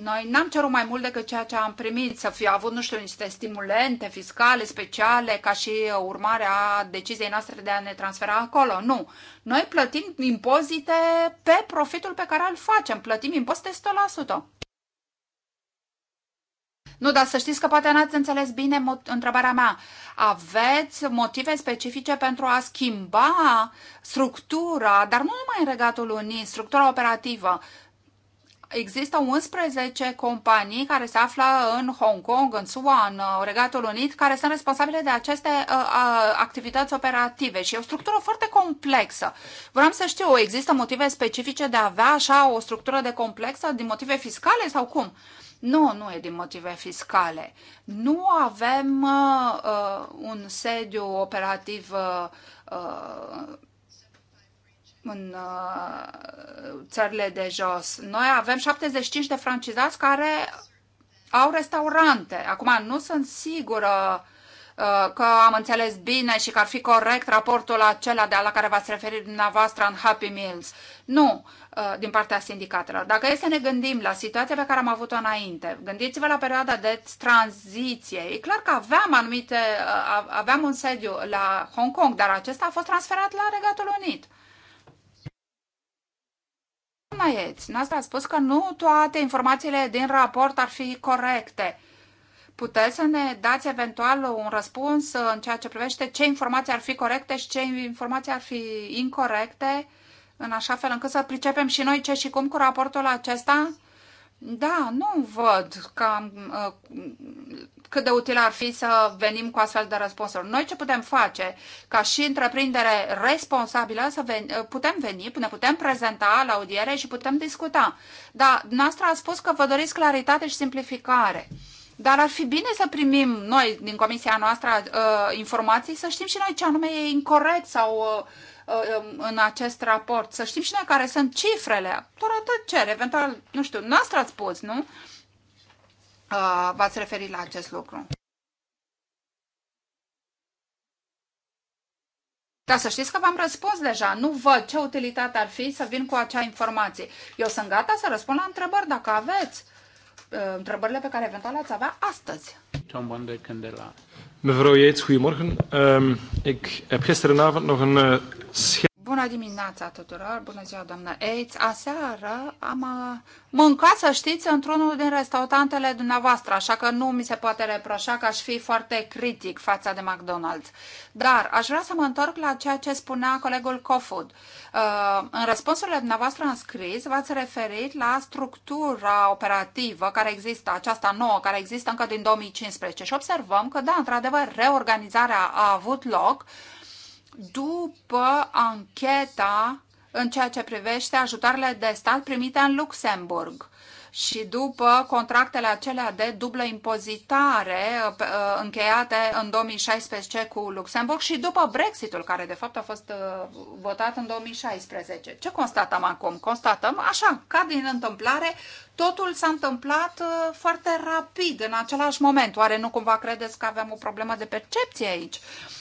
noi n-am cerut mai mult decât ceea ce am primit, să fi avut, nu știu, niște stimulente fiscale speciale ca și urmare a deciziei noastre de a ne transfera acolo. Nu. Noi plătim impozite pe profitul pe care îl facem. Plătim impozite 100%. Nu, dar să știți că poate n-ați înțeles bine întrebarea mea. Aveți motive specifice pentru a schimba structura, dar nu numai în Regatul Unii, structura operativă, există 11 companii care se află în Hong Kong, în SUA, în uh, Regatul Unit, care sunt responsabile de aceste uh, uh, activități operative și e o structură foarte complexă. Vreau să știu, există motive specifice de a avea așa o structură de complexă din motive fiscale sau cum? Nu, nu e din motive fiscale. Nu avem uh, uh un sediu operativ uh, în uh, țările de jos. Noi avem 75 de francizați care au restaurante. Acum nu sunt sigură uh, că am înțeles bine și că ar fi corect raportul acela de la care v-ați referit dumneavoastră în Happy Meals. Nu, uh, din partea sindicatelor. Dacă e să ne gândim la situația pe care am avut-o înainte, gândiți-vă la perioada de tranziție. E clar că aveam anumite, uh, aveam un sediu la Hong Kong, dar acesta a fost transferat la Regatul Unit. Doamna noastră a spus că nu toate informațiile din raport ar fi corecte. Puteți să ne dați eventual un răspuns în ceea ce privește ce informații ar fi corecte și ce informații ar fi incorrecte, în așa fel încât să pricepem și noi ce și cum cu raportul acesta? Da, nu văd că, uh, cât de util ar fi să venim cu astfel de răspunsuri. Noi ce putem face ca și întreprindere responsabilă să ven, uh, putem veni, ne putem prezenta la audiere și putem discuta. Dar noastră a spus că vă doriți claritate și simplificare. Dar ar fi bine să primim noi din comisia noastră uh, informații, să știm și noi ce anume e incorrect sau uh, Uh, um, în acest raport. Să știm și noi care sunt cifrele. Doar atât cer. Eventual, nu știu, noastră ați spus, nu? Uh, v-ați referit la acest lucru. Dar să știți că v-am răspuns deja, nu văd ce utilitate ar fi să vin cu acea informație. Eu sunt gata să răspund la întrebări dacă aveți uh, întrebările pe care eventual ați avea astăzi. Tom de Candela. Mevrouw Jeets, goedemorgen. Um, ik heb gisterenavond nog een uh, Bună dimineața tuturor, bună ziua doamnă Aids. Aseară am uh, mâncat, să știți, într-unul din restaurantele dumneavoastră, așa că nu mi se poate reproșa că aș fi foarte critic față de McDonald's. Dar aș vrea să mă întorc la ceea ce spunea colegul Cofud. Uh, în răspunsurile dumneavoastră în scris v-ați referit la structura operativă care există, aceasta nouă, care există încă din 2015 și observăm că, da, într-adevăr, reorganizarea a avut loc, după ancheta în ceea ce privește ajutoarele de stat primite în Luxemburg și după contractele acelea de dublă impozitare uh, uh, încheiate în 2016 cu Luxemburg și după Brexitul, care de fapt a fost uh, votat în 2016. Ce constatăm acum? Constatăm, așa, ca din întâmplare, totul s-a întâmplat uh, foarte rapid, în același moment. Oare nu cumva credeți că avem o problemă de percepție aici?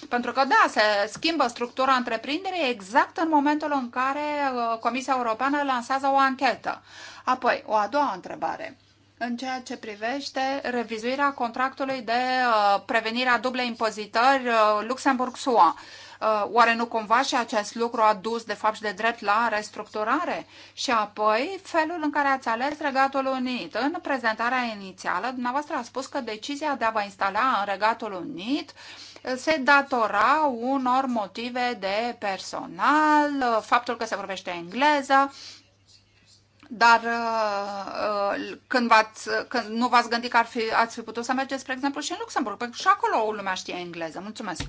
Pentru că, da, se schimbă structura întreprinderii exact în momentul în care uh, Comisia Europeană lansează o anchetă. Apoi, o a doua întrebare în ceea ce privește revizuirea contractului de uh, prevenire a dublei impozitări Luxemburg-SUA. Uh, oare nu cumva și acest lucru a dus de fapt și de drept la restructurare? Și apoi felul în care ați ales Regatul Unit. În prezentarea inițială, dumneavoastră a spus că decizia de a vă instala în Regatul Unit uh, se datora unor motive de personal, uh, faptul că se vorbește engleză, dar când, v-ați, când nu v-ați gândit că ar fi, ați fi putut să mergeți, spre exemplu, și în Luxemburg, pentru că și acolo lumea știe engleză. Mulțumesc!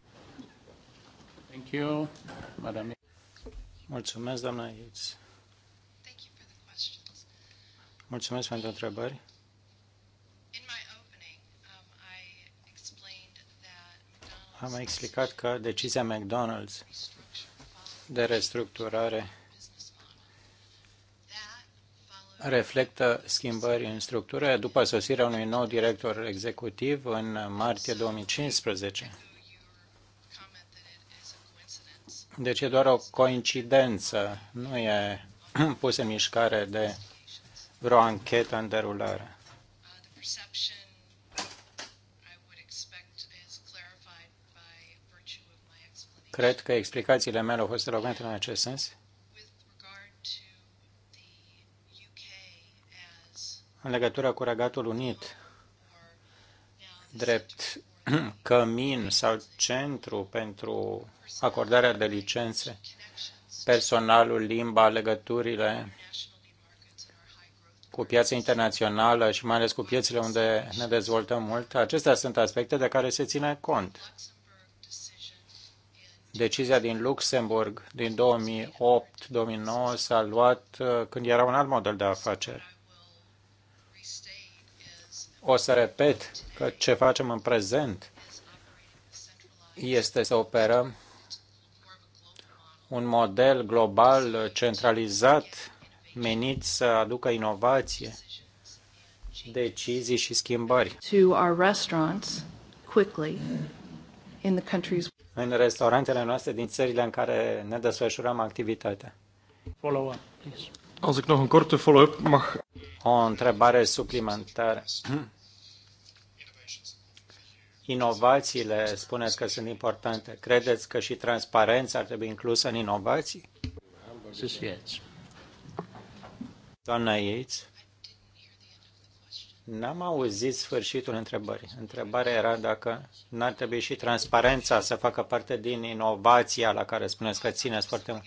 Mulțumesc, doamna Yates. Mulțumesc pentru întrebări. Um, Am explicat că decizia McDonald's de restructurare reflectă schimbări în structură după sosirea unui nou director executiv în martie 2015. Deci e doar o coincidență, nu e pus în mișcare de vreo anchetă în derulare. Cred că explicațiile mele au fost elocvente în acest sens. În legătură cu Regatul Unit, drept cămin sau centru pentru acordarea de licențe, personalul, limba, legăturile cu piața internațională și mai ales cu piețele unde ne dezvoltăm mult. Acestea sunt aspecte de care se ține cont. Decizia din Luxemburg din 2008-2009 s-a luat uh, când era un alt model de afaceri. O să repet că ce facem în prezent este să operăm un model global centralizat menit să aducă inovație, decizii și schimbări. To our restaurants quickly in the countries în restaurantele noastre din țările în care ne desfășurăm activitatea. Follow up, please. Als ik nog een korte follow-up mag... O întrebare suplimentară. Inovațiile, spuneți că sunt importante. Credeți că și transparența ar trebui inclusă în inovații? Doamna Yates, n-am auzit sfârșitul întrebării. Întrebarea era dacă n-ar trebui și transparența să facă parte din inovația la care spuneți că țineți foarte mult.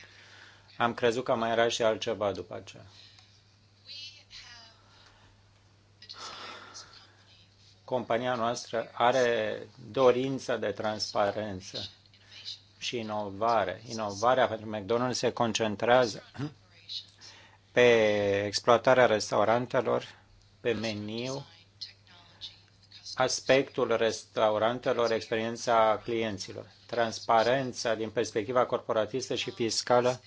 Am crezut că mai era și altceva după aceea. Compania noastră are dorința de transparență și inovare. Inovarea pentru McDonald's se concentrează pe exploatarea restaurantelor, pe meniu, aspectul restaurantelor, experiența clienților, transparența din perspectiva corporatistă și fiscală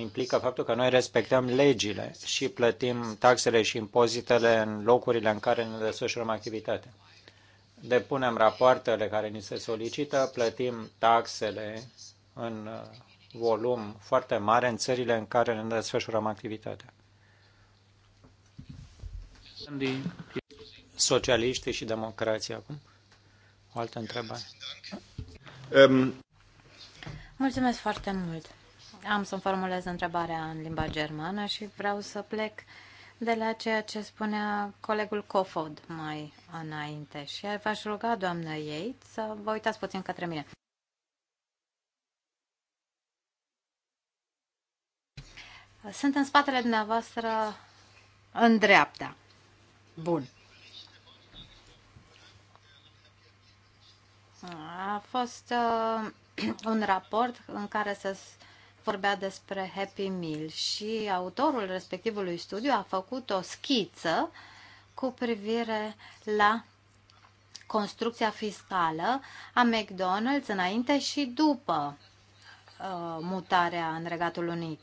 implică faptul că noi respectăm legile și plătim taxele și impozitele în locurile în care ne desfășurăm activitatea. Depunem rapoartele care ni se solicită, plătim taxele în uh, volum foarte mare în țările în care ne desfășurăm activitatea. Socialiști și democrație acum? O altă întrebare. Um. Mulțumesc foarte mult am să-mi formulez întrebarea în limba germană și vreau să plec de la ceea ce spunea colegul Cofod mai înainte și v-aș ruga, doamnă ei, să vă uitați puțin către mine. Sunt în spatele dumneavoastră în dreapta. Bun. A fost uh, un raport în care se vorbea despre Happy Meal și autorul respectivului studiu a făcut o schiță cu privire la construcția fiscală a McDonald's înainte și după uh, mutarea în Regatul Unit.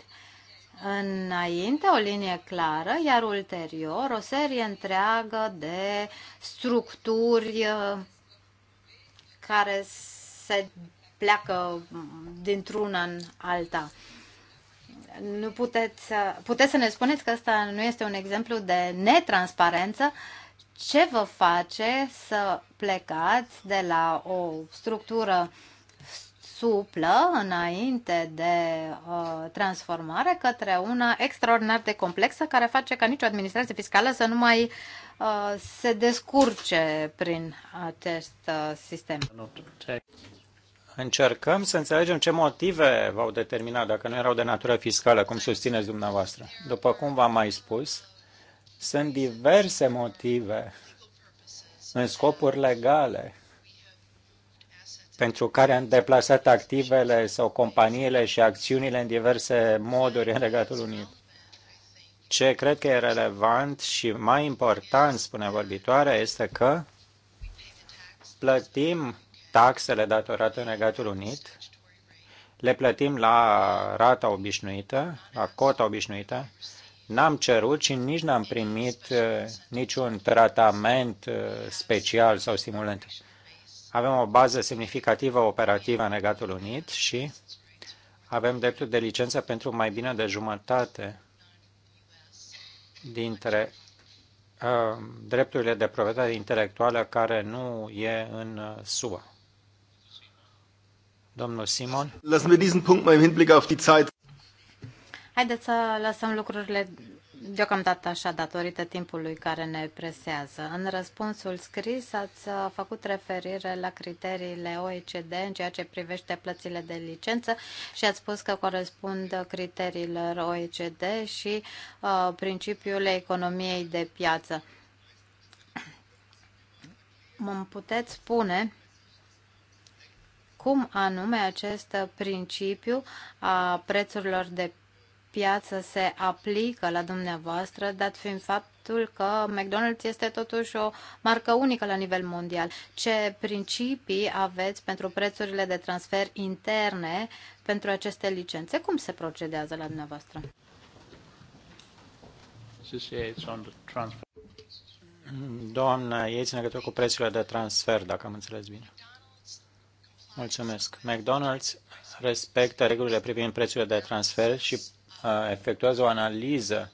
Înainte o linie clară, iar ulterior o serie întreagă de structuri uh, care se pleacă dintr-una în alta. Nu puteți, puteți să ne spuneți că asta nu este un exemplu de netransparență, ce vă face să plecați de la o structură suplă înainte de uh, transformare către una extraordinar de complexă care face ca nicio administrație fiscală să nu mai uh, se descurce prin acest uh, sistem încercăm să înțelegem ce motive v-au determinat, dacă nu erau de natură fiscală, cum susțineți dumneavoastră. După cum v-am mai spus, sunt diverse motive în scopuri legale pentru care am deplasat activele sau companiile și acțiunile în diverse moduri în Regatul Unit. Ce cred că e relevant și mai important, spune vorbitoarea, este că plătim taxele datorate Regatul Unit, le plătim la rata obișnuită, la cota obișnuită, n-am cerut și nici n-am primit uh, niciun tratament uh, special sau stimulant. Avem o bază semnificativă operativă în Regatul Unit și avem dreptul de licență pentru mai bine de jumătate dintre uh, drepturile de proprietate intelectuală care nu e în uh, SUA. Domnul Simon. Lassen wir diesen Punkt mal im Hinblick auf die Zeit. Haideți să lăsăm lucrurile deocamdată așa datorită timpului care ne presează. În răspunsul scris ați uh, făcut referire la criteriile OECD în ceea ce privește plățile de licență și ați spus că corespund criteriilor OECD și uh, principiul economiei de piață. Mă puteți spune cum anume acest principiu a prețurilor de piață se aplică la dumneavoastră, dat fiind faptul că McDonald's este totuși o marcă unică la nivel mondial. Ce principii aveți pentru prețurile de transfer interne pentru aceste licențe? Cum se procedează la dumneavoastră? Doamna, ei țin legătură cu prețurile de transfer, dacă am înțeles bine. Mulțumesc. McDonald's respectă regulile privind prețurile de transfer și uh, efectuează o analiză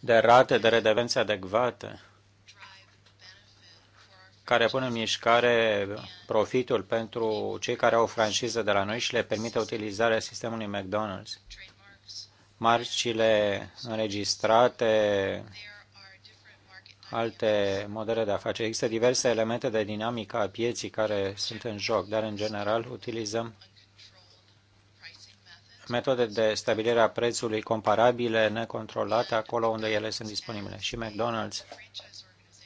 de rate de redevență adecvate care pun în mișcare profitul pentru cei care au franciză de la noi și le permite utilizarea sistemului McDonald's. Marcile înregistrate alte modele de afaceri. Există diverse elemente de dinamică a pieții care sunt în joc, dar în general utilizăm metode de stabilire a prețului comparabile, necontrolate, acolo unde ele sunt disponibile. Și McDonald's,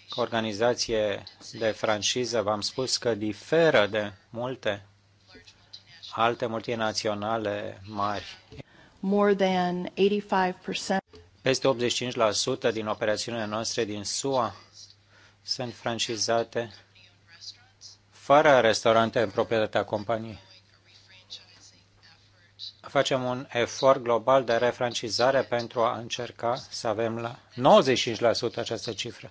ca organizație de franciză, v-am spus că diferă de multe alte multinaționale mari. More than 85%. Peste 85% din operațiunile noastre din SUA sunt francizate fără restaurante în proprietatea companiei. Facem un efort global de refrancizare pentru a încerca să avem la 95% această cifră,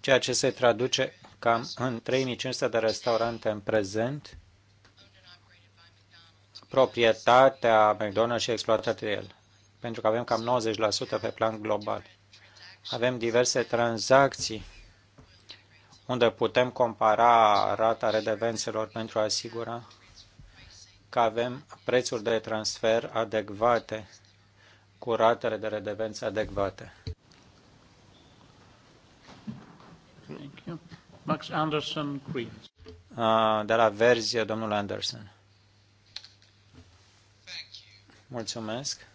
ceea ce se traduce cam în 3500 de restaurante în prezent, proprietatea McDonald's și exploatate de el pentru că avem cam 90% pe plan global. Avem diverse tranzacții unde putem compara rata redevențelor pentru a asigura că avem prețuri de transfer adecvate cu ratele de redevență adecvate. Max Anderson, De la Verzi, domnul Anderson. Mulțumesc.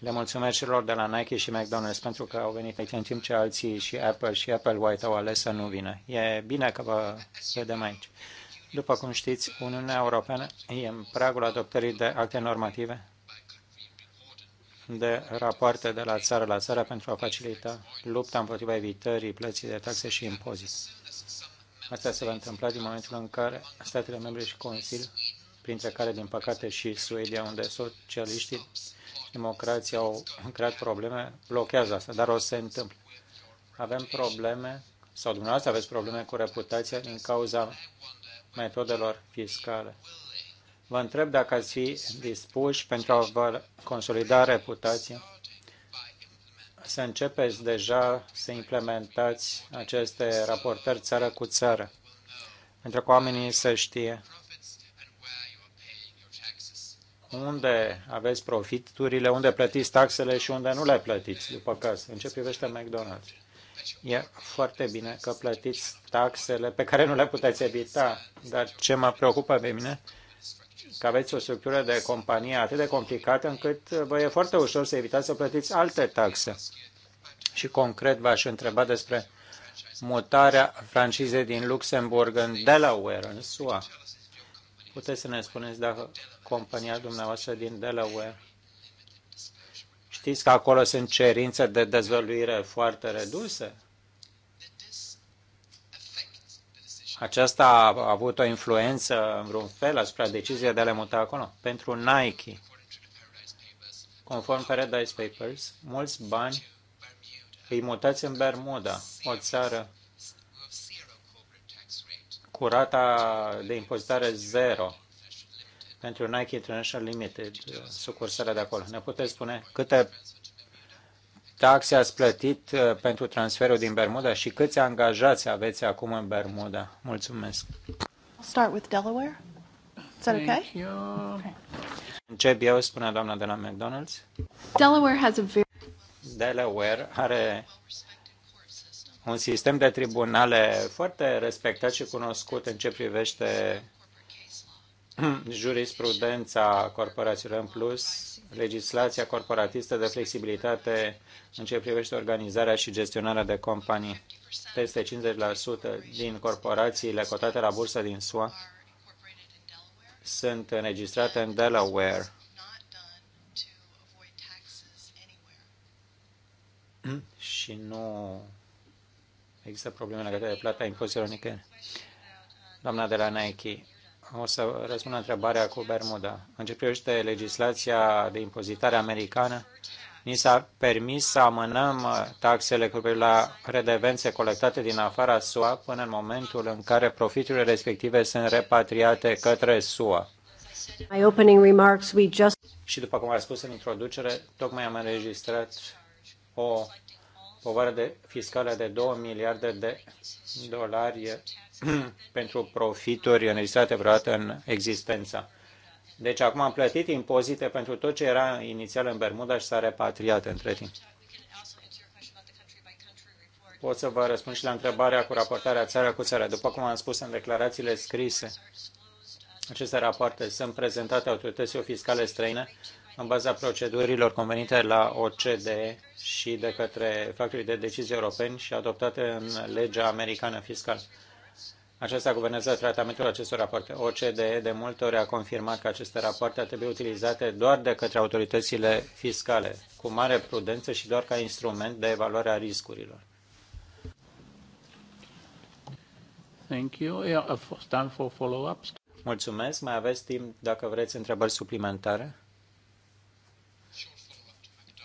Le mulțumesc celor de la Nike și McDonald's pentru că au venit aici în timp ce alții și Apple și Apple White au ales să nu vină. E bine că vă vedem aici. După cum știți, Uniunea Europeană e în pragul adoptării de acte normative de rapoarte de la țară la țară pentru a facilita lupta împotriva evitării plății de taxe și impozit. Asta se va întâmpla din momentul în care statele membre și Consiliul, printre care, din păcate, și Suedia, unde socialiștii democrații au creat probleme, blochează asta, dar o se întâmplă. Avem probleme, sau dumneavoastră aveți probleme cu reputația din cauza metodelor fiscale. Vă întreb dacă ați fi dispuși pentru a vă consolida reputația să începeți deja să implementați aceste raportări țară cu țară, pentru că oamenii să știe unde aveți profiturile, unde plătiți taxele și unde nu le plătiți, după caz, în ce privește McDonald's. E foarte bine că plătiți taxele pe care nu le puteți evita, dar ce mă preocupă pe mine, că aveți o structură de companie atât de complicată încât vă e foarte ușor să evitați să plătiți alte taxe. Și concret v-aș întreba despre mutarea francizei din Luxemburg în Delaware, în SUA. Puteți să ne spuneți dacă compania dumneavoastră din Delaware Știți că acolo sunt cerințe de dezvăluire foarte reduse? Aceasta a avut o influență în vreun fel asupra deciziei de a le muta acolo. Pentru Nike, conform Paradise Papers, mulți bani îi mutați în Bermuda, o țară cu rata de impozitare zero pentru Nike International Limited, sucursarea de acolo. Ne puteți spune câte taxe ați plătit uh, pentru transferul din Bermuda și câți angajați aveți acum în Bermuda? Mulțumesc. start with Delaware. Is that okay? okay. Încep eu, spune doamna de la McDonald's. Delaware has a very Delaware are un sistem de tribunale foarte respectat și cunoscut în ce privește jurisprudența corporațiilor în plus, legislația corporatistă de flexibilitate în ce privește organizarea și gestionarea de companii. Peste 50% din corporațiile cotate la bursă din SUA sunt înregistrate în Delaware. și nu există probleme legate de plata impozitelor nicăieri. Doamna de la Nike, o să răspund la întrebarea cu Bermuda. În ce privește legislația de impozitare americană, ni s-a permis să amânăm taxele cu privire la redevențe colectate din afara SUA până în momentul în care profiturile respective sunt repatriate către SUA. My opening remarks, we just... Și după cum am spus în introducere, tocmai am înregistrat o povară de, fiscală de 2 miliarde de dolari pentru profituri înregistrate vreodată în existența. Deci acum am plătit impozite pentru tot ce era inițial în Bermuda și s-a repatriat între timp. Pot să vă răspund și la întrebarea cu raportarea țară cu țară. După cum am spus în declarațiile scrise, aceste rapoarte sunt prezentate autorităților fiscale străine în baza procedurilor convenite la OCDE și de către factorii de decizie europeni și adoptate în legea americană fiscală. Aceasta guvernează tratamentul acestor rapoarte. OCDE de multe ori a confirmat că aceste rapoarte ar trebui utilizate doar de către autoritățile fiscale, cu mare prudență și doar ca instrument de evaluare a riscurilor. Thank you. Yeah, time for follow-ups. Mulțumesc. Mai aveți timp dacă vreți întrebări suplimentare?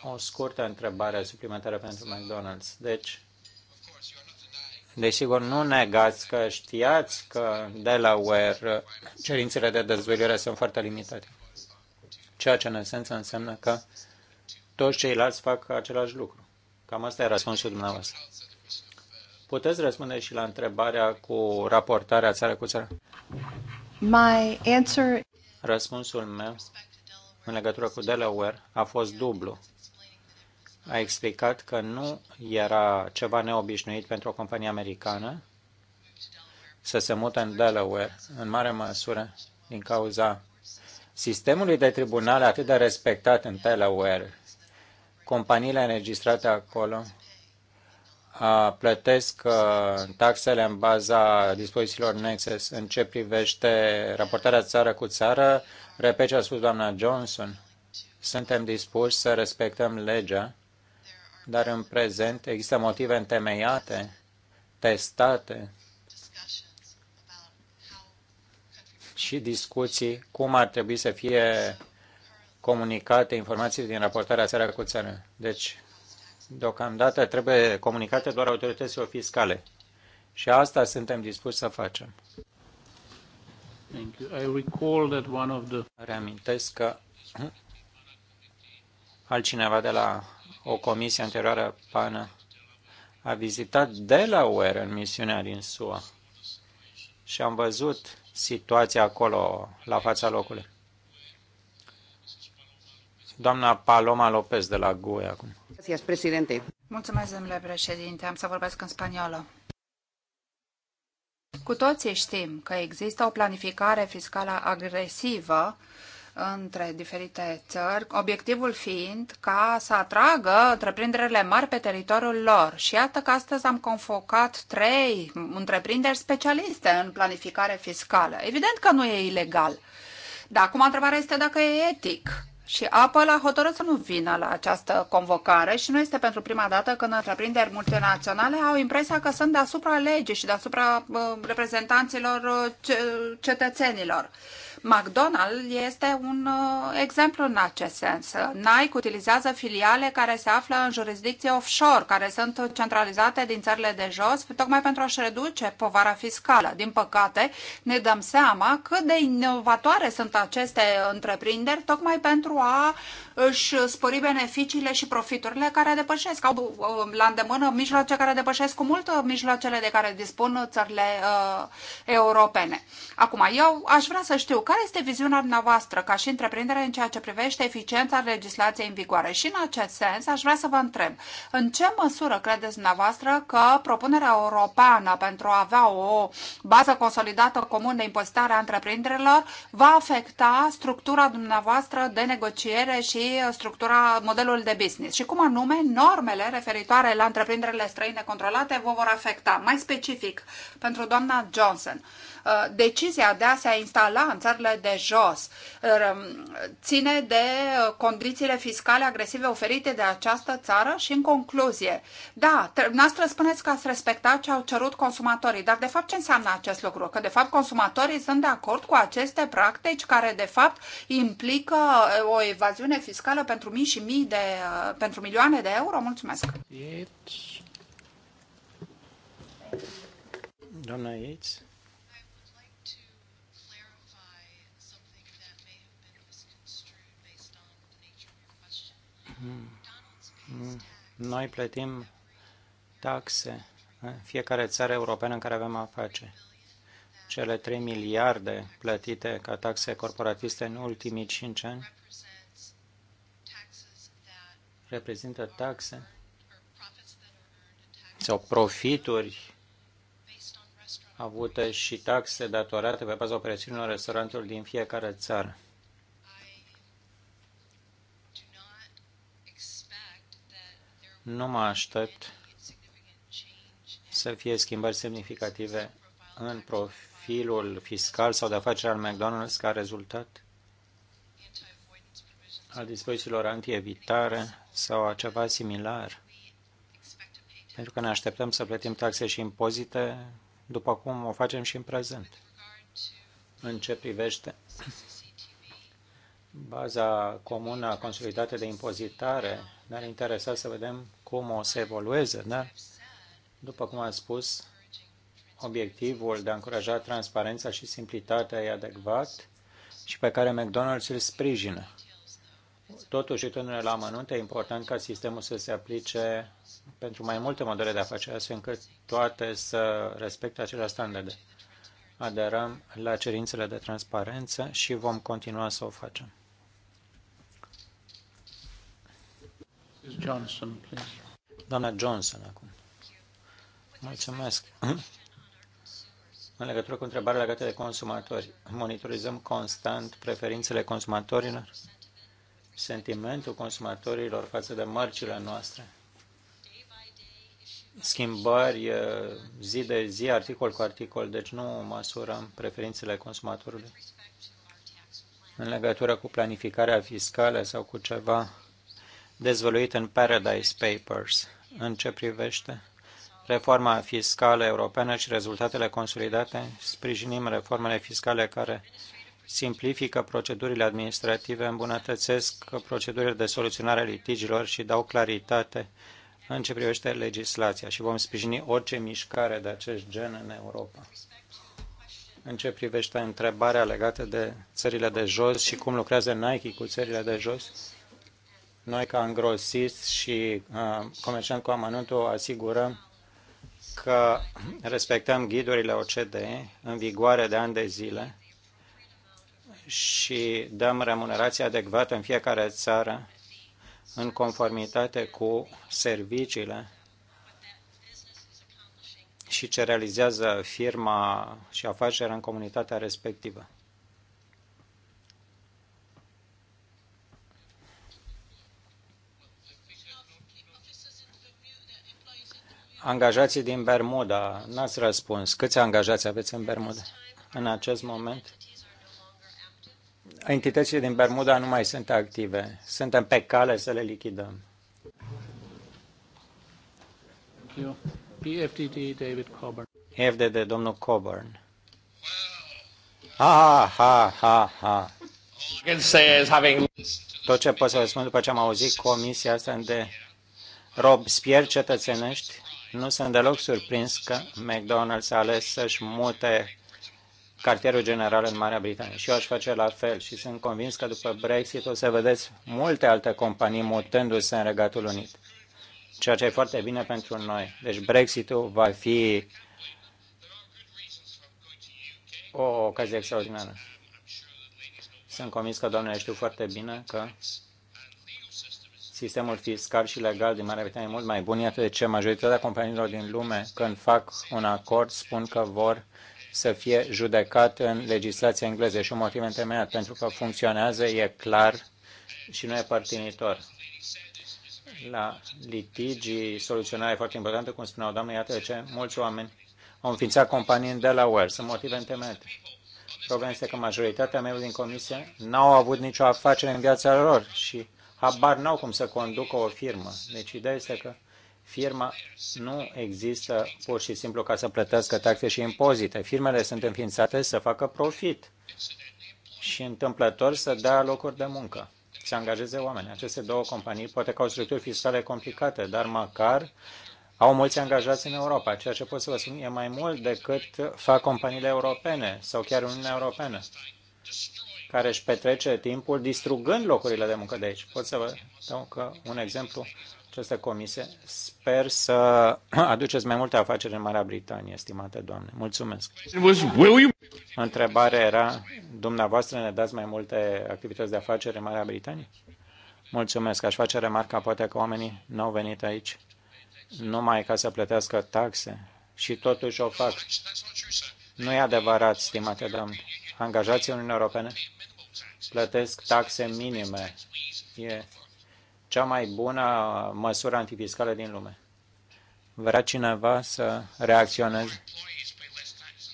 O scurtă întrebare suplimentară pentru McDonald's. Deci, Desigur, nu negați că știați că Delaware cerințele de dezvăluire sunt foarte limitate. Ceea ce în esență înseamnă că toți ceilalți fac același lucru. Cam asta e răspunsul dumneavoastră. Puteți răspunde și la întrebarea cu raportarea țară cu țară? My answer... Răspunsul meu în legătură cu Delaware a fost dublu a explicat că nu era ceva neobișnuit pentru o companie americană să se mute în Delaware, în mare măsură din cauza sistemului de tribunale atât de respectat în Delaware. Companiile înregistrate acolo plătesc taxele în baza dispozițiilor Nexus. În ce privește raportarea țară cu țară, repet ce a spus doamna Johnson, suntem dispuși să respectăm legea dar în prezent există motive întemeiate, testate și discuții cum ar trebui să fie comunicate informații din raportarea țară cu țară. Deci, deocamdată trebuie comunicate doar autorităților fiscale. Și asta suntem dispuși să facem. Thank you. I recall that one of the... Reamintesc că altcineva de la o comisie anterioară pană a vizitat Delaware în misiunea din SUA și am văzut situația acolo, la fața locului. Doamna Paloma Lopez de la GUE acum. Mulțumesc, domnule președinte. Am să vorbesc în spaniolă. Cu toții știm că există o planificare fiscală agresivă între diferite țări, obiectivul fiind ca să atragă întreprinderile mari pe teritoriul lor. Și iată că astăzi am convocat trei întreprinderi specialiste în planificare fiscală. Evident că nu e ilegal. Dar acum întrebarea este dacă e etic. Și Apple a hotărât să nu vină la această convocare și nu este pentru prima dată când întreprinderi multinaționale au impresia că sunt deasupra legii și deasupra uh, reprezentanților uh, cetățenilor. McDonald's este un uh, exemplu în acest sens. Nike utilizează filiale care se află în jurisdicție offshore, care sunt centralizate din țările de jos, tocmai pentru a-și reduce povara fiscală. Din păcate, ne dăm seama cât de inovatoare sunt aceste întreprinderi, tocmai pentru a își spori beneficiile și profiturile care depășesc, au um, la îndemână mijloace care depășesc cu mult uh, mijloacele de care dispun țările uh, europene. Acum, eu aș vrea să știu care este viziunea dumneavoastră ca și întreprindere în ceea ce privește eficiența legislației în vigoare și în acest sens aș vrea să vă întreb în ce măsură credeți dumneavoastră că propunerea europeană pentru a avea o bază consolidată comună de impozitare a întreprinderilor va afecta structura dumneavoastră de negociere și structura, modelul de business și cum anume normele referitoare la întreprinderile străine controlate vă vor afecta, mai specific pentru doamna Johnson. Uh, Uh, decizia de a se instala în țările de jos uh, ține de uh, condițiile fiscale agresive oferite de această țară și în concluzie. Da, noastră spuneți că ați respectat ce au cerut consumatorii, dar de fapt ce înseamnă acest lucru? Că de fapt consumatorii sunt de acord cu aceste practici care de fapt implică o evaziune fiscală pentru mii și mii de, pentru milioane de euro? Mulțumesc! Doamna Yates. Mm. Noi plătim taxe în fiecare țară europeană în care avem afaceri. Cele 3 miliarde plătite ca taxe corporatiste în ultimii 5 ani reprezintă taxe sau profituri avute și taxe datorate pe baza operațiunilor restaurantelor din fiecare țară. Nu mă aștept să fie schimbări semnificative în profilul fiscal sau de afaceri al McDonald's ca rezultat al dispozițiilor anti-evitare sau a ceva similar, pentru că ne așteptăm să plătim taxe și impozite după cum o facem și în prezent. În ce privește baza comună consolidată de impozitare, ne-ar interesa să vedem cum o să evolueze, da? După cum am spus, obiectivul de a încuraja transparența și simplitatea e adecvat și pe care McDonald's îl sprijină. Totuși, uitându-ne la amănunte, e important ca sistemul să se aplice pentru mai multe modele de afaceri, astfel încât toate să respecte acelea standarde. Aderăm la cerințele de transparență și vom continua să o facem. Johnson, please. Doamna Johnson, acum. Mulțumesc. În legătură cu întrebarea legată de consumatori, monitorizăm constant preferințele consumatorilor, sentimentul consumatorilor față de mărcile noastre, schimbări uh, zi de zi, articol cu articol, deci nu măsurăm preferințele consumatorului în legătură cu planificarea fiscală sau cu ceva dezvăluit în Paradise Papers în ce privește reforma fiscală europeană și rezultatele consolidate, sprijinim reformele fiscale care simplifică procedurile administrative, îmbunătățesc procedurile de soluționare a litigilor și dau claritate în ce privește legislația și vom sprijini orice mișcare de acest gen în Europa. În ce privește întrebarea legată de țările de jos și cum lucrează Nike cu țările de jos, noi, ca îngrosist și uh, comerciant cu amănuntul, asigurăm că respectăm ghidurile OCD în vigoare de ani de zile și dăm remunerație adecvată în fiecare țară în conformitate cu serviciile și ce realizează firma și afacerea în comunitatea respectivă. angajații din Bermuda. N-ați răspuns. Câți angajați aveți în Bermuda în acest moment? Entitățile din Bermuda nu mai sunt active. Suntem pe cale să le lichidăm. EFDD, David Coburn. FDD, domnul Coburn. Ha, ha, ha, ha. Tot ce pot să vă spun după ce am auzit comisia asta de Robespierre cetățenești, nu sunt deloc surprins că McDonald's a ales să-și mute cartierul general în Marea Britanie. Și eu aș face la fel și sunt convins că după Brexit o să vedeți multe alte companii mutându-se în Regatul Unit, ceea ce e foarte bine pentru noi. Deci Brexitul va fi o ocazie extraordinară. Sunt convins că doamnele știu foarte bine că sistemul fiscal și legal din Marea Britanie mult mai bun, iată de ce majoritatea companiilor din lume, când fac un acord, spun că vor să fie judecat în legislația engleză și un motiv întemeiat, pentru că funcționează, e clar și nu e părtinitor. La litigii, soluționarea e foarte importantă, cum spuneau doamne, iată de ce mulți oameni au înființat companii în Delaware. Sunt motive întemeiate. Problema este că majoritatea mea din comisie n-au avut nicio afacere în viața lor și habar n-au cum să conducă o firmă. Deci ideea este că firma nu există pur și simplu ca să plătească taxe și impozite. Firmele sunt înființate să facă profit și întâmplător să dea locuri de muncă, să angajeze oameni. Aceste două companii poate că au structuri fiscale complicate, dar măcar au mulți angajați în Europa, ceea ce pot să vă spun e mai mult decât fac companiile europene sau chiar Uniunea Europeană care își petrece timpul distrugând locurile de muncă de aici. Pot să vă dau că un exemplu această comisie. Sper să aduceți mai multe afaceri în Marea Britanie, estimate doamne. Mulțumesc. Întrebarea era, dumneavoastră ne dați mai multe activități de afaceri în Marea Britanie? Mulțumesc. Aș face remarca, poate că oamenii nu au venit aici numai ca să plătească taxe și totuși o fac. Nu e adevărat, stimate doamne. Angajații Uniunii Europene plătesc taxe minime. E cea mai bună măsură antifiscală din lume. Vrea cineva să reacționeze?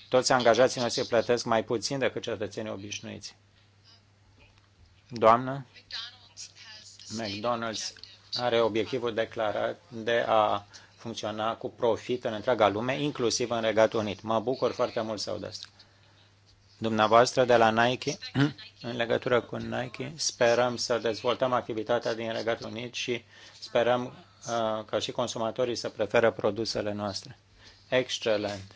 Toți angajații noștri plătesc mai puțin decât cetățenii obișnuiți. Doamnă, McDonald's are obiectivul declarat de a funcționa cu profit în întreaga lume, inclusiv în Regatul Unit. Mă bucur foarte mult să aud asta dumneavoastră de la Nike, în legătură cu Nike. Sperăm să dezvoltăm activitatea din Regatul Unit și sperăm uh, ca și consumatorii să preferă produsele noastre. Excelent!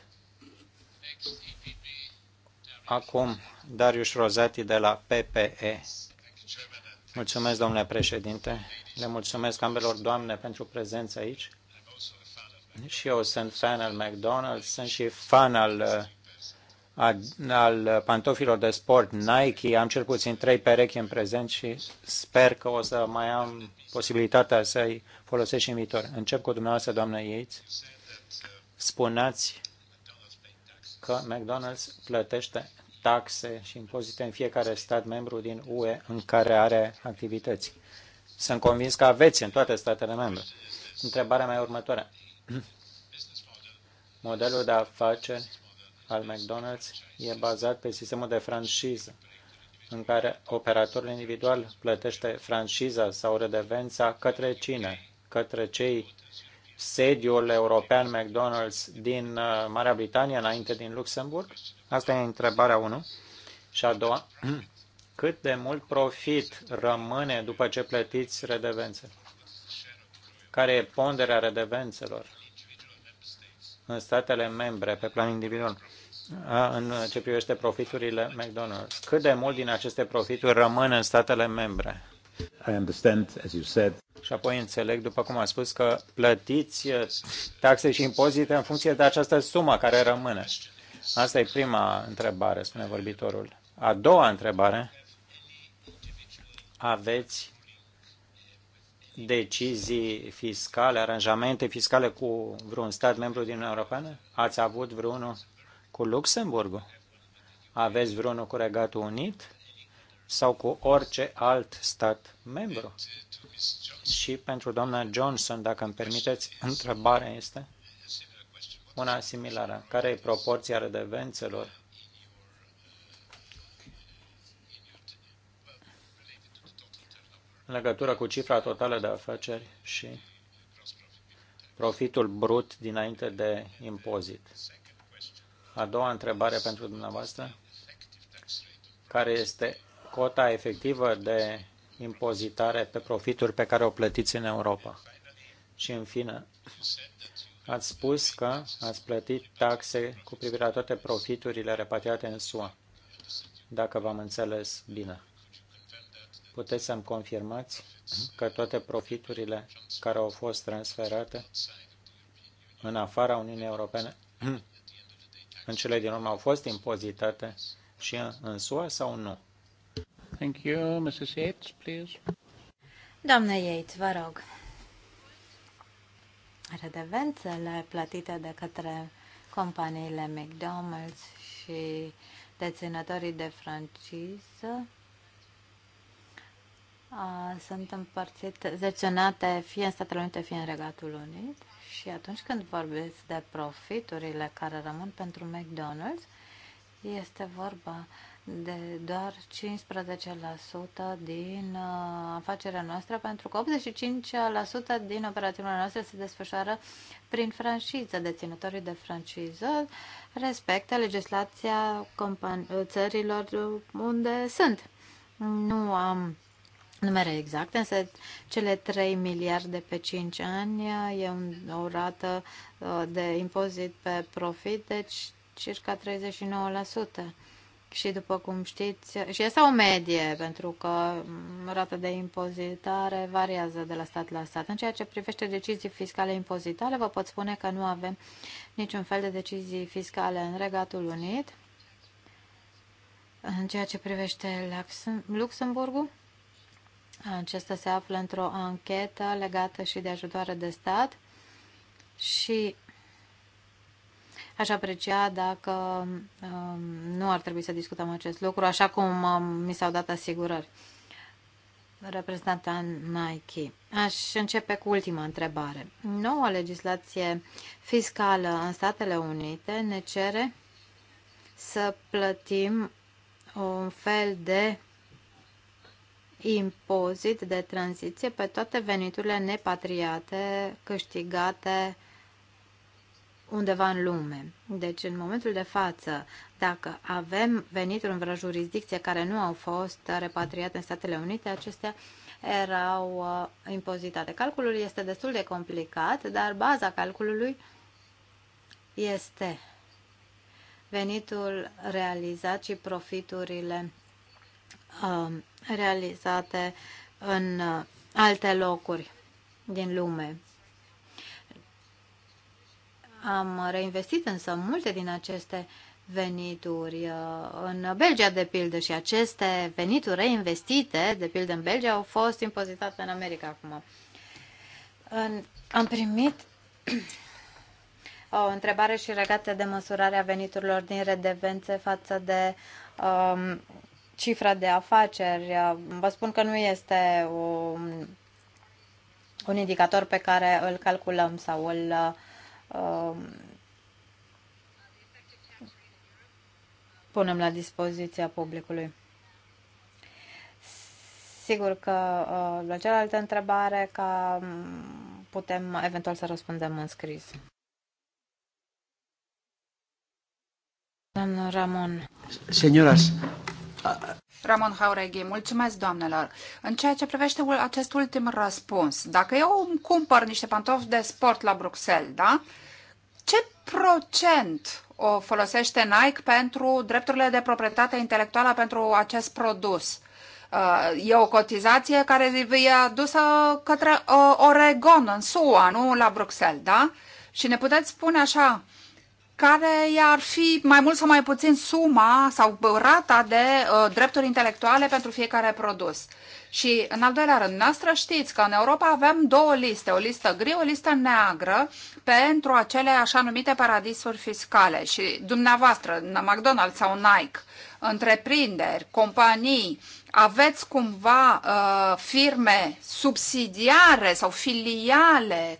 Acum, Darius Rozati de la PPE. Mulțumesc, domnule președinte. Le mulțumesc ambelor doamne pentru prezența aici. Și eu sunt fan al McDonald's, sunt și fan al uh, al pantofilor de sport Nike. Am cel puțin trei perechi în prezent și sper că o să mai am posibilitatea să-i folosesc și în viitor. Încep cu dumneavoastră, doamnă Yates. Spuneați că McDonald's plătește taxe și impozite în fiecare stat membru din UE în care are activități. Sunt convins că aveți în toate statele membre. Întrebarea mea următoare. Modelul de afaceri al McDonald's e bazat pe sistemul de franciză, în care operatorul individual plătește franciza sau redevența către cine? Către cei sediul european McDonald's din uh, Marea Britanie înainte din Luxemburg? Asta e întrebarea 1. Și a doua, cât de mult profit rămâne după ce plătiți redevențe? Care e ponderea redevențelor? în statele membre pe plan individual în ce privește profiturile McDonald's. Cât de mult din aceste profituri rămân în statele membre? I understand, as you said. Și apoi înțeleg, după cum a spus, că plătiți taxe și impozite în funcție de această sumă care rămâne. Asta e prima întrebare, spune vorbitorul. A doua întrebare, aveți decizii fiscale, aranjamente fiscale cu vreun stat membru din Uniunea Europeană? Ați avut vreunul cu Luxemburg? Aveți vreunul cu Regatul Unit? Sau cu orice alt stat membru? Și pentru doamna Johnson, dacă îmi permiteți, întrebarea este una similară. Care e proporția redevențelor în legătură cu cifra totală de afaceri și profitul brut dinainte de impozit. A doua întrebare pentru dumneavoastră. Care este cota efectivă de impozitare pe profituri pe care o plătiți în Europa? Și în fine, ați spus că ați plătit taxe cu privire la toate profiturile repatriate în SUA, dacă v-am înțeles bine. Puteți să-mi confirmați că toate profiturile care au fost transferate în afara Uniunii Europene, în cele din urmă, au fost impozitate și în SUA sau nu? Thank you, Mrs. Yates, please. Doamne Yates, vă rog. Redevențele plătite de către companiile McDonald's și deținătorii de franciză sunt împărțite, zeționate fie în Statele Unite, fie în Regatul Unit. Și atunci când vorbesc de profiturile care rămân pentru McDonald's, este vorba de doar 15% din uh, afacerea noastră, pentru că 85% din operațiunile noastre se desfășoară prin franciză. Deținătorii de franciză respectă legislația țărilor unde sunt. Nu am um, numere exacte, însă cele 3 miliarde pe 5 ani e un, o rată uh, de impozit pe profit, deci circa 39%. Și după cum știți, și asta o medie, pentru că mm, rata de impozitare variază de la stat la stat. În ceea ce privește decizii fiscale impozitale, vă pot spune că nu avem niciun fel de decizii fiscale în Regatul Unit. În ceea ce privește Luxemburgul, acesta se află într-o anchetă legată și de ajutoare de stat și aș aprecia dacă um, nu ar trebui să discutăm acest lucru, așa cum um, mi s-au dat asigurări reprezentanta Nike. Aș începe cu ultima întrebare. Noua legislație fiscală în Statele Unite ne cere să plătim un fel de impozit de tranziție pe toate veniturile nepatriate câștigate undeva în lume. Deci, în momentul de față, dacă avem venituri în vreo jurisdicție care nu au fost repatriate în Statele Unite, acestea erau uh, impozitate. Calculul este destul de complicat, dar baza calculului este venitul realizat și profiturile Um, realizate în uh, alte locuri din lume. Am reinvestit însă multe din aceste venituri uh, în Belgia, de pildă, și aceste venituri reinvestite, de pildă în Belgia, au fost impozitate în America acum. Am primit o întrebare și legată de măsurarea veniturilor din redevențe față de um, cifra de afaceri, uh, vă spun că nu este un, un indicator pe care îl calculăm sau îl uh, punem la dispoziția publicului. Sigur că uh, la cealaltă întrebare ca mm, putem eventual să răspundem în scris. Doamna Ramon. Señoras, Ramon Haureghi, mulțumesc doamnelor. În ceea ce privește acest ultim răspuns, dacă eu îmi cumpăr niște pantofi de sport la Bruxelles, da? Ce procent o folosește Nike pentru drepturile de proprietate intelectuală pentru acest produs? Uh, e o cotizație care e adusă către uh, Oregon, în SUA, nu la Bruxelles, da? Și ne puteți spune așa, care ar fi mai mult sau mai puțin suma sau rata de uh, drepturi intelectuale pentru fiecare produs. Și, în al doilea rând, noastră știți că în Europa avem două liste, o listă gri, o listă neagră, pentru acele așa numite paradisuri fiscale. Și dumneavoastră, McDonald's sau Nike, întreprinderi, companii, aveți cumva uh, firme subsidiare sau filiale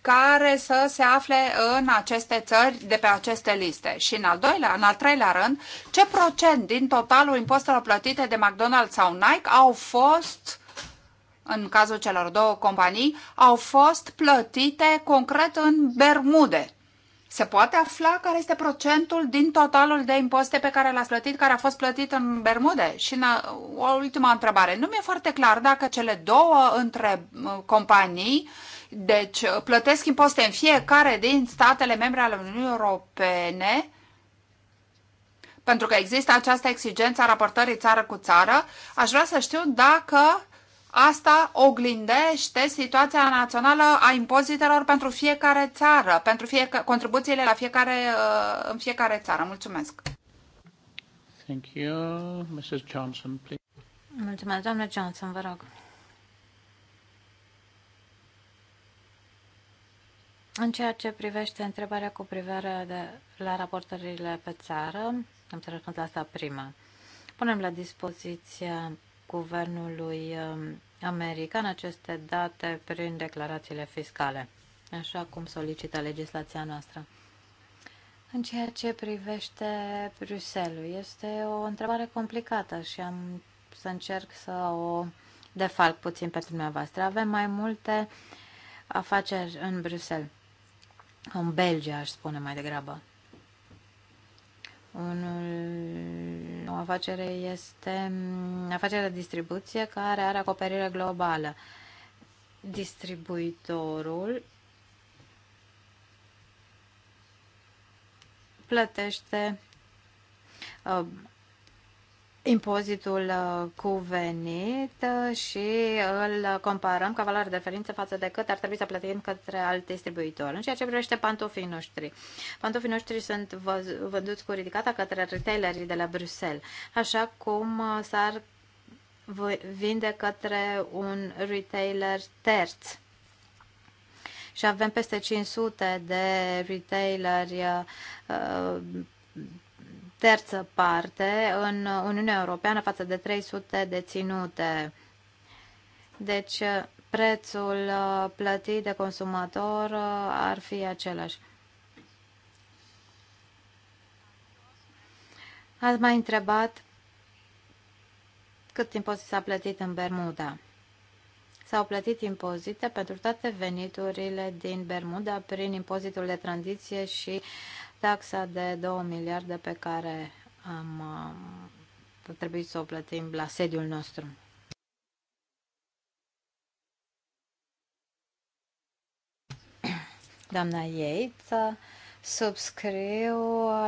care să se afle în aceste țări de pe aceste liste. Și în al, doilea, în al treilea rând, ce procent din totalul impozitelor plătite de McDonald's sau Nike au fost în cazul celor două companii, au fost plătite concret în Bermude. Se poate afla care este procentul din totalul de impozite pe care l-ați plătit, care a fost plătit în Bermude? Și în o ultima întrebare. Nu mi-e foarte clar dacă cele două între uh, companii uh, deci uh, plătesc impozite în fiecare din statele membre ale Uniunii Europene pentru că există această exigență a raportării țară cu țară, aș vrea să știu dacă asta oglindește situația națională a impozitelor pentru fiecare țară, pentru fiecare contribuțiile la fiecare, uh, în fiecare țară. Mulțumesc! Thank you. Mrs. Johnson, please. Mulțumesc, doamnă Johnson, vă rog. În ceea ce privește întrebarea cu privire de, la raportările pe țară, am să răspund la asta prima. Punem la dispoziția guvernului um, american aceste date prin declarațiile fiscale, așa cum solicită legislația noastră. În ceea ce privește Bruxelles, este o întrebare complicată și am să încerc să o defalc puțin pentru dumneavoastră. Avem mai multe afaceri în Bruxelles în Belgia, aș spune mai degrabă. Unul, o afacere este mm, afacerea distribuție care are acoperire globală. Distribuitorul plătește uh, impozitul uh, cu venit uh, și uh, îl comparăm ca valoare de referință față de cât ar trebui să plătim către alt distribuitor. În ceea ce privește pantofii noștri. Pantofii noștri sunt vânduți cu ridicata către retailerii de la Bruxelles, așa cum s-ar vinde către un retailer terț. Și avem peste 500 de retaileri terță parte în Uniunea Europeană față de 300 de ținute. Deci prețul uh, plătit de consumator uh, ar fi același. Ați mai întrebat cât impozit s-a plătit în Bermuda. S-au plătit impozite pentru toate veniturile din Bermuda prin impozitul de tranziție și taxa de 2 miliarde pe care am uh, trebuit să o plătim la sediul nostru. Doamna Yates, subscriu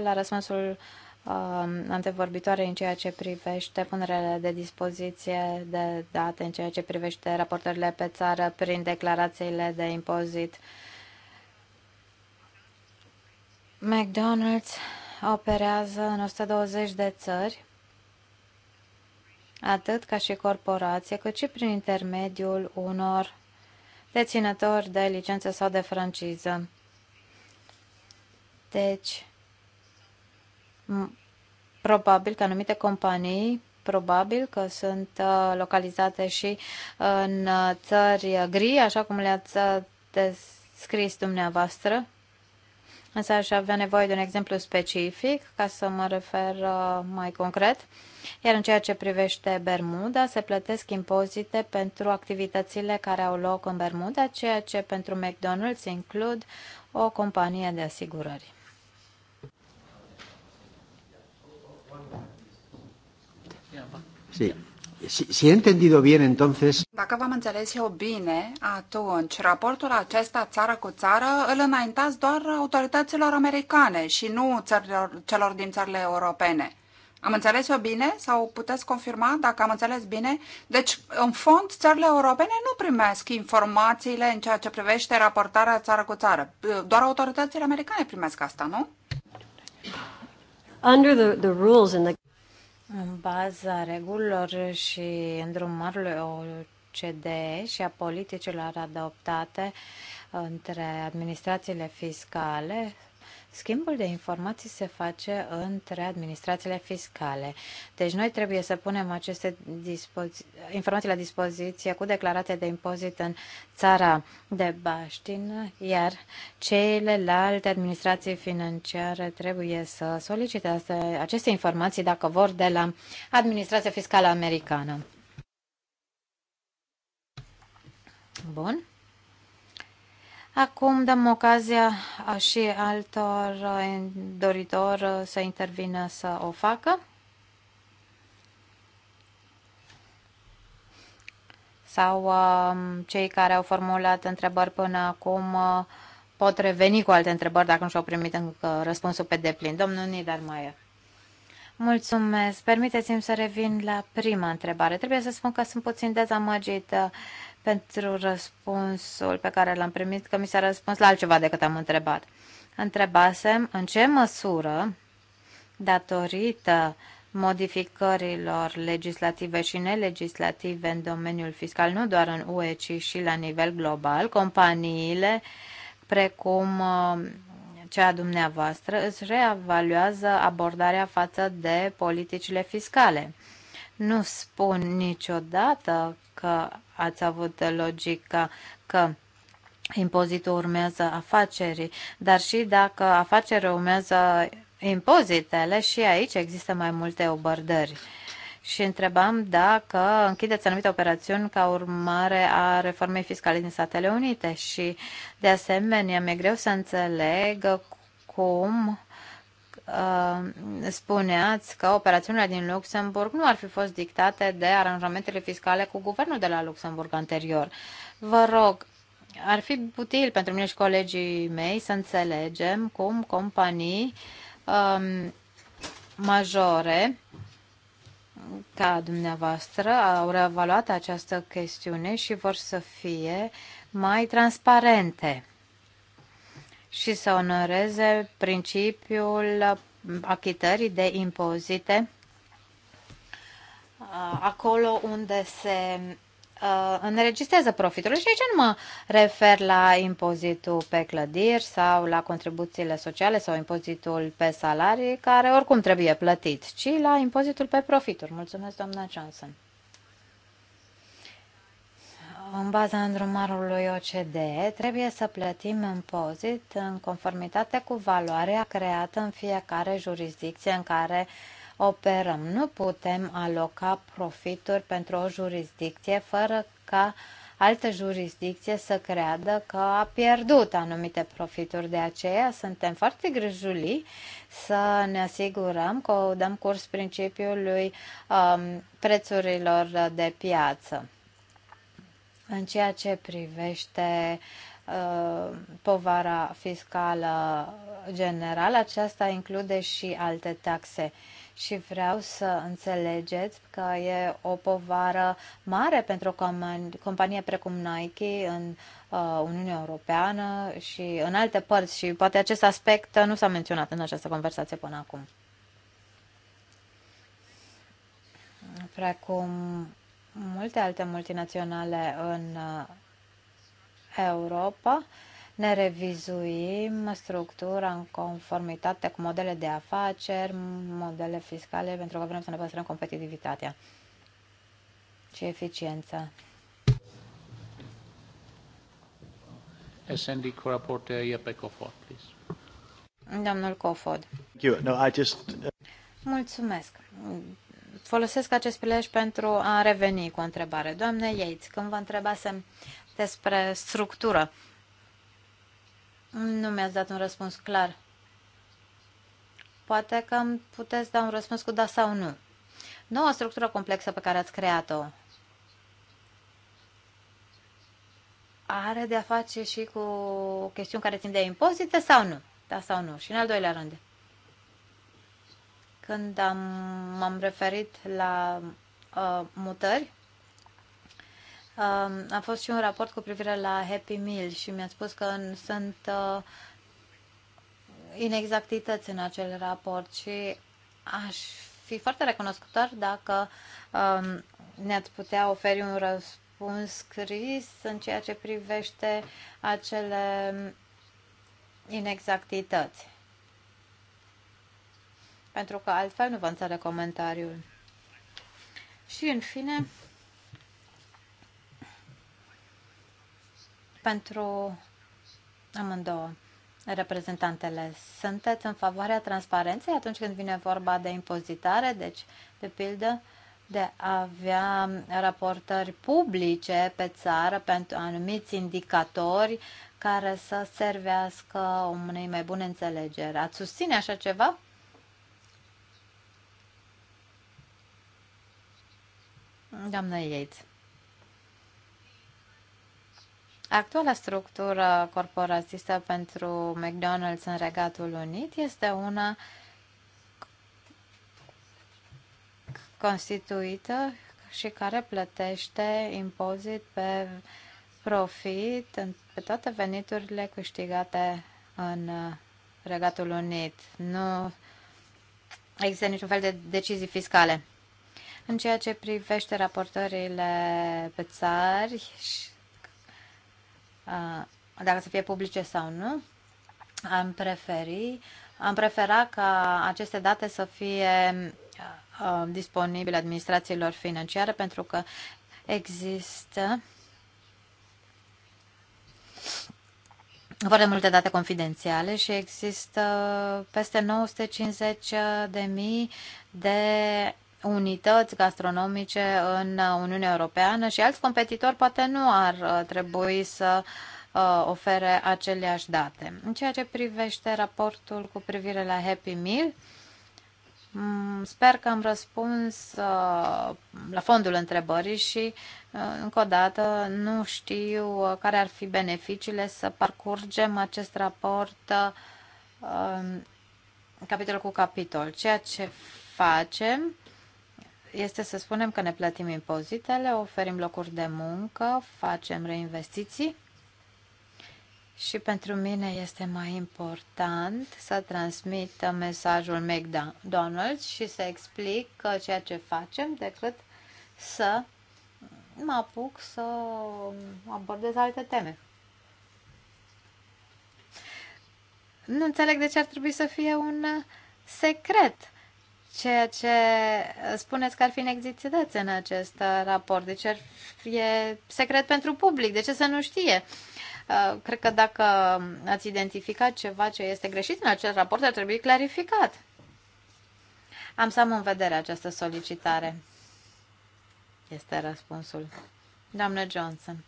la răspunsul um, antevorbitoare în ceea ce privește punerea de dispoziție de date, în ceea ce privește raportările pe țară prin declarațiile de impozit uh, McDonald's operează în 120 de țări, atât ca și corporație, cât și prin intermediul unor deținători de licență sau de franciză. Deci, probabil că anumite companii probabil că sunt uh, localizate și în uh, țări gri, așa cum le-ați uh, descris dumneavoastră. Însă aș avea nevoie de un exemplu specific ca să mă refer uh, mai concret. Iar în ceea ce privește Bermuda, se plătesc impozite pentru activitățile care au loc în Bermuda, ceea ce pentru McDonald's includ o companie de asigurări. Sí. Dacă v-am înțeles eu bine, atunci raportul acesta țară cu țară îl înaintați doar autorităților americane și nu țărilor, celor din țările europene. Am înțeles eu bine sau puteți confirma dacă am înțeles bine? Deci, în fond, țările europene nu primesc informațiile în ceea ce privește raportarea țară cu țară. Doar autoritățile americane primesc asta, nu? Under the, the rules in the... În baza regulilor și îndrumărilor OCDE și a politicilor adoptate între administrațiile fiscale, Schimbul de informații se face între administrațiile fiscale. Deci noi trebuie să punem aceste informații la dispoziție cu declarația de impozit în țara de baștină, iar celelalte administrații financiare trebuie să solicite aceste informații dacă vor de la administrația fiscală americană. Bun. Acum dăm ocazia și altor eh, doritor eh, să intervină să o facă. Sau ehm, cei care au formulat întrebări până acum eh, pot reveni cu alte întrebări dacă nu și-au primit încă răspunsul pe deplin. Domnul Niedermayer. Mulțumesc. Permiteți-mi să revin la prima întrebare. Trebuie să spun că sunt puțin dezamăgită pentru răspunsul pe care l-am primit, că mi s-a răspuns la altceva decât am întrebat. Întrebasem în ce măsură, datorită modificărilor legislative și nelegislative în domeniul fiscal, nu doar în UE, ci și la nivel global, companiile precum uh, cea a dumneavoastră își reavaluează abordarea față de politicile fiscale. Nu spun niciodată că ați avut logica că impozitul urmează afacerii, dar și dacă afacerea urmează impozitele, și aici există mai multe obărdări și întrebam dacă închideți anumite operațiuni ca urmare a reformei fiscale din Statele Unite și de asemenea mi-e greu să înțeleg cum Uh, spuneați că operațiunile din Luxemburg nu ar fi fost dictate de aranjamentele fiscale cu guvernul de la Luxemburg anterior. Vă rog, ar fi util pentru mine și colegii mei să înțelegem cum companii um, majore ca dumneavoastră au reevaluat această chestiune și vor să fie mai transparente și să onoreze principiul achitării de impozite uh, acolo unde se uh, înregistrează profitul. și aici nu mă refer la impozitul pe clădiri sau la contribuțiile sociale sau impozitul pe salarii, care oricum trebuie plătit, ci la impozitul pe profituri. Mulțumesc, doamna Johnson în baza îndrumarului OCD, trebuie să plătim impozit în conformitate cu valoarea creată în fiecare jurisdicție în care operăm. Nu putem aloca profituri pentru o jurisdicție fără ca altă jurisdicție să creadă că a pierdut anumite profituri. De aceea suntem foarte grijuli să ne asigurăm că dăm curs principiului um, prețurilor de piață. În ceea ce privește uh, povara fiscală generală, aceasta include și alte taxe. Și vreau să înțelegeți că e o povară mare pentru o companie precum Nike în uh, Uniunea Europeană și în alte părți și poate acest aspect nu s-a menționat în această conversație până acum. Precum multe alte multinaționale în uh, Europa, ne revizuim structura în conformitate cu modele de afaceri, modele fiscale, pentru că vrem să ne păstrăm competitivitatea și eficiența. SND cu raportul pe Cofod, please. Domnul Cofod. Uh, Mulțumesc folosesc acest prilej pentru a reveni cu o întrebare. Doamne Yates, când vă întrebasem despre structură, nu mi-ați dat un răspuns clar. Poate că îmi puteți da un răspuns cu da sau nu. Noua structură complexă pe care ați creat-o are de-a face și cu chestiuni care țin de impozite sau nu? Da sau nu? Și în al doilea rând, când am, m-am referit la uh, mutări, uh, a fost și un raport cu privire la Happy Meal și mi-a spus că sunt uh, inexactități în acel raport și aș fi foarte recunoscător dacă um, ne-ați putea oferi un răspuns scris în ceea ce privește acele inexactități pentru că altfel nu vă înțeleg comentariul. Și în fine, pentru amândouă reprezentantele, sunteți în favoarea transparenței atunci când vine vorba de impozitare, deci, de pildă, de a avea raportări publice pe țară pentru anumiți indicatori care să servească unei mai bune înțelegeri. Ați susține așa ceva? Doamnă Yates, actuala structură corporatistă pentru McDonald's în Regatul Unit este una constituită și care plătește impozit pe profit pe toate veniturile câștigate în Regatul Unit. Nu există niciun fel de decizii fiscale. În ceea ce privește raportările pe țari, dacă să fie publice sau nu, am preferi, am prefera ca aceste date să fie disponibile administrațiilor financiare pentru că există foarte multe date confidențiale și există peste 950 de mii de unități gastronomice în Uniunea Europeană și alți competitori poate nu ar uh, trebui să uh, ofere aceleași date. În ceea ce privește raportul cu privire la Happy Meal, mm, Sper că am răspuns uh, la fondul întrebării și, încă o dată, nu știu care ar fi beneficiile să parcurgem acest raport um, capitol cu capitol. Ceea ce facem este să spunem că ne plătim impozitele, oferim locuri de muncă, facem reinvestiții și pentru mine este mai important să transmit mesajul McDonald's și să explic ceea ce facem decât să mă apuc să abordez alte teme. Nu înțeleg de ce ar trebui să fie un secret ceea ce uh, spuneți că ar fi inexistitați în acest uh, raport. Deci ar fi, e secret pentru public. De ce să nu știe? Uh, cred că dacă ați identificat ceva ce este greșit în acest raport, ar trebui clarificat. Am să am în vedere această solicitare. Este răspunsul. Doamnă Johnson.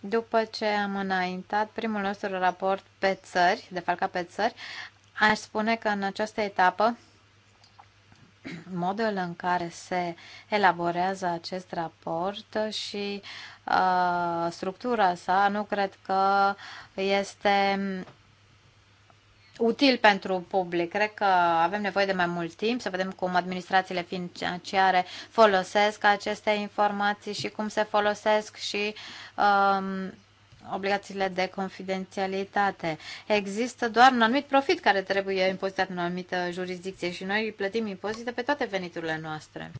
După ce am înaintat primul nostru raport pe țări, de fapt ca pe țări, Aș spune că în această etapă, modul în care se elaborează acest raport și uh, structura sa, nu cred că este util pentru public. Cred că avem nevoie de mai mult timp să vedem cum administrațiile financiare folosesc aceste informații și cum se folosesc și uh, obligațiile de confidențialitate. Există doar un anumit profit care trebuie impozitat în o anumită jurisdicție și noi plătim impozite pe toate veniturile noastre.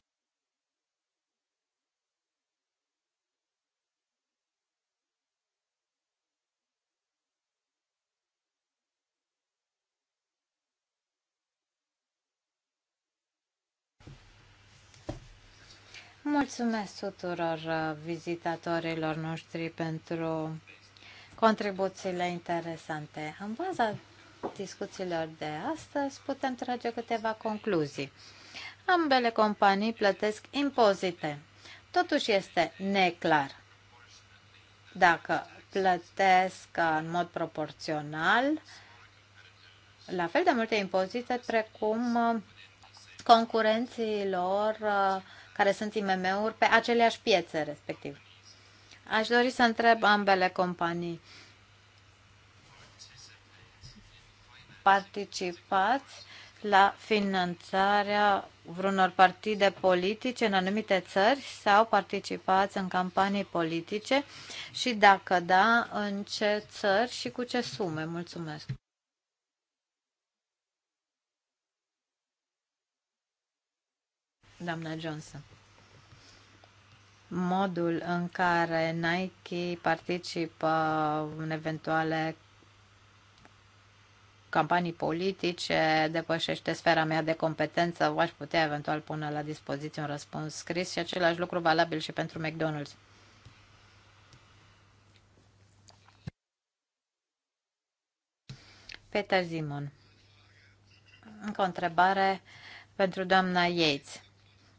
Mulțumesc tuturor uh, vizitatorilor noștri pentru contribuțiile interesante. În baza discuțiilor de astăzi putem trage câteva concluzii. Ambele companii plătesc impozite. Totuși este neclar dacă plătesc uh, în mod proporțional la fel de multe impozite precum concurenții lor uh, uh care sunt IMM-uri pe aceleași piețe respectiv. Aș dori să întreb ambele companii. Participați la finanțarea vreunor partide politice în anumite țări sau participați în campanii politice și dacă da, în ce țări și cu ce sume? Mulțumesc! doamna Johnson. Modul în care Nike participă în eventuale campanii politice depășește sfera mea de competență, aș putea eventual pune la dispoziție un răspuns scris și același lucru valabil și pentru McDonald's. Peter Zimon. Încă o întrebare pentru doamna Yates.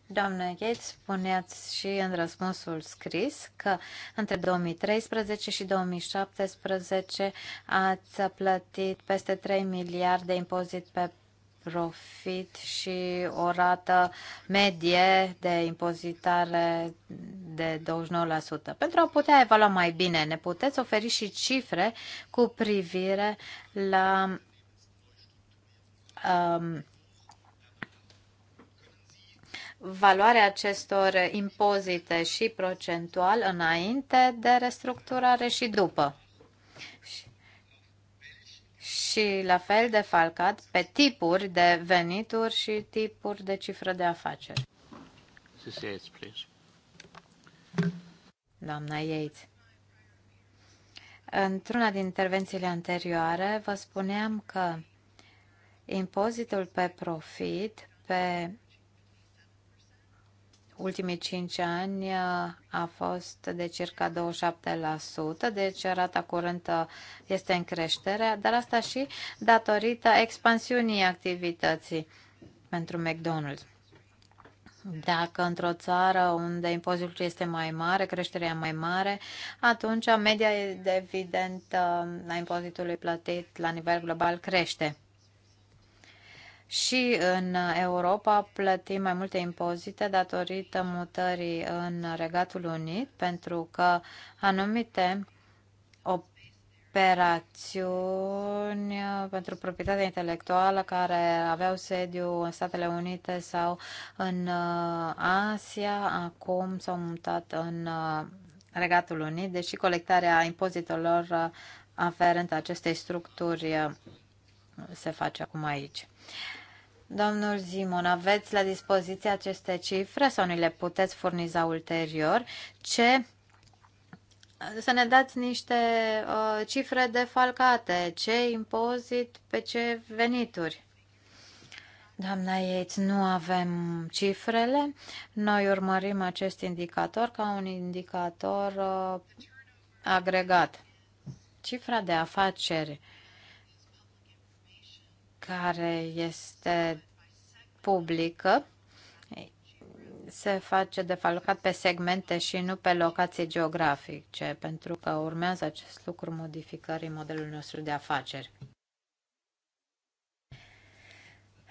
Doamna Gates, spuneați și în răspunsul scris că între 2013 și 2017 ați plătit peste 3 miliarde impozit pe profit și o rată medie de impozitare de 29%. Pentru a putea evalua mai bine, ne puteți oferi și cifre cu privire la um, valoarea acestor impozite și procentual înainte de restructurare și după. Și la fel de falcat pe tipuri de venituri și tipuri de cifră de afaceri. Doamna Yates. Într-una din intervențiile anterioare vă spuneam că impozitul pe profit pe ultimii 5 ani uh, a fost de circa 27%, deci rata curentă este în creștere, dar asta și datorită expansiunii activității pentru McDonald's. Dacă într-o țară unde impozitul este mai mare, creșterea mai mare, atunci media, evident, uh, a impozitului plătit la nivel global crește. Și în Europa plătim mai multe impozite datorită mutării în Regatul Unit, pentru că anumite operațiuni pentru proprietatea intelectuală care aveau sediu în Statele Unite sau în uh, Asia, acum s-au mutat în uh, Regatul Unit, deși deci colectarea impozitelor uh, aferente acestei structuri se face acum aici. Domnul Zimon, aveți la dispoziție aceste cifre sau ni le puteți furniza ulterior? Ce să ne dați niște uh, cifre defalcate, ce impozit pe ce venituri. Doamna Yates, nu avem cifrele. Noi urmărim acest indicator ca un indicator uh, agregat. Cifra de afaceri care este publică se face defalcat pe segmente și nu pe locații geografice, pentru că urmează acest lucru modificării modelului nostru de afaceri.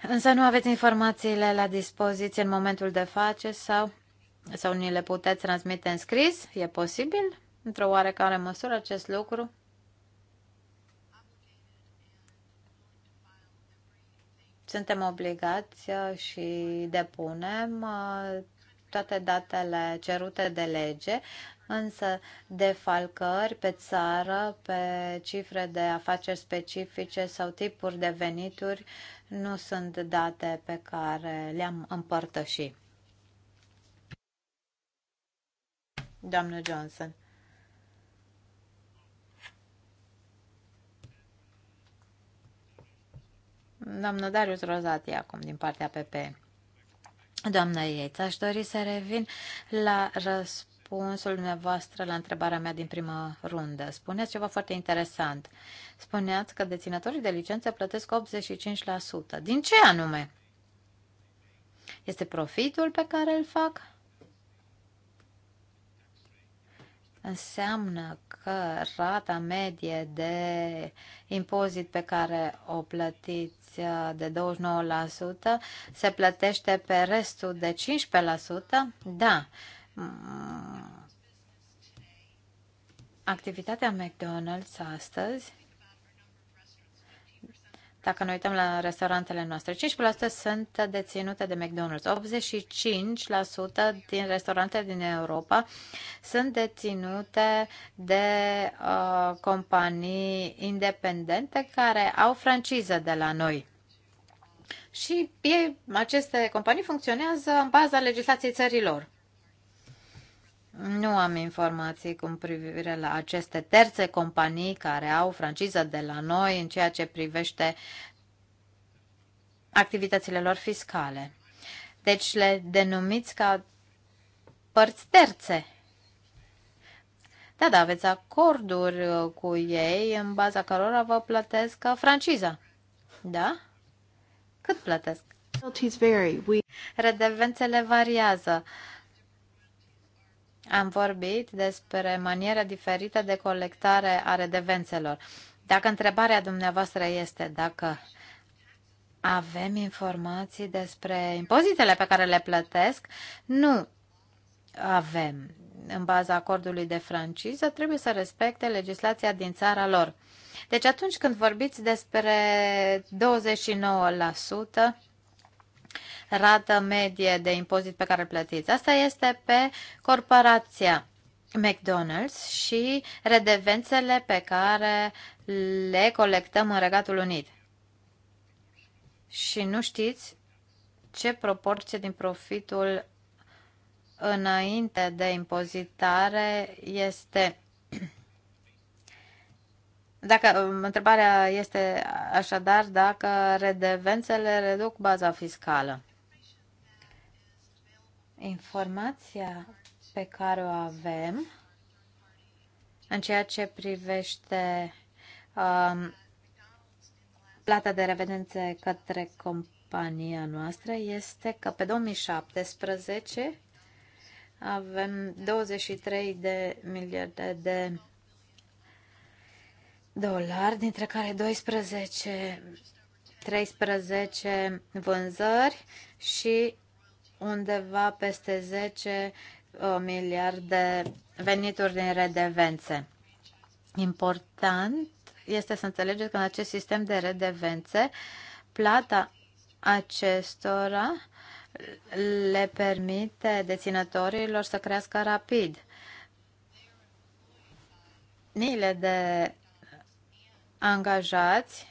Însă nu aveți informațiile la dispoziție în momentul de face sau, sau ni le puteți transmite în scris? E posibil? Într-o oarecare măsură acest lucru? suntem obligați uh, și depunem uh, toate datele cerute de lege, însă defalcări pe țară, pe cifre de afaceri specifice sau tipuri de venituri nu sunt date pe care le-am împărtășit. Doamnă Johnson. Doamna Darius Rozati acum din partea PP. Doamna Ieți, aș dori să revin la răspunsul dumneavoastră la întrebarea mea din prima rundă. Spuneați ceva foarte interesant. Spuneați că deținătorii de licențe plătesc 85%. Din ce anume? Este profitul pe care îl fac? Înseamnă că rata medie de impozit pe care o plătiți Uh, de 29%, se plătește pe restul de 15%? Da. Mm. Activitatea McDonald's astăzi dacă ne uităm la restaurantele noastre, 5% sunt deținute de McDonald's. 85% din restaurantele din Europa sunt deținute de uh, companii independente care au franciză de la noi. Și ei, aceste companii funcționează în baza legislației țărilor. Nu am informații cu privire la aceste terțe companii care au franciză de la noi în ceea ce privește activitățile lor fiscale. Deci le denumiți ca părți terțe. Da, da, aveți acorduri uh, cu ei în baza cărora vă plătesc uh, franciza. Da? Cât plătesc? Redevențele variază. Uh, am vorbit despre maniera diferită de colectare a redevențelor. Dacă întrebarea dumneavoastră este dacă avem informații despre impozitele pe care le plătesc, nu avem. În baza acordului de franciză, trebuie să respecte legislația din țara lor. Deci atunci când vorbiți despre 29%, rată medie de impozit pe care îl plătiți. Asta este pe corporația McDonald's și redevențele pe care le colectăm în Regatul Unit. Și nu știți ce proporție din profitul înainte de impozitare este dacă um, întrebarea este așadar dacă redevențele reduc baza fiscală informația pe care o avem în ceea ce privește um, plata de revedență către compania noastră este că pe 2017 avem 23 de miliarde de dolari, dintre care 12 13 vânzări și undeva peste 10 uh, miliarde venituri din redevențe. Important este să înțelegeți că în acest sistem de redevențe, plata acestora le permite deținătorilor să crească rapid. Miile de angajați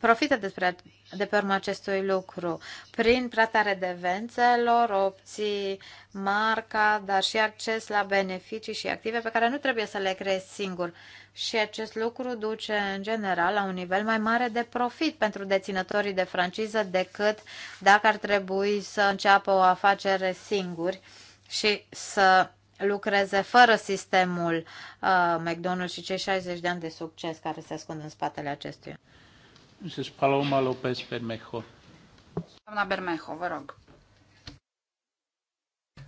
profită despre, de pe urma acestui lucru. Prin de vențelor, obții marca, dar și acces la beneficii și active pe care nu trebuie să le creezi singur. Și acest lucru duce în general la un nivel mai mare de profit pentru deținătorii de franciză decât dacă ar trebui să înceapă o afacere singuri și să lucreze fără sistemul uh, McDonald's și cei 60 de ani de succes care se ascund în spatele acestuia. Doamna Bermejo, vă rog.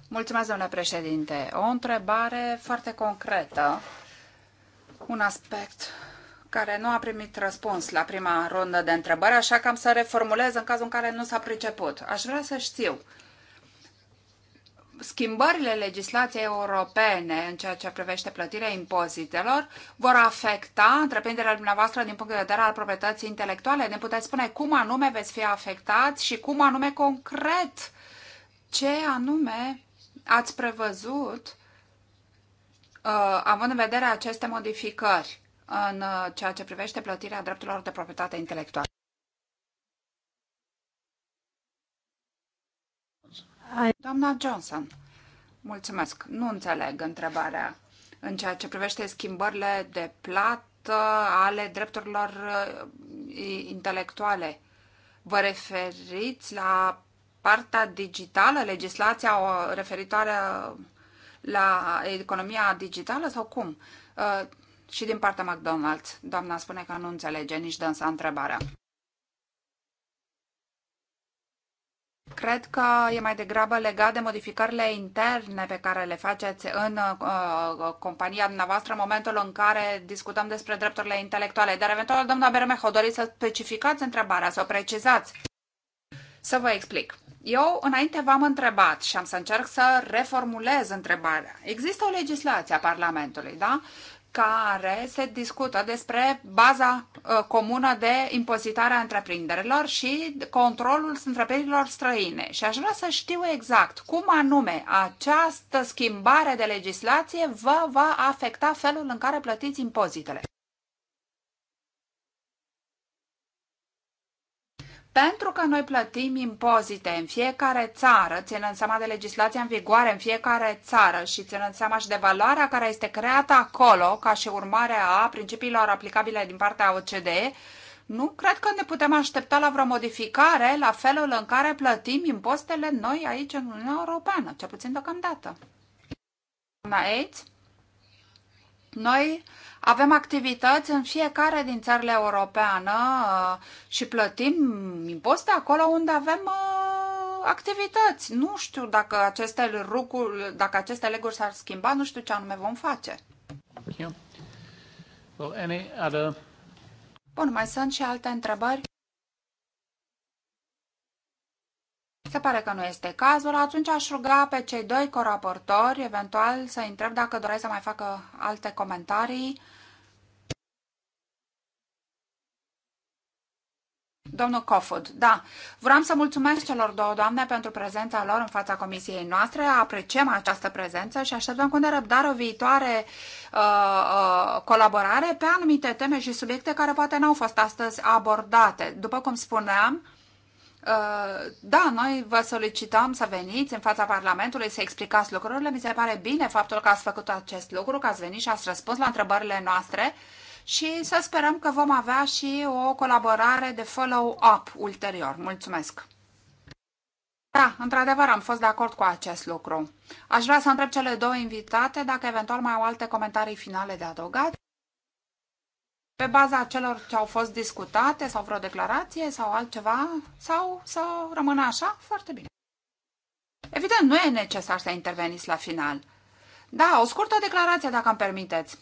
Mulțumesc, domnule președinte. O întrebare foarte concretă, un aspect care nu a primit răspuns la prima rundă de întrebări, așa că am să reformulez în cazul în care nu s-a priceput. Aș vrea să știu schimbările legislației europene în ceea ce privește plătirea impozitelor vor afecta întreprinderea dumneavoastră din punct de vedere al proprietății intelectuale? Ne puteți spune cum anume veți fi afectați și cum anume concret? Ce anume ați prevăzut uh, având în vedere aceste modificări în uh, ceea ce privește plătirea drepturilor de proprietate intelectuală? Doamna Johnson, mulțumesc. Nu înțeleg întrebarea în ceea ce privește schimbările de plată ale drepturilor uh, intelectuale. Vă referiți la partea digitală, legislația referitoare uh, la economia digitală sau cum? Uh, și din partea McDonald's, doamna spune că nu înțelege nici dânsa întrebarea. Cred că e mai degrabă legat de modificările interne pe care le faceți în uh, compania dumneavoastră în momentul în care discutăm despre drepturile intelectuale. Dar eventual, doamna Bermeho, doriți să specificați întrebarea, să o precizați. Să vă explic. Eu înainte v-am întrebat și am să încerc să reformulez întrebarea. Există o legislație a Parlamentului, da? care se discută despre baza uh, comună de impozitare a întreprinderilor și controlul întreprinderilor străine. Și aș vrea să știu exact cum anume această schimbare de legislație vă va afecta felul în care plătiți impozitele. Pentru că noi plătim impozite în fiecare țară, ținând seama de legislația în vigoare în fiecare țară și ținând seama și de valoarea care este creată acolo, ca și urmare a principiilor aplicabile din partea OCDE, nu cred că ne putem aștepta la vreo modificare la felul în care plătim impozitele noi aici în Uniunea Europeană, cel puțin deocamdată. Doamna Aids? Noi avem activități în fiecare din țările europeană uh, și plătim impozite acolo unde avem uh, activități. Nu știu dacă aceste, lucruri, dacă aceste leguri s-ar schimba, nu știu ce anume vom face. Bun, mai sunt și alte întrebări? Se pare că nu este cazul, atunci aș ruga pe cei doi coraportori, eventual să întreb dacă doresc să mai facă alte comentarii. Domnul Cofod, da, vreau să mulțumesc celor două doamne pentru prezența lor în fața comisiei noastre, apreciem această prezență și așteptăm cu nerăbdare o viitoare uh, uh, colaborare pe anumite teme și subiecte care poate n-au fost astăzi abordate. După cum spuneam, Uh, da, noi vă solicităm să veniți în fața Parlamentului să explicați lucrurile. Mi se pare bine faptul că ați făcut acest lucru, că ați venit și ați răspuns la întrebările noastre și să sperăm că vom avea și o colaborare de follow-up ulterior. Mulțumesc! Da, într-adevăr am fost de acord cu acest lucru. Aș vrea să întreb cele două invitate dacă eventual mai au alte comentarii finale de adăugat pe baza celor ce au fost discutate sau vreo declarație sau altceva sau să rămână așa? Foarte bine. Evident, nu e necesar să interveniți la final. Da, o scurtă declarație, dacă îmi permiteți.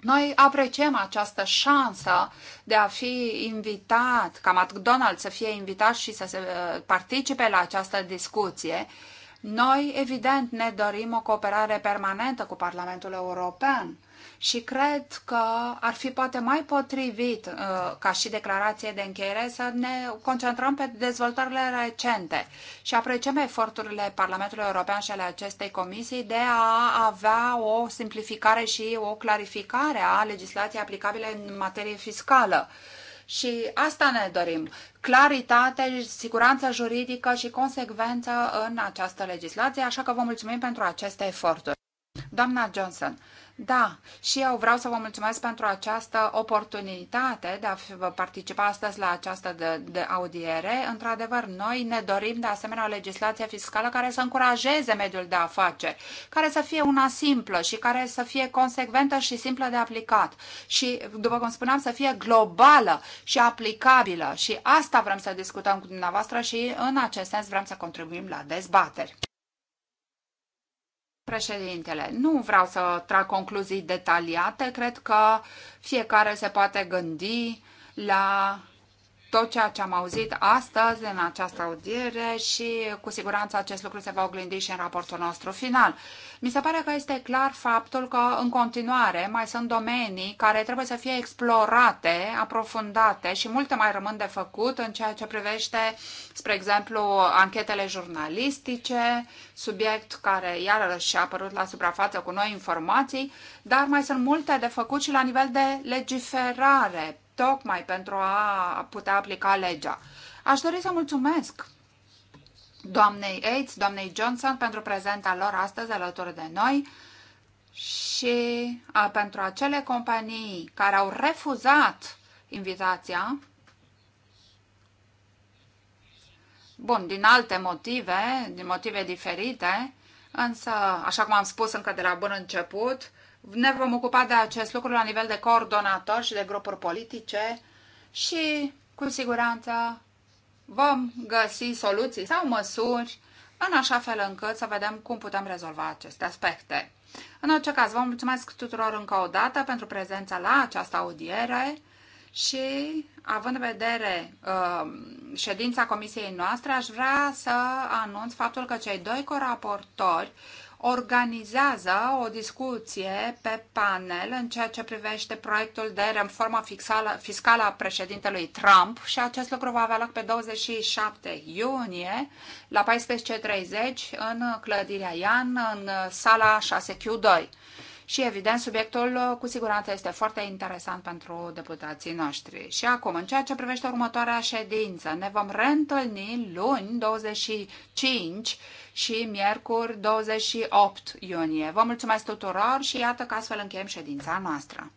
Noi apreciem această șansă de a fi invitat, ca McDonald's să fie invitat și să se uh, participe la această discuție. Noi, evident, ne dorim o cooperare permanentă cu Parlamentul European și cred că ar fi poate mai potrivit uh, ca și declarație de încheiere să ne concentrăm pe dezvoltările recente și apreciem eforturile Parlamentului European și ale acestei comisii de a avea o simplificare și o clarificare a legislației aplicabile în materie fiscală. Și asta ne dorim. Claritate, siguranță juridică și consecvență în această legislație, așa că vă mulțumim pentru aceste eforturi. Doamna Johnson, da, și eu vreau să vă mulțumesc pentru această oportunitate de a participa astăzi la această de, de audiere. Într-adevăr, noi ne dorim de asemenea o legislație fiscală care să încurajeze mediul de afaceri, care să fie una simplă și care să fie consecventă și simplă de aplicat și, după cum spuneam, să fie globală și aplicabilă. Și asta vrem să discutăm cu dumneavoastră și în acest sens vrem să contribuim la dezbateri. Președintele, nu vreau să trag concluzii detaliate, cred că fiecare se poate gândi la tot ceea ce am auzit astăzi în această audiere și cu siguranță acest lucru se va oglindi și în raportul nostru final. Mi se pare că este clar faptul că în continuare mai sunt domenii care trebuie să fie explorate, aprofundate și multe mai rămân de făcut în ceea ce privește, spre exemplu, anchetele jurnalistice, subiect care iarăși a apărut la suprafață cu noi informații, dar mai sunt multe de făcut și la nivel de legiferare tocmai pentru a putea aplica legea. Aș dori să mulțumesc doamnei Aids, doamnei Johnson pentru prezenta lor astăzi alături de noi și a, pentru acele companii care au refuzat invitația. Bun, din alte motive, din motive diferite, însă, așa cum am spus încă de la bun început, ne vom ocupa de acest lucru la nivel de coordonator și de grupuri politice și, cu siguranță, vom găsi soluții sau măsuri în așa fel încât să vedem cum putem rezolva aceste aspecte. În orice caz, vă mulțumesc tuturor încă o dată pentru prezența la această audiere și, având în vedere uh, ședința comisiei noastre, aș vrea să anunț faptul că cei doi coraportori organizează o discuție pe panel în ceea ce privește proiectul de reformă fiscală a președintelui Trump și acest lucru va avea loc pe 27 iunie la 14.30 în clădirea Ian, în sala 6Q2. Și evident, subiectul cu siguranță este foarte interesant pentru deputații noștri. Și acum, în ceea ce privește următoarea ședință, ne vom reîntâlni luni 25 și miercuri 28 iunie. Vă mulțumesc tuturor și iată că astfel încheiem ședința noastră.